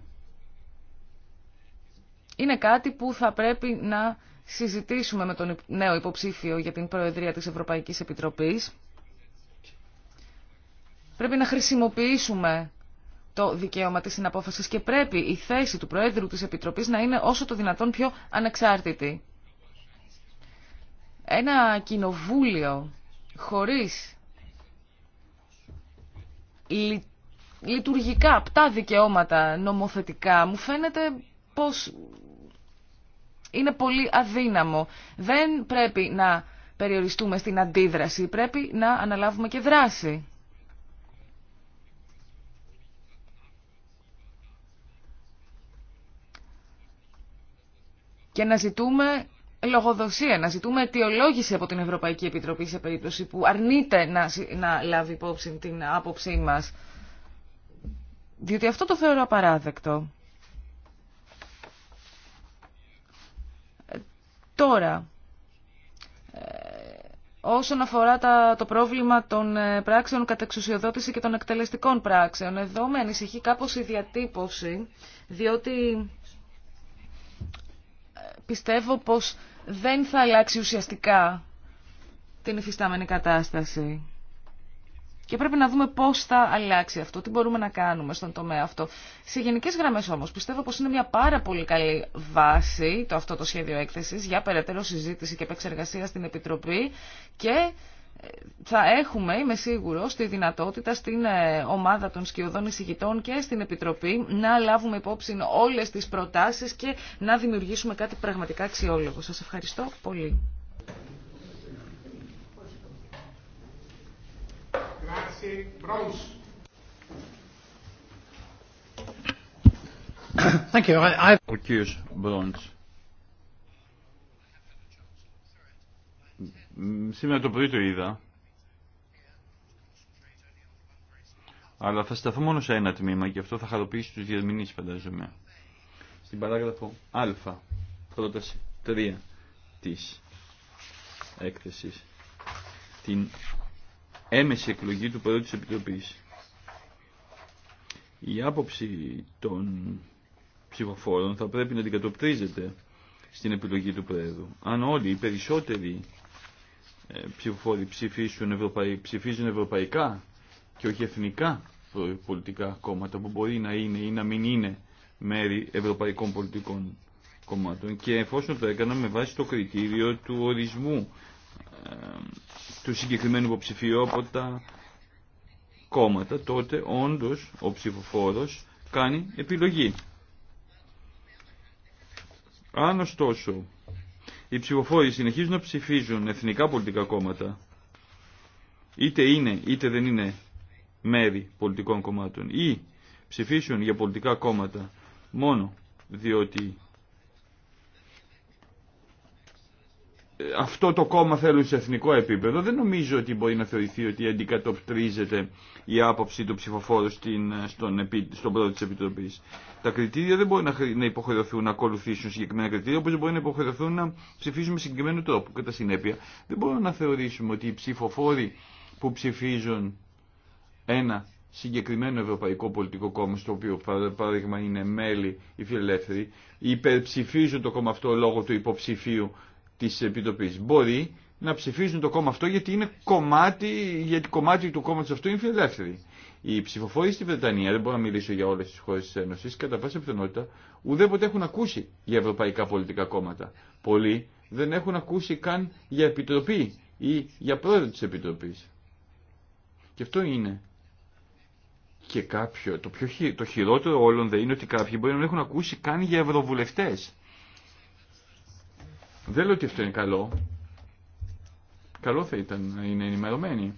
είναι κάτι που θα πρέπει να συζητήσουμε με τον νέο υποψήφιο για την Προεδρία της Ευρωπαϊκής Επιτροπής. Πρέπει να χρησιμοποιήσουμε το δικαίωμα της συναπόφασης και πρέπει η θέση του Προέδρου της Επιτροπής να είναι όσο το δυνατόν πιο ανεξάρτητη. Ένα κοινοβούλιο χωρίς λειτουργικά, απτά δικαιώματα νομοθετικά μου φαίνεται πως είναι πολύ αδύναμο. Δεν πρέπει να περιοριστούμε στην αντίδραση, πρέπει να αναλάβουμε και δράση. Και να ζητούμε λογοδοσία, να ζητούμε αιτιολόγηση από την Ευρωπαϊκή Επιτροπή σε περίπτωση που αρνείται να, να λάβει υπόψη την άποψή μας. Διότι αυτό το θεωρώ απαράδεκτο. Τώρα, ε, όσον αφορά το πρόβλημα των ε, πράξεων κατά και των εκτελεστικών πράξεων, εδώ με ανησυχεί κάπως η διατύπωση, διότι ε, πιστεύω πως δεν θα αλλάξει ουσιαστικά την υφιστάμενη κατάσταση. Και πρέπει να δούμε πώς θα αλλάξει αυτό, τι μπορούμε να κάνουμε στον τομέα αυτό. Σε γενικές γραμμές όμως πιστεύω πως θα αλλαξει αυτο τι μπορουμε να κανουμε στον τομεα αυτο σε γενικε γραμμες ομως πιστευω πως ειναι μια πάρα πολύ καλή βάση το αυτό το σχέδιο έκθεσης για περαιτέρω συζήτηση και επεξεργασία στην Επιτροπή και ε, θα έχουμε, είμαι σίγουρο, τη δυνατότητα στην ε, ομάδα των σκιωδών εισηγητών και στην Επιτροπή να λάβουμε υπόψη όλε τι προτάσει και να δημιουργήσουμε κάτι πραγματικά αξιόλογο. Σα ευχαριστώ πολύ. Thank you. I, Ο κύριος Μπρόντς. Σήμερα το πρωί το είδα. Αλλά θα σταθώ μόνο σε ένα τμήμα και αυτό θα χαροποιήσει τους διερμηνείς φαντάζομαι. Στην παράγραφο Α, πρόταση 3 της έκθεσης. Την έμεση εκλογή του Πρόεδρου της Επιτροπής. Η άποψη των ψηφοφόρων θα πρέπει να αντικατοπτρίζεται στην επιλογή του Πρόεδρου. Αν όλοι οι περισσότεροι ε, ψηφοφόροι ψηφίσουν, ψηφίζουν ευρωπαϊκά και όχι εθνικά πολιτικά κόμματα που μπορεί να είναι ή να μην είναι μέρη ευρωπαϊκών πολιτικών κομμάτων και εφόσον το έκανα με βάση το κριτήριο του ορισμού ε, του συγκεκριμένου υποψηφίου από τα κόμματα, τότε όντως ο ψηφοφόρος κάνει επιλογή. Αν ωστόσο οι ψηφοφόροι συνεχίζουν να ψηφίζουν εθνικά πολιτικά κόμματα, είτε είναι είτε δεν είναι μέρη πολιτικών κομμάτων, ή ψηφίσουν για πολιτικά κόμματα μόνο διότι αυτό το κόμμα θέλουν σε εθνικό επίπεδο, δεν νομίζω ότι μπορεί να θεωρηθεί ότι αντικατοπτρίζεται η άποψη του ψηφοφόρου στην, στον, επί, στον πρόεδρο τη Επιτροπή. Τα κριτήρια δεν μπορεί να, να υποχρεωθούν να ακολουθήσουν συγκεκριμένα κριτήρια, όπω μπορεί να υποχρεωθούν να ψηφίσουν με συγκεκριμένο τρόπο. Κατά συνέπεια, δεν μπορούμε να θεωρήσουμε ότι οι ψηφοφόροι που ψηφίζουν ένα συγκεκριμένο ευρωπαϊκό πολιτικό κόμμα, στο οποίο παράδειγμα είναι μέλη οι φιλελεύθεροι, υπερψηφίζουν το κόμμα αυτό λόγω του υποψηφίου της Επιτροπής μπορεί να ψηφίζουν το κόμμα αυτό γιατί είναι κομμάτι, γιατί κομμάτι του κόμματος αυτού είναι φιλελεύθεροι. Οι ψηφοφόροι στη Βρετανία, δεν μπορώ να μιλήσω για όλες τις χώρες της Ένωσης, κατά πάσα πιθανότητα ουδέποτε έχουν ακούσει για ευρωπαϊκά πολιτικά κόμματα. Πολλοί δεν έχουν ακούσει καν για επιτροπή ή για πρόεδρο της επιτροπής. Και αυτό είναι και κάποιο, το, πιο, το χειρότερο όλων δεν είναι ότι κάποιοι μπορεί να έχουν ακούσει καν για ευρωβουλευτές. Δεν λέω ότι αυτό είναι καλό. Καλό θα ήταν να είναι ενημερωμένοι.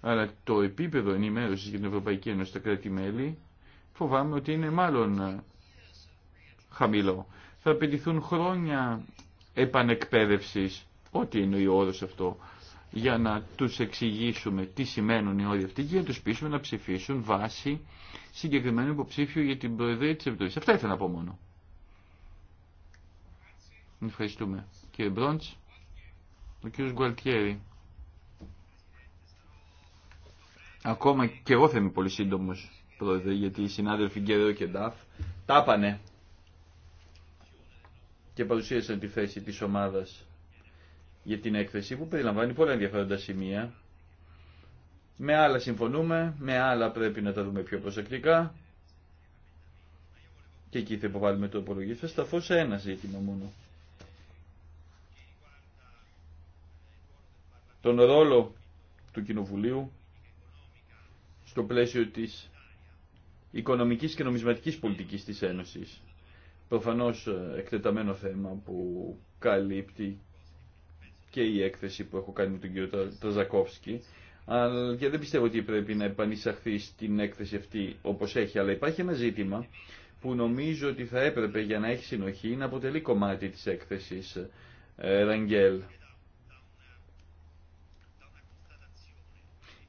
Αλλά το επίπεδο ενημέρωσης για την Ευρωπαϊκή Ένωση στα κράτη-μέλη φοβάμαι ότι είναι μάλλον ε, χαμηλό. Θα απαιτηθούν χρόνια επανεκπαίδευσης, ό,τι είναι ο όρος αυτό, για να τους εξηγήσουμε τι σημαίνουν οι όροι αυτοί και να τους πείσουμε να ψηφίσουν βάση συγκεκριμένου υποψήφιου για την Προεδρία της Επιτροπής. Αυτά ήθελα να πω μόνο. Ευχαριστούμε. Κύριε Μπρόντς, ο κύριος Γκουαλτιέρη. Ακόμα και εγώ θα είμαι πολύ σύντομος, πρόεδρε, γιατί οι συνάδελφοι Γκερέο και Νταφ τάπανε και παρουσίασαν τη θέση της ομάδας για την έκθεση που περιλαμβάνει πολλά ενδιαφέροντα σημεία. Με άλλα συμφωνούμε, με άλλα πρέπει να τα δούμε πιο προσεκτικά και εκεί θα υποβάλουμε το υπολογίσμα Θα σταθώ σε ένα ζήτημα μόνο. τον ρόλο του Κοινοβουλίου στο πλαίσιο της οικονομικής και νομισματικής πολιτικής της Ένωσης. Προφανώς ε, εκτεταμένο θέμα που καλύπτει και η έκθεση που έχω κάνει με τον κύριο Τραζακόφσκι αλλά και δεν πιστεύω ότι πρέπει να επανεισαχθεί στην έκθεση αυτή όπως έχει, αλλά υπάρχει ένα ζήτημα που νομίζω ότι θα έπρεπε για να έχει συνοχή να αποτελεί κομμάτι της έκθεσης ε, Ραγγέλ.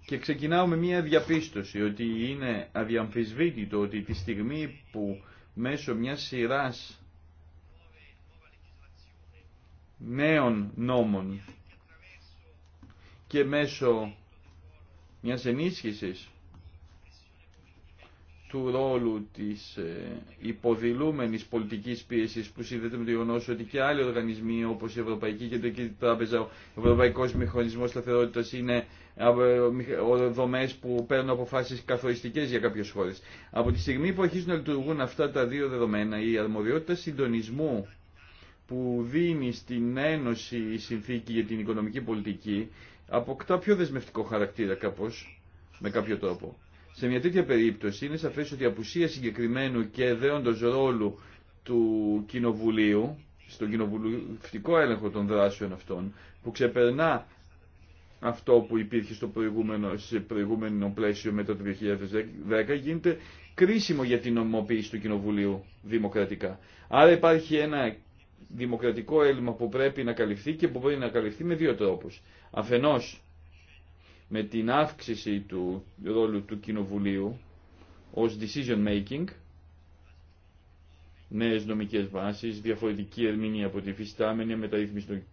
Και ξεκινάω με μια διαπίστωση ότι είναι αδιαμφισβήτητο ότι τη στιγμή που μέσω μιας σειράς νέων νόμων και μέσω μιας ενίσχυσης του ρόλου τη ε, υποδηλούμενη πολιτική πίεση που συνδέεται με το γεγονό ότι και άλλοι οργανισμοί όπως η Ευρωπαϊκή Κεντρική Τράπεζα, ο Ευρωπαϊκός Μηχανισμός Σταθερότητας είναι ε, δομέ που παίρνουν αποφάσεις καθοριστικέ για κάποιες χώρες. Από τη στιγμή που αρχίζουν να λειτουργούν αυτά τα δύο δεδομένα, η αρμοδιότητα συντονισμού που δίνει στην Ένωση η συνθήκη για την οικονομική πολιτική αποκτά πιο δεσμευτικό χαρακτήρα κάπως, με κάποιο τρόπο. Σε μια τέτοια περίπτωση είναι σαφές ότι η απουσία συγκεκριμένου και δέοντος ρόλου του Κοινοβουλίου, στον κοινοβουλευτικό έλεγχο των δράσεων αυτών, που ξεπερνά αυτό που υπήρχε στο προηγούμενο, σε προηγούμενο πλαίσιο μετά το 2010 γίνεται κρίσιμο για την νομοποίηση του Κοινοβουλίου δημοκρατικά. Άρα υπάρχει ένα δημοκρατικό έλλειμμα που πρέπει να καλυφθεί και που μπορεί να καλυφθεί με δύο τρόπους. Αφενός με την αύξηση του ρόλου του Κοινοβουλίου ως decision making, νέες νομικές βάσεις, διαφορετική ερμηνεία από τη φυστάμενη μεταρρύθμιση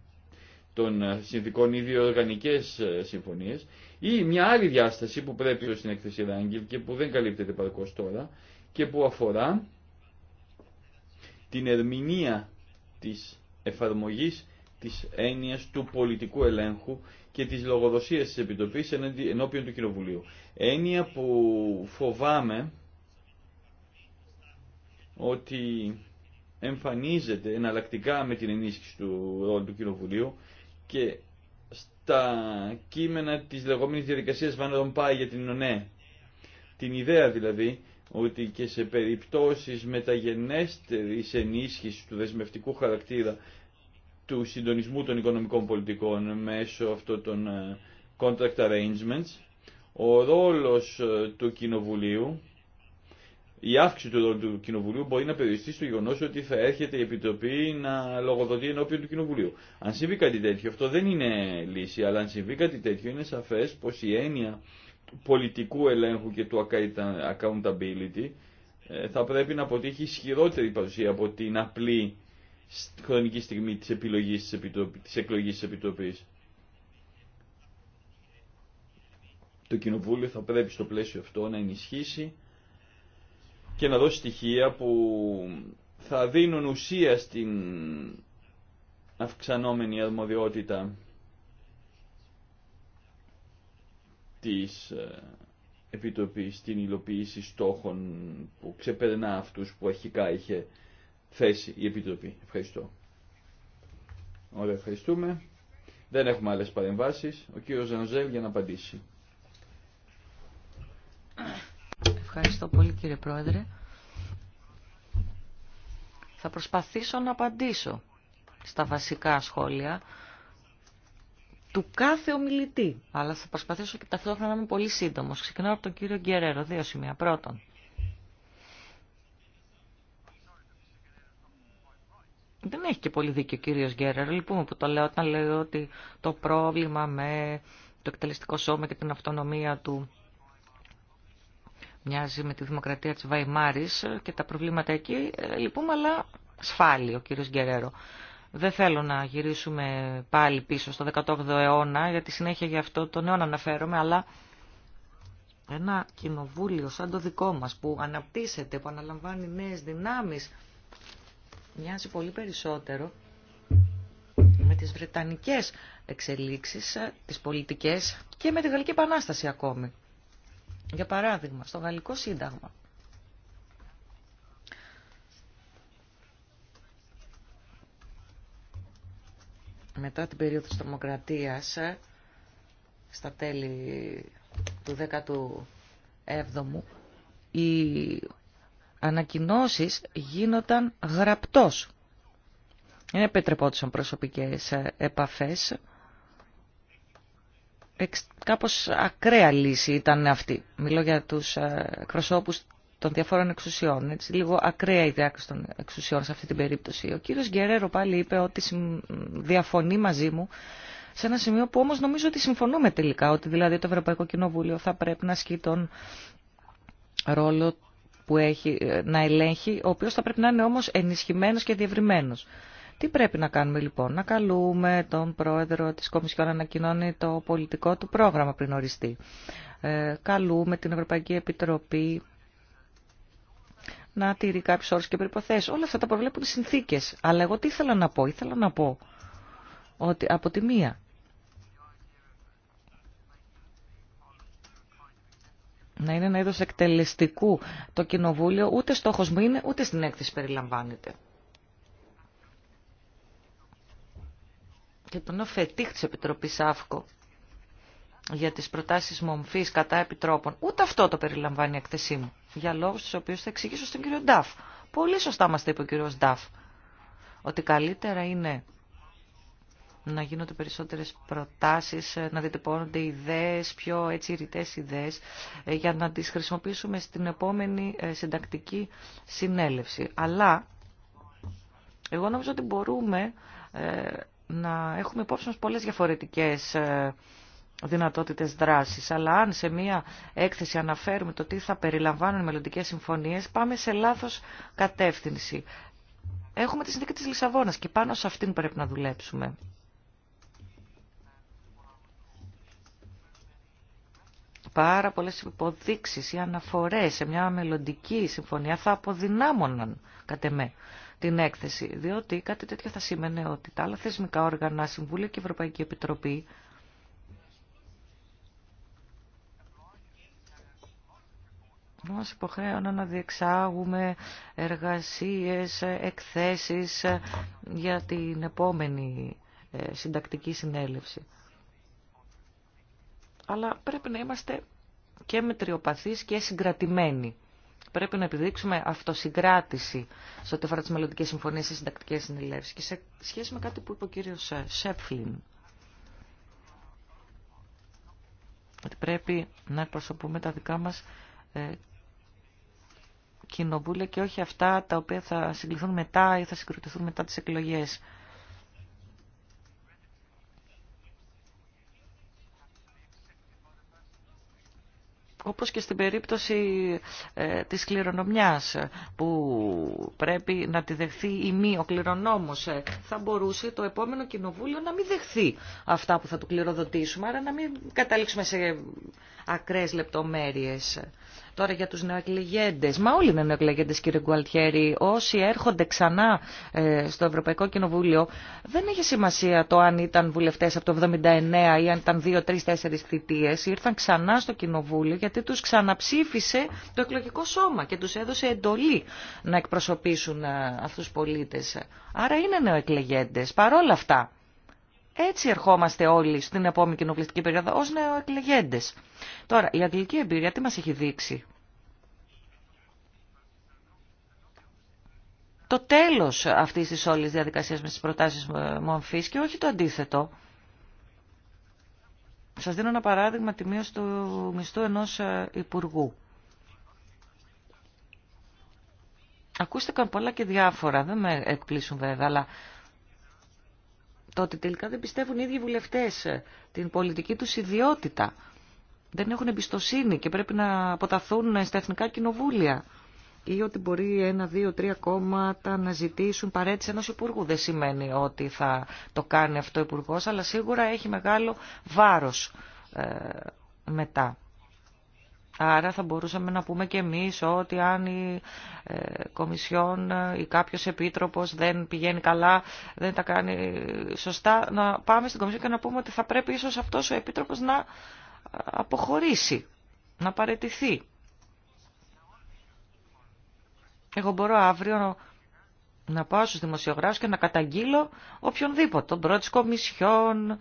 των ε, συνδικών δύο οργανικές ε, συμφωνίες ή μια άλλη διάσταση που πρέπει την έκθεση Ράγκελ και που δεν καλύπτεται παρκώς τώρα και που αφορά την ερμηνεία της εφαρμογής της έννοιας του πολιτικού ελέγχου και της λογοδοσίας της Επιτροπής ενώπιον του Κοινοβουλίου. Έννοια που φοβάμαι ότι εμφανίζεται εναλλακτικά με την ενίσχυση του ρόλου του Κοινοβουλίου και στα κείμενα της λεγόμενης διαδικασίας Βαν Ρομπάι για την ΟΝΕ. Την ιδέα δηλαδή ότι και σε περιπτώσεις μεταγενέστερης ενίσχυσης του δεσμευτικού χαρακτήρα του συντονισμού των οικονομικών πολιτικών μέσω αυτών των ε, contract arrangements, ο ρόλος ε, του Κοινοβουλίου, η αύξηση του ρόλου του Κοινοβουλίου μπορεί να περιοριστεί στο γεγονό ότι θα έρχεται η Επιτροπή να λογοδοτεί ενώπιον του Κοινοβουλίου. Αν συμβεί κάτι τέτοιο, αυτό δεν είναι λύση, αλλά αν συμβεί κάτι τέτοιο είναι σαφές πως η έννοια του πολιτικού ελέγχου και του accountability ε, θα πρέπει να αποτύχει ισχυρότερη παρουσία από την απλή στη χρονική στιγμή της, επιλογής της, επιτροπ... της εκλογής της Επιτροπής. Το Κοινοβούλιο θα πρέπει στο πλαίσιο αυτό να ενισχύσει και να δώσει στοιχεία που θα δίνουν ουσία στην αυξανόμενη αρμοδιότητα της ε, Επιτροπής στην υλοποίηση στόχων που ξεπερνά αυτούς που αρχικά είχε θέση η Επιτροπή. Ευχαριστώ. Ωραία, ευχαριστούμε. Δεν έχουμε άλλες παρεμβάσεις. Ο κύριος Ζανζέλ για να απαντήσει. Ευχαριστώ πολύ κύριε Πρόεδρε. Θα προσπαθήσω να απαντήσω στα βασικά σχόλια του κάθε ομιλητή. Αλλά θα προσπαθήσω και ταυτόχρονα να είμαι πολύ σύντομος. Ξεκινάω από τον κύριο Γκερέρο. Δύο σημεία. Πρώτον, δεν έχει και πολύ δίκιο ο κύριο Γκέρερ, λοιπόν, που το λέω όταν λέω ότι το πρόβλημα με το εκτελεστικό σώμα και την αυτονομία του μοιάζει με τη δημοκρατία της Βαϊμάρης και τα προβλήματα εκεί, ε, λυπούμε, αλλά σφάλει ο κύριος Γκερέρο. Δεν θέλω να γυρίσουμε πάλι πίσω στο 18ο αιώνα, γιατί συνέχεια γι' αυτό τον αιώνα αναφέρομαι, αλλά ένα κοινοβούλιο σαν το δικό μας που αναπτύσσεται, που αναλαμβάνει νέες δυνάμεις, μοιάζει πολύ περισσότερο με τις Βρετανικές εξελίξεις, ε, τις πολιτικές και με τη Γαλλική Επανάσταση ακόμη. Για παράδειγμα, στο Γαλλικό Σύνταγμα. Μετά την περίοδο της τρομοκρατίας, ε, στα τέλη του 17ου, η ανακοινώσεις γίνονταν γραπτός. Δεν επιτρεπόντουσαν προσωπικές ε, επαφές. Κάπως ακραία λύση ήταν αυτή. Μιλώ για τους ε, εκπροσώπους των διαφόρων εξουσιών. Έτσι, λίγο ακραία η διάκριση των εξουσιών σε αυτή την περίπτωση. Ο κύριος Γκερέρο πάλι είπε ότι διαφωνεί μαζί μου σε ένα σημείο που όμως νομίζω ότι συμφωνούμε τελικά, ότι δηλαδή το Ευρωπαϊκό Κοινοβούλιο θα πρέπει να ασκεί τον ρόλο που έχει ε, να ελέγχει, ο οποίος θα πρέπει να είναι όμως ενισχυμένος και διευρυμένος. Τι πρέπει να κάνουμε λοιπόν, να καλούμε τον πρόεδρο της Κομισιόν να ανακοινώνει το πολιτικό του πρόγραμμα πριν οριστεί. Ε, καλούμε την Ευρωπαϊκή Επιτροπή να τηρεί κάποιου όρου και προποθέσει. Όλα αυτά τα προβλέπουν οι συνθήκε. Αλλά εγώ τι ήθελα να πω. Ήθελα να πω ότι από τη μία να είναι ένα είδος εκτελεστικού το κοινοβούλιο, ούτε στόχος μου είναι, ούτε στην έκθεση περιλαμβάνεται. Και τον ωφετήχ της Επιτροπής ΑΦΚΟ για τις προτάσεις μομφής κατά επιτρόπων, ούτε αυτό το περιλαμβάνει η έκθεσή μου, για λόγους τους οποίους θα εξηγήσω στον κύριο Νταφ. Πολύ σωστά μας είπε ο κύριος Νταφ, ότι καλύτερα είναι να γίνονται περισσότερες προτάσεις, να διατυπώνονται ιδέες, πιο έτσι ρητές ιδέες, ε, για να τις χρησιμοποιήσουμε στην επόμενη ε, συντακτική συνέλευση. Αλλά εγώ νομίζω ότι μπορούμε ε, να έχουμε υπόψη μας πολλές διαφορετικές δυνατότητες δράσης. Αλλά αν σε μία έκθεση αναφέρουμε το τι θα περιλαμβάνουν οι μελλοντικές συμφωνίες, πάμε σε λάθος κατεύθυνση. Έχουμε τη συνθήκη της Λισαβόνας και πάνω σε αυτήν πρέπει να δουλέψουμε. πάρα πολλές υποδείξεις ή αναφορές σε μια μελλοντική συμφωνία θα αποδυνάμωναν κατ' εμέ την έκθεση, διότι κάτι τέτοιο θα σήμαινε ότι τα άλλα θεσμικά όργανα, Συμβούλια και Ευρωπαϊκή Επιτροπή μας υποχρέωναν να διεξάγουμε εργασίες, εκθέσεις για την επόμενη ε, συντακτική συνέλευση αλλά πρέπει να είμαστε και μετριοπαθείς και συγκρατημένοι. Πρέπει να επιδείξουμε αυτοσυγκράτηση σε ό,τι αφορά τι μελλοντικέ συμφωνίε και συντακτικέ συνελεύσει. Και σε σχέση με κάτι που είπε ο κύριο ε, Σέφλιν, ότι πρέπει να εκπροσωπούμε τα δικά μας ε, κοινοβούλια και όχι αυτά τα οποία θα συγκληθούν μετά ή θα συγκροτηθούν μετά τι εκλογέ. όπως και στην περίπτωση ε, της κληρονομιάς ε, που πρέπει να τη δεχθεί η μη ο κληρονόμος ε, θα μπορούσε το επόμενο κοινοβούλιο να μην δεχθεί αυτά που θα του κληροδοτήσουμε άρα να μην καταλήξουμε σε ακραίες λεπτομέρειες Τώρα για τους νεοεκλεγέντες. Μα όλοι είναι νεοεκλεγέντες κύριε Γκουαλτιέρη. Όσοι έρχονται ξανά ε, στο Ευρωπαϊκό Κοινοβούλιο δεν έχει σημασία το αν ήταν βουλευτές από το 79 ή αν ήταν 2, 3, 4 θητείες. Ήρθαν ξανά στο Κοινοβούλιο γιατί τους ξαναψήφισε το εκλογικό σώμα και τους έδωσε εντολή να εκπροσωπήσουν ε, αυτούς τους πολίτες. Άρα είναι νεοεκλεγέντες. Παρόλα αυτά έτσι ερχόμαστε όλοι στην επόμενη κοινοβουλευτική περίοδο ως νεοεκλεγέντες. Τώρα, η αγγλική εμπειρία τι μας έχει δείξει. Το τέλος αυτής της όλης διαδικασίας με τις προτάσεις ε, Μομφής και όχι το αντίθετο. Σας δίνω ένα παράδειγμα τη μείωση του μισθού ενός ε, υπουργού. Ακούστηκαν πολλά και διάφορα, δεν με εκπλήσουν βέβαια, αλλά το ότι τελικά δεν πιστεύουν οι ίδιοι βουλευτές ε, την πολιτική τους ιδιότητα. Δεν έχουν εμπιστοσύνη και πρέπει να αποταθούν στα εθνικά κοινοβούλια. Ή ότι μπορεί ένα, δύο, τρία κόμματα να ζητήσουν παρέτηση ενός υπουργού. Δεν σημαίνει ότι θα το κάνει αυτό ο υπουργό, αλλά σίγουρα έχει μεγάλο βάρος ε, μετά. Άρα θα μπορούσαμε να πούμε και εμείς ότι αν η ε, Κομισιόν ε, ή κάποιος επίτροπος δεν πηγαίνει καλά, δεν τα κάνει σωστά, να πάμε στην Κομισιόν και να πούμε ότι θα πρέπει ίσως αυτός ο επίτροπος να ε, αποχωρήσει, να παρετηθεί. Εγώ μπορώ αύριο να πάω στους δημοσιογράφους και να καταγγείλω οποιονδήποτε, τον πρώτη Κομισιόν,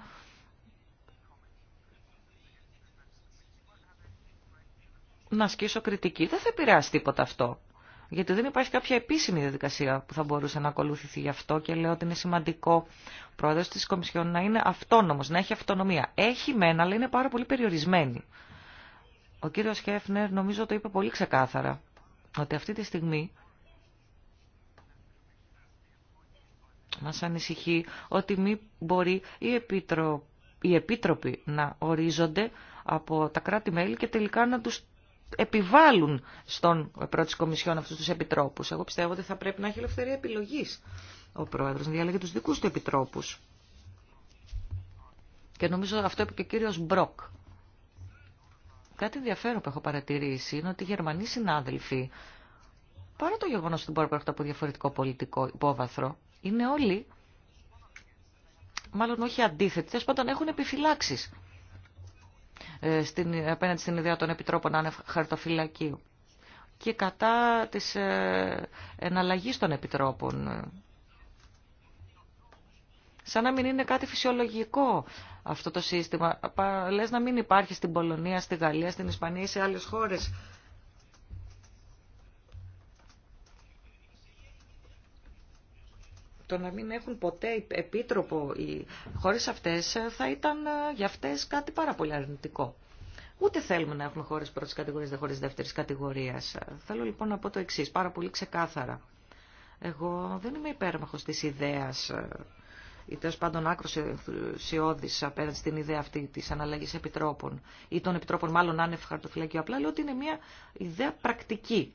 να ασκήσω κριτική. Δεν θα επηρεάσει τίποτα αυτό. Γιατί δεν υπάρχει κάποια επίσημη διαδικασία που θα μπορούσε να ακολουθηθεί γι' αυτό και λέω ότι είναι σημαντικό ο πρόεδρος της Κομισιόν να είναι αυτόνομος, να έχει αυτονομία. Έχει μένα, αλλά είναι πάρα πολύ περιορισμένη. Ο κύριος Χέφνερ νομίζω το είπε πολύ ξεκάθαρα, ότι αυτή τη στιγμή μας ανησυχεί ότι μη μπορεί η Επίτροπη οι επίτροποι να ορίζονται από τα κράτη-μέλη και τελικά να τους επιβάλλουν στον πρώτη της Κομισιόν αυτούς τους επιτρόπους. Εγώ πιστεύω ότι θα πρέπει να έχει ελευθερία επιλογής ο πρόεδρος, να διαλέγει τους δικούς του επιτρόπους. Και νομίζω αυτό είπε και ο κύριος Μπροκ. Κάτι ενδιαφέρον που έχω παρατηρήσει είναι ότι οι Γερμανοί συνάδελφοι, παρά το γεγονό ότι μπορεί να από διαφορετικό πολιτικό υπόβαθρο, είναι όλοι, μάλλον όχι αντίθετοι, τέλο πάντων έχουν επιφυλάξεις ε, στην, απέναντι στην ιδέα των επιτρόπων άνευ χαρτοφυλακίου και κατά της ε, εναλλαγής των επιτρόπων. Σαν να μην είναι κάτι φυσιολογικό αυτό το σύστημα. Λες να μην υπάρχει στην Πολωνία, στη Γαλλία, στην Ισπανία ή σε άλλες χώρες το να μην έχουν ποτέ επίτροπο οι χώρες αυτές ε, θα ήταν ε, για αυτές κάτι πάρα πολύ αρνητικό. Ούτε θέλουμε να έχουμε χώρες πρώτης κατηγορίας, δεν χώρες δεύτερης κατηγορίας. Ε, θέλω λοιπόν να πω το εξής, πάρα πολύ ξεκάθαρα. Εγώ δεν είμαι υπέρμαχος της ιδέας ή τέλο πάντων άκρο ενθουσιώδη απέναντι στην ιδέα αυτή τη αναλλαγή επιτρόπων ή των επιτρόπων, μάλλον άνευ χαρτοφυλακίου. Απλά λέω ότι είναι μια ιδέα πρακτική,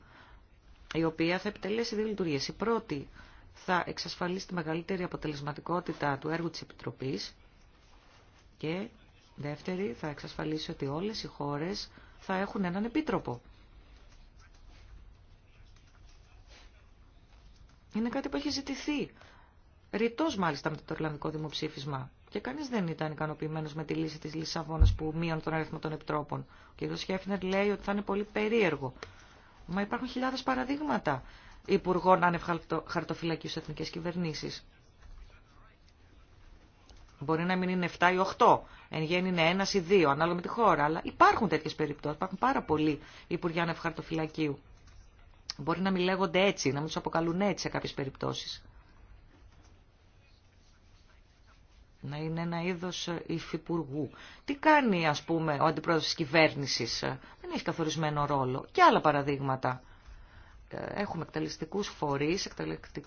η οποία θα επιτελέσει δύο λειτουργίε. Η πρώτη θα εξασφαλίσει τη μεγαλύτερη αποτελεσματικότητα του έργου της Επιτροπής και δεύτερη θα εξασφαλίσει ότι όλες οι χώρες θα έχουν έναν επίτροπο. Είναι κάτι που έχει ζητηθεί. Ρητό μάλιστα με το Ιρλανδικό δημοψήφισμα. Και κανεί δεν ήταν ικανοποιημένο με τη λύση τη Λισαβόνα που μείωνε τον αριθμό των επιτρόπων. Ο κ. Σχέφνερ λέει ότι θα είναι πολύ περίεργο. Μα υπάρχουν χιλιάδε παραδείγματα υπουργών άνευ χαρτοφυλακίου στις εθνικές κυβερνήσεις. Μπορεί να μην είναι 7 ή 8, εν γέννη είναι 1 ή 2, ανάλογα με τη χώρα, αλλά υπάρχουν τέτοιες περιπτώσεις, υπάρχουν πάρα πολλοί υπουργοί άνευ χαρτοφυλακίου. Μπορεί να μην λέγονται έτσι, να μην του αποκαλούν έτσι σε κάποιες περιπτώσεις. Να είναι ένα είδος υφυπουργού. Τι κάνει, ας πούμε, ο αντιπρόεδρος της κυβέρνησης. Δεν έχει καθορισμένο ρόλο. Και άλλα παραδείγματα έχουμε εκτελεστικούς φορείς,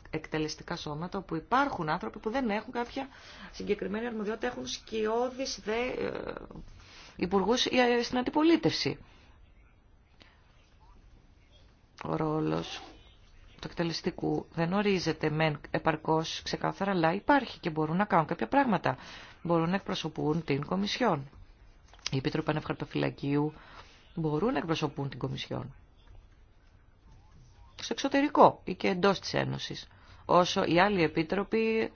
εκτελεστικά σώματα, όπου υπάρχουν άνθρωποι που δεν έχουν κάποια συγκεκριμένη αρμοδιότητα, έχουν σκιώδεις δε ε, υπουργού στην αντιπολίτευση. Ο ρόλος του εκτελεστικού δεν ορίζεται μεν επαρκώς ξεκάθαρα, αλλά υπάρχει και μπορούν να κάνουν κάποια πράγματα. Μπορούν να εκπροσωπούν την Κομισιόν. Οι Επίτροποι Ανευχαρτοφυλακίου μπορούν να εκπροσωπούν την Κομισιόν σε εξωτερικό ή και εντός της Ένωσης, όσο οι άλλοι επίτροποι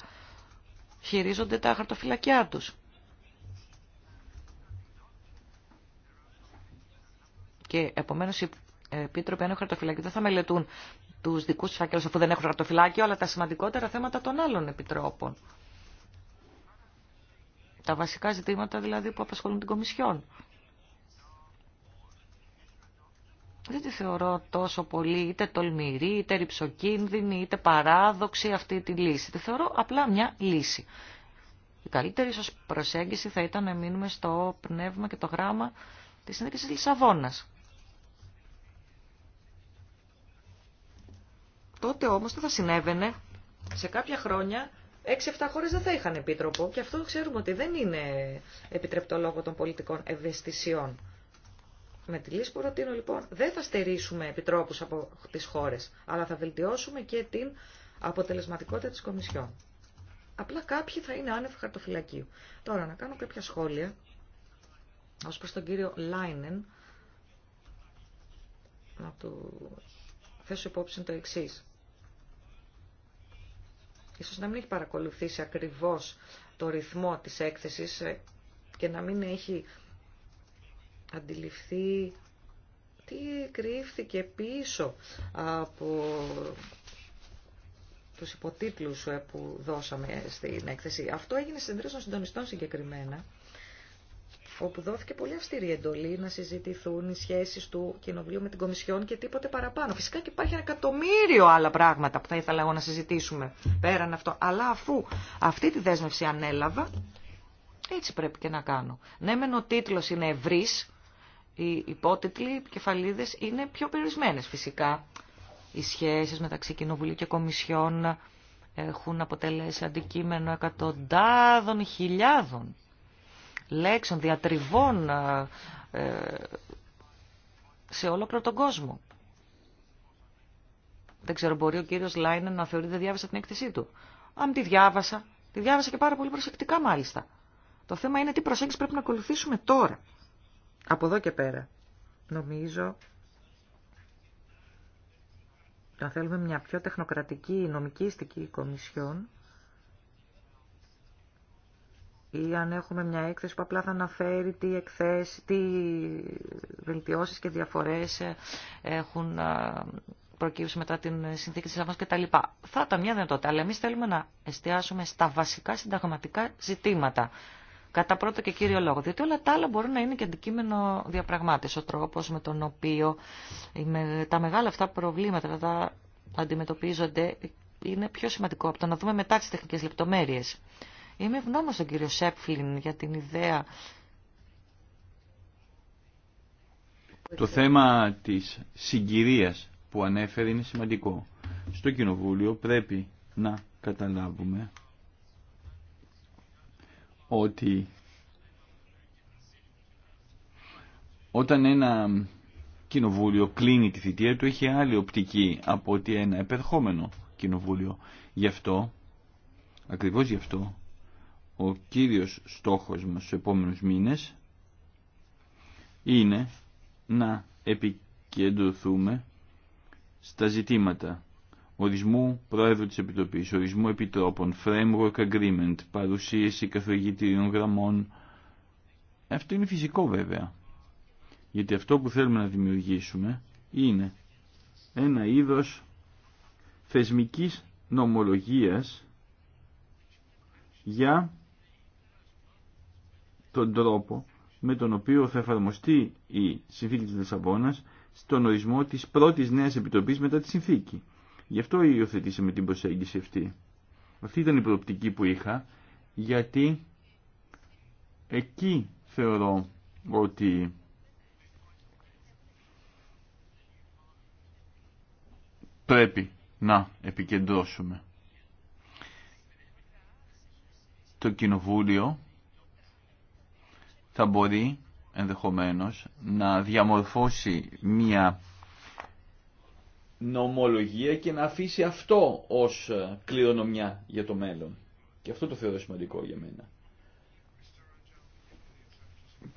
χειρίζονται τα χαρτοφυλακιά τους. Και επομένως οι επίτροποι αν δεν θα μελετούν τους δικούς τους φακέλους αφού δεν έχουν χαρτοφυλάκιο, αλλά τα σημαντικότερα θέματα των άλλων επιτρόπων. Τα βασικά ζητήματα δηλαδή που απασχολούν την Κομισιόν. δεν τη θεωρώ τόσο πολύ είτε τολμηρή, είτε ρηψοκίνδυνη, είτε παράδοξη αυτή τη λύση. Τη θεωρώ απλά μια λύση. Η καλύτερη ίσως προσέγγιση θα ήταν να μείνουμε στο πνεύμα και το γράμμα της συνέντευξης Λισαβόνας. Τότε όμως τι θα συνέβαινε, σε κάποια χρόνια, 6-7 χώρες δεν θα είχαν επίτροπο και αυτό ξέρουμε ότι δεν είναι επιτρεπτό λόγω των πολιτικών ευαισθησιών. Με τη λύση που προτείνω λοιπόν δεν θα στερήσουμε επιτρόπους από τις χώρες, αλλά θα βελτιώσουμε και την αποτελεσματικότητα της Κομισιόν. Απλά κάποιοι θα είναι άνευ χαρτοφυλακίου. Τώρα να κάνω κάποια σχόλια ως προς τον κύριο Λάινεν να του θέσω υπόψη το εξή. Ίσως να μην έχει παρακολουθήσει ακριβώς το ρυθμό της έκθεσης και να μην έχει αντιληφθεί τι κρύφθηκε πίσω από τους υποτίτλους που δώσαμε στην έκθεση. Αυτό έγινε συνδρίες των συντονιστών συγκεκριμένα, όπου δόθηκε πολύ αυστηρή εντολή να συζητηθούν οι σχέσεις του Κοινοβουλίου με την Κομισιόν και τίποτε παραπάνω. Φυσικά και υπάρχει ένα εκατομμύριο άλλα πράγματα που θα ήθελα εγώ να συζητήσουμε πέραν αυτό. Αλλά αφού αυτή τη δέσμευση ανέλαβα, έτσι πρέπει και να κάνω. Ναι, μεν ο τίτλος είναι ευρύς, οι υπότιτλοι, οι είναι πιο περιορισμένε φυσικά. Οι σχέσεις μεταξύ Κοινοβουλίου και Κομισιών έχουν αποτελέσει αντικείμενο εκατοντάδων χιλιάδων λέξεων, διατριβών ε, ε, σε όλο τον κόσμο. Δεν ξέρω, μπορεί ο κύριος Λάινεν να θεωρεί δεν διάβασα την έκθεσή του. Αν τη διάβασα, τη διάβασα και πάρα πολύ προσεκτικά μάλιστα. Το θέμα είναι τι προσέγγιση πρέπει να ακολουθήσουμε τώρα. Από εδώ και πέρα. Νομίζω αν θέλουμε μια πιο τεχνοκρατική, νομικήστικη κομισιόν ή αν έχουμε μια έκθεση που απλά θα αναφέρει τι, εκθέσει, τι βελτιώσεις και διαφορές ε, έχουν ε, προκύψει μετά την συνθήκη της τα κτλ. Θα τα μια δυνατότητα, αλλά εμείς θέλουμε να εστιάσουμε στα βασικά συνταγματικά ζητήματα. Κατά πρώτο και κύριο λόγο, διότι όλα τα άλλα μπορούν να είναι και αντικείμενο διαπραγμάτευση. Ο τρόπο με τον οποίο τα μεγάλα αυτά προβλήματα τα αντιμετωπίζονται είναι πιο σημαντικό από το να δούμε μετά τι τεχνικέ λεπτομέρειε. Είμαι ευγνώμων στον κύριο Σέπφλιν για την ιδέα. Το θέμα της συγκυρίας που ανέφερε είναι σημαντικό. Στο Κοινοβούλιο πρέπει να καταλάβουμε ότι όταν ένα κοινοβούλιο κλείνει τη θητεία του έχει άλλη οπτική από ότι ένα επερχόμενο κοινοβούλιο. Γι' αυτό, ακριβώς γι' αυτό, ο κύριος στόχος μας στους επόμενους μήνες είναι να επικεντρωθούμε στα ζητήματα ορισμού Πρόεδρου της Επιτροπής, ορισμού Επιτρόπων, Framework Agreement, παρουσίαση καθοδηγητήριων γραμμών. Αυτό είναι φυσικό βέβαια. Γιατί αυτό που θέλουμε να δημιουργήσουμε είναι ένα είδος θεσμικής νομολογίας για τον τρόπο με τον οποίο θα εφαρμοστεί η συνθήκη της Λισαβόνας στον ορισμό της πρώτης νέας επιτροπής μετά τη συνθήκη. Γι' αυτό υιοθετήσαμε την προσέγγιση αυτή. Αυτή ήταν η προοπτική που είχα, γιατί εκεί θεωρώ ότι πρέπει να επικεντρώσουμε. Το Κοινοβούλιο θα μπορεί ενδεχομένως να διαμορφώσει μία νομολογία και να αφήσει αυτό ως ε, κληρονομιά για το μέλλον. Και αυτό το θεωρώ σημαντικό για μένα.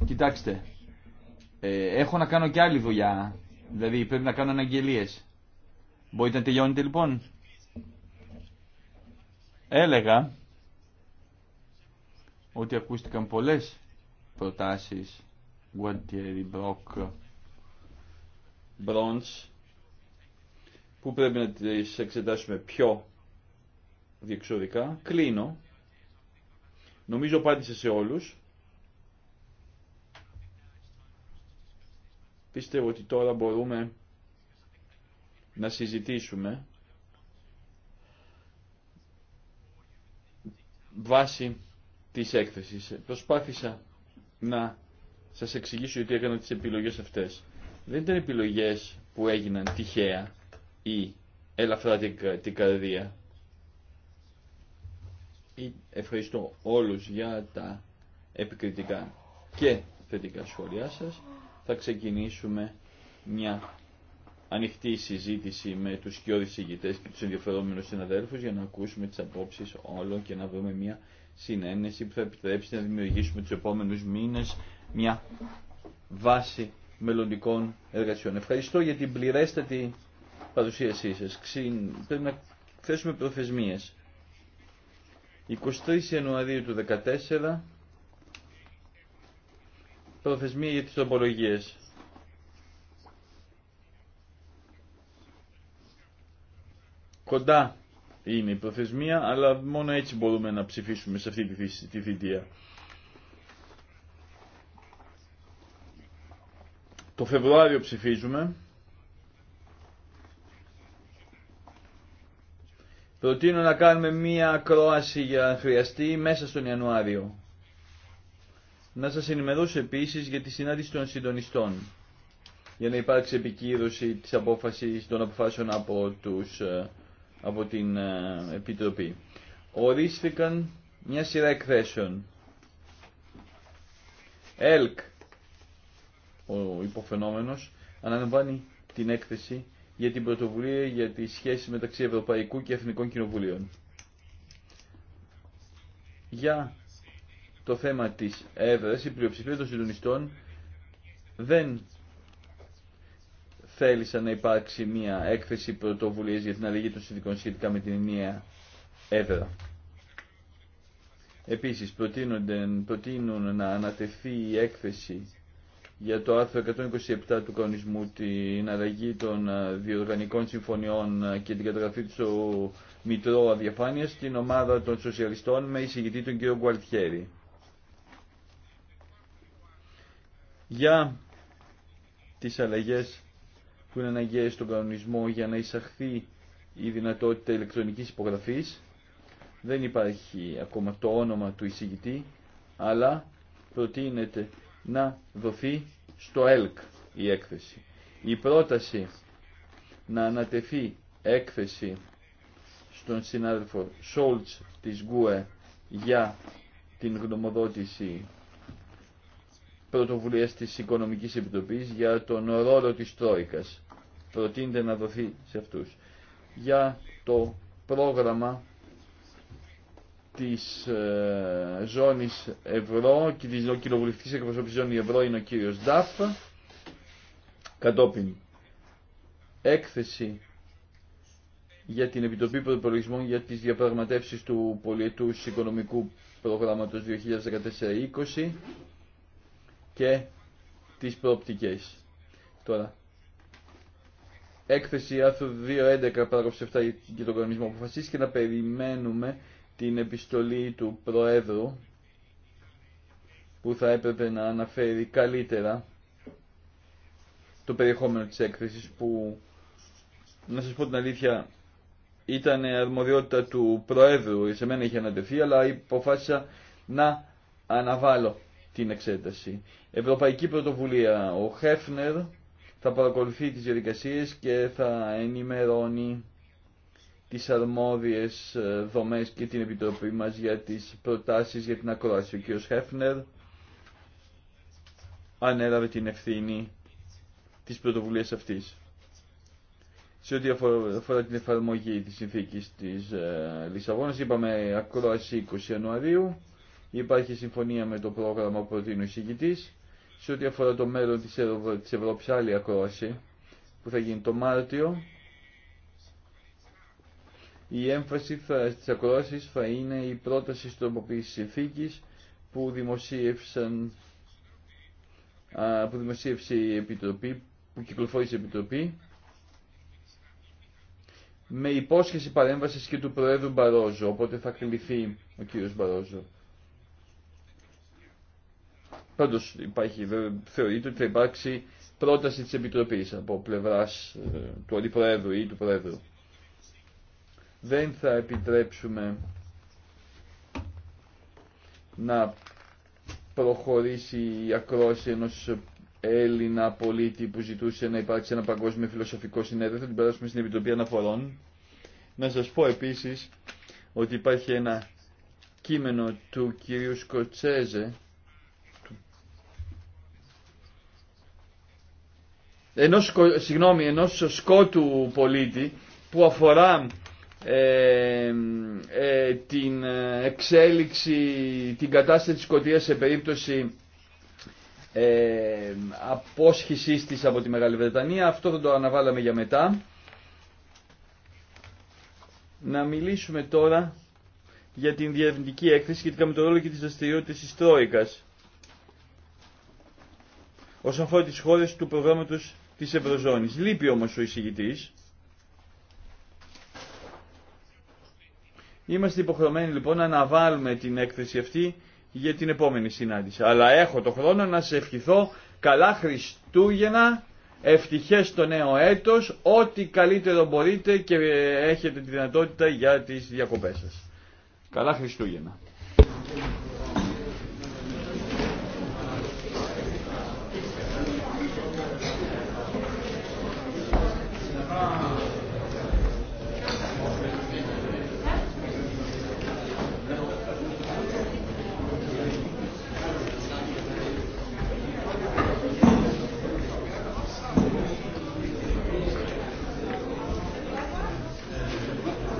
Κοιτάξτε, ε, έχω να κάνω και άλλη δουλειά, δηλαδή πρέπει να κάνω αναγγελίες. Μπορείτε να τελειώνετε λοιπόν. Έλεγα ότι ακούστηκαν πολλές προτάσεις Γουαντιέρι, Brock, που πρέπει να τις εξετάσουμε πιο διεξοδικά. Κλείνω. Νομίζω απάντησε σε όλους. Πιστεύω ότι τώρα μπορούμε να συζητήσουμε βάση της έκθεσης. Προσπάθησα να σας εξηγήσω γιατί έκανα τις επιλογές αυτές. Δεν ήταν επιλογές που έγιναν τυχαία ή ελαφρά την καρδία. Ευχαριστώ όλους για τα επικριτικά και θετικά σχόλιά σας. Θα ξεκινήσουμε μια ανοιχτή συζήτηση με τους σκιώδεις ηγητές και τους ενδιαφερόμενους συναδέλφους για να ακούσουμε τις απόψεις όλων και να βρούμε μια συνένεση που θα επιτρέψει να δημιουργήσουμε τους επόμενους μήνες μια βάση μελλοντικών εργασιών. Ευχαριστώ για την πληρέστατη παρουσίασή σας. Πρέπει να θέσουμε προθεσμίες. 23 Ιανουαρίου του 2014 προθεσμία για τις τροπολογίες. Κοντά είναι η προθεσμία, αλλά μόνο έτσι μπορούμε να ψηφίσουμε σε αυτή τη θητεία. Το Φεβρουάριο ψηφίζουμε. Προτείνω να κάνουμε μία ακρόαση για αν χρειαστεί μέσα στον Ιανουάριο. Να σας ενημερώσω επίσης για τη συνάντηση των συντονιστών για να υπάρξει επικύρωση της απόφασης των αποφάσεων από, τους, ε, από την ε, Επιτροπή. Ορίστηκαν μια σειρά εκθέσεων. ΕΛΚ, ο υποφαινόμενος, αναλαμβάνει την έκθεση για την πρωτοβουλία για τη σχέση μεταξύ Ευρωπαϊκού και Εθνικών Κοινοβουλίων. Για το θέμα της έδρας, η πλειοψηφία των συντονιστών δεν θέλησαν να υπάρξει μια έκθεση πρωτοβουλίας για την αλλαγή των συνδικών σχετικά με την ενιαία έδρα. Επίσης προτείνουν να ανατεθεί η έκθεση για το άρθρο 127 του κανονισμού την αλλαγή των ε, διοργανικών συμφωνιών ε, και την καταγραφή του στο Μητρό Αδιαφάνεια στην ομάδα των σοσιαλιστών με εισηγητή τον κύριο Γκουαλτιέρη. Για τις αλλαγές που είναι αναγκαίες στον κανονισμό για να εισαχθεί η δυνατότητα ηλεκτρονικής υπογραφής δεν υπάρχει ακόμα το όνομα του εισηγητή αλλά προτείνεται να δοθεί στο ΕΛΚ η έκθεση. Η πρόταση να ανατεθεί έκθεση στον συνάδελφο Σόλτς της ΓΚΟΕ για την γνωμοδότηση πρωτοβουλίας της Οικονομικής Επιτροπής για τον ρόλο της Τρόικας. Προτείνεται να δοθεί σε αυτούς. Για το πρόγραμμα της ε, ζώνης ευρώ και της κοινοβουλευτικής εκπροσώπησης ζώνη ευρώ είναι ο κύριος Νταφ. Κατόπιν έκθεση για την Επιτροπή Προπολογισμών για τις διαπραγματεύσεις του πολιετού οικονομικού προγράμματος 2014-20 και τις προοπτικές. Τώρα, έκθεση άρθρου 2.11 παράγραφος 7 για τον κανονισμό αποφασίσει και να περιμένουμε την επιστολή του Προέδρου που θα έπρεπε να αναφέρει καλύτερα το περιεχόμενο της έκθεσης που να σας πω την αλήθεια ήταν αρμοδιότητα του Προέδρου, σε μένα είχε ανατεθεί, αλλά υποφάσισα να αναβάλω την εξέταση. Ευρωπαϊκή Πρωτοβουλία. Ο Χέφνερ θα παρακολουθεί τις διαδικασίες και θα ενημερώνει τις αρμόδιες ε, δομές και την Επιτροπή μας για τις προτάσεις για την ακρόαση. Ο κ. Χέφνερ ανέλαβε την ευθύνη της πρωτοβουλίας αυτής. Σε ό,τι αφορά την εφαρμογή της συνθήκης της ε, Λισαβόνας, είπαμε ακρόαση 20 Ιανουαρίου, υπάρχει συμφωνία με το πρόγραμμα που προτείνει ο εισηγητής. Σε ό,τι αφορά το μέλλον της, Ευρώπης, άλλη ακρόαση που θα γίνει το Μάρτιο, η έμφαση θα, στις θα είναι η πρόταση τροποποίησης εθήκης που που δημοσίευσε η Επιτροπή, που κυκλοφόρησε η Επιτροπή, με υπόσχεση παρέμβασης και του Προέδρου Μπαρόζο, οπότε θα κληθεί ο κύριος Μπαρόζο. Πάντως υπάρχει, θεωρείται ότι θα υπάρξει πρόταση της Επιτροπής από πλευράς ε, του Αντιπροέδρου ή του Προέδρου δεν θα επιτρέψουμε να προχωρήσει η ακρόαση ενός Έλληνα πολίτη που ζητούσε να υπάρξει ένα παγκόσμιο φιλοσοφικό συνέδριο. Θα την περάσουμε στην Επιτροπή Αναφορών. Να σας πω επίσης ότι υπάρχει ένα κείμενο του κυρίου Σκοτσέζε ενός, συγγνώμη, ενός σκότου πολίτη που αφορά ε, την εξέλιξη, την κατάσταση της σκοτίας σε περίπτωση ε, απόσχησής της από τη Μεγάλη Βρετανία. Αυτό θα το αναβάλαμε για μετά. Να μιλήσουμε τώρα για την διευθυντική έκθεση σχετικά με το ρόλο και τις δραστηριότητες της Τρόικας όσον αφορά τις χώρες του προγράμματος της Ευρωζώνης. Λείπει όμως ο εισηγητής Είμαστε υποχρεωμένοι λοιπόν να αναβάλουμε την έκθεση αυτή για την επόμενη συνάντηση. Αλλά έχω το χρόνο να σε ευχηθώ καλά Χριστούγεννα, ευτυχές το νέο έτος, ό,τι καλύτερο μπορείτε και έχετε τη δυνατότητα για τις διακοπές σας. Καλά Χριστούγεννα.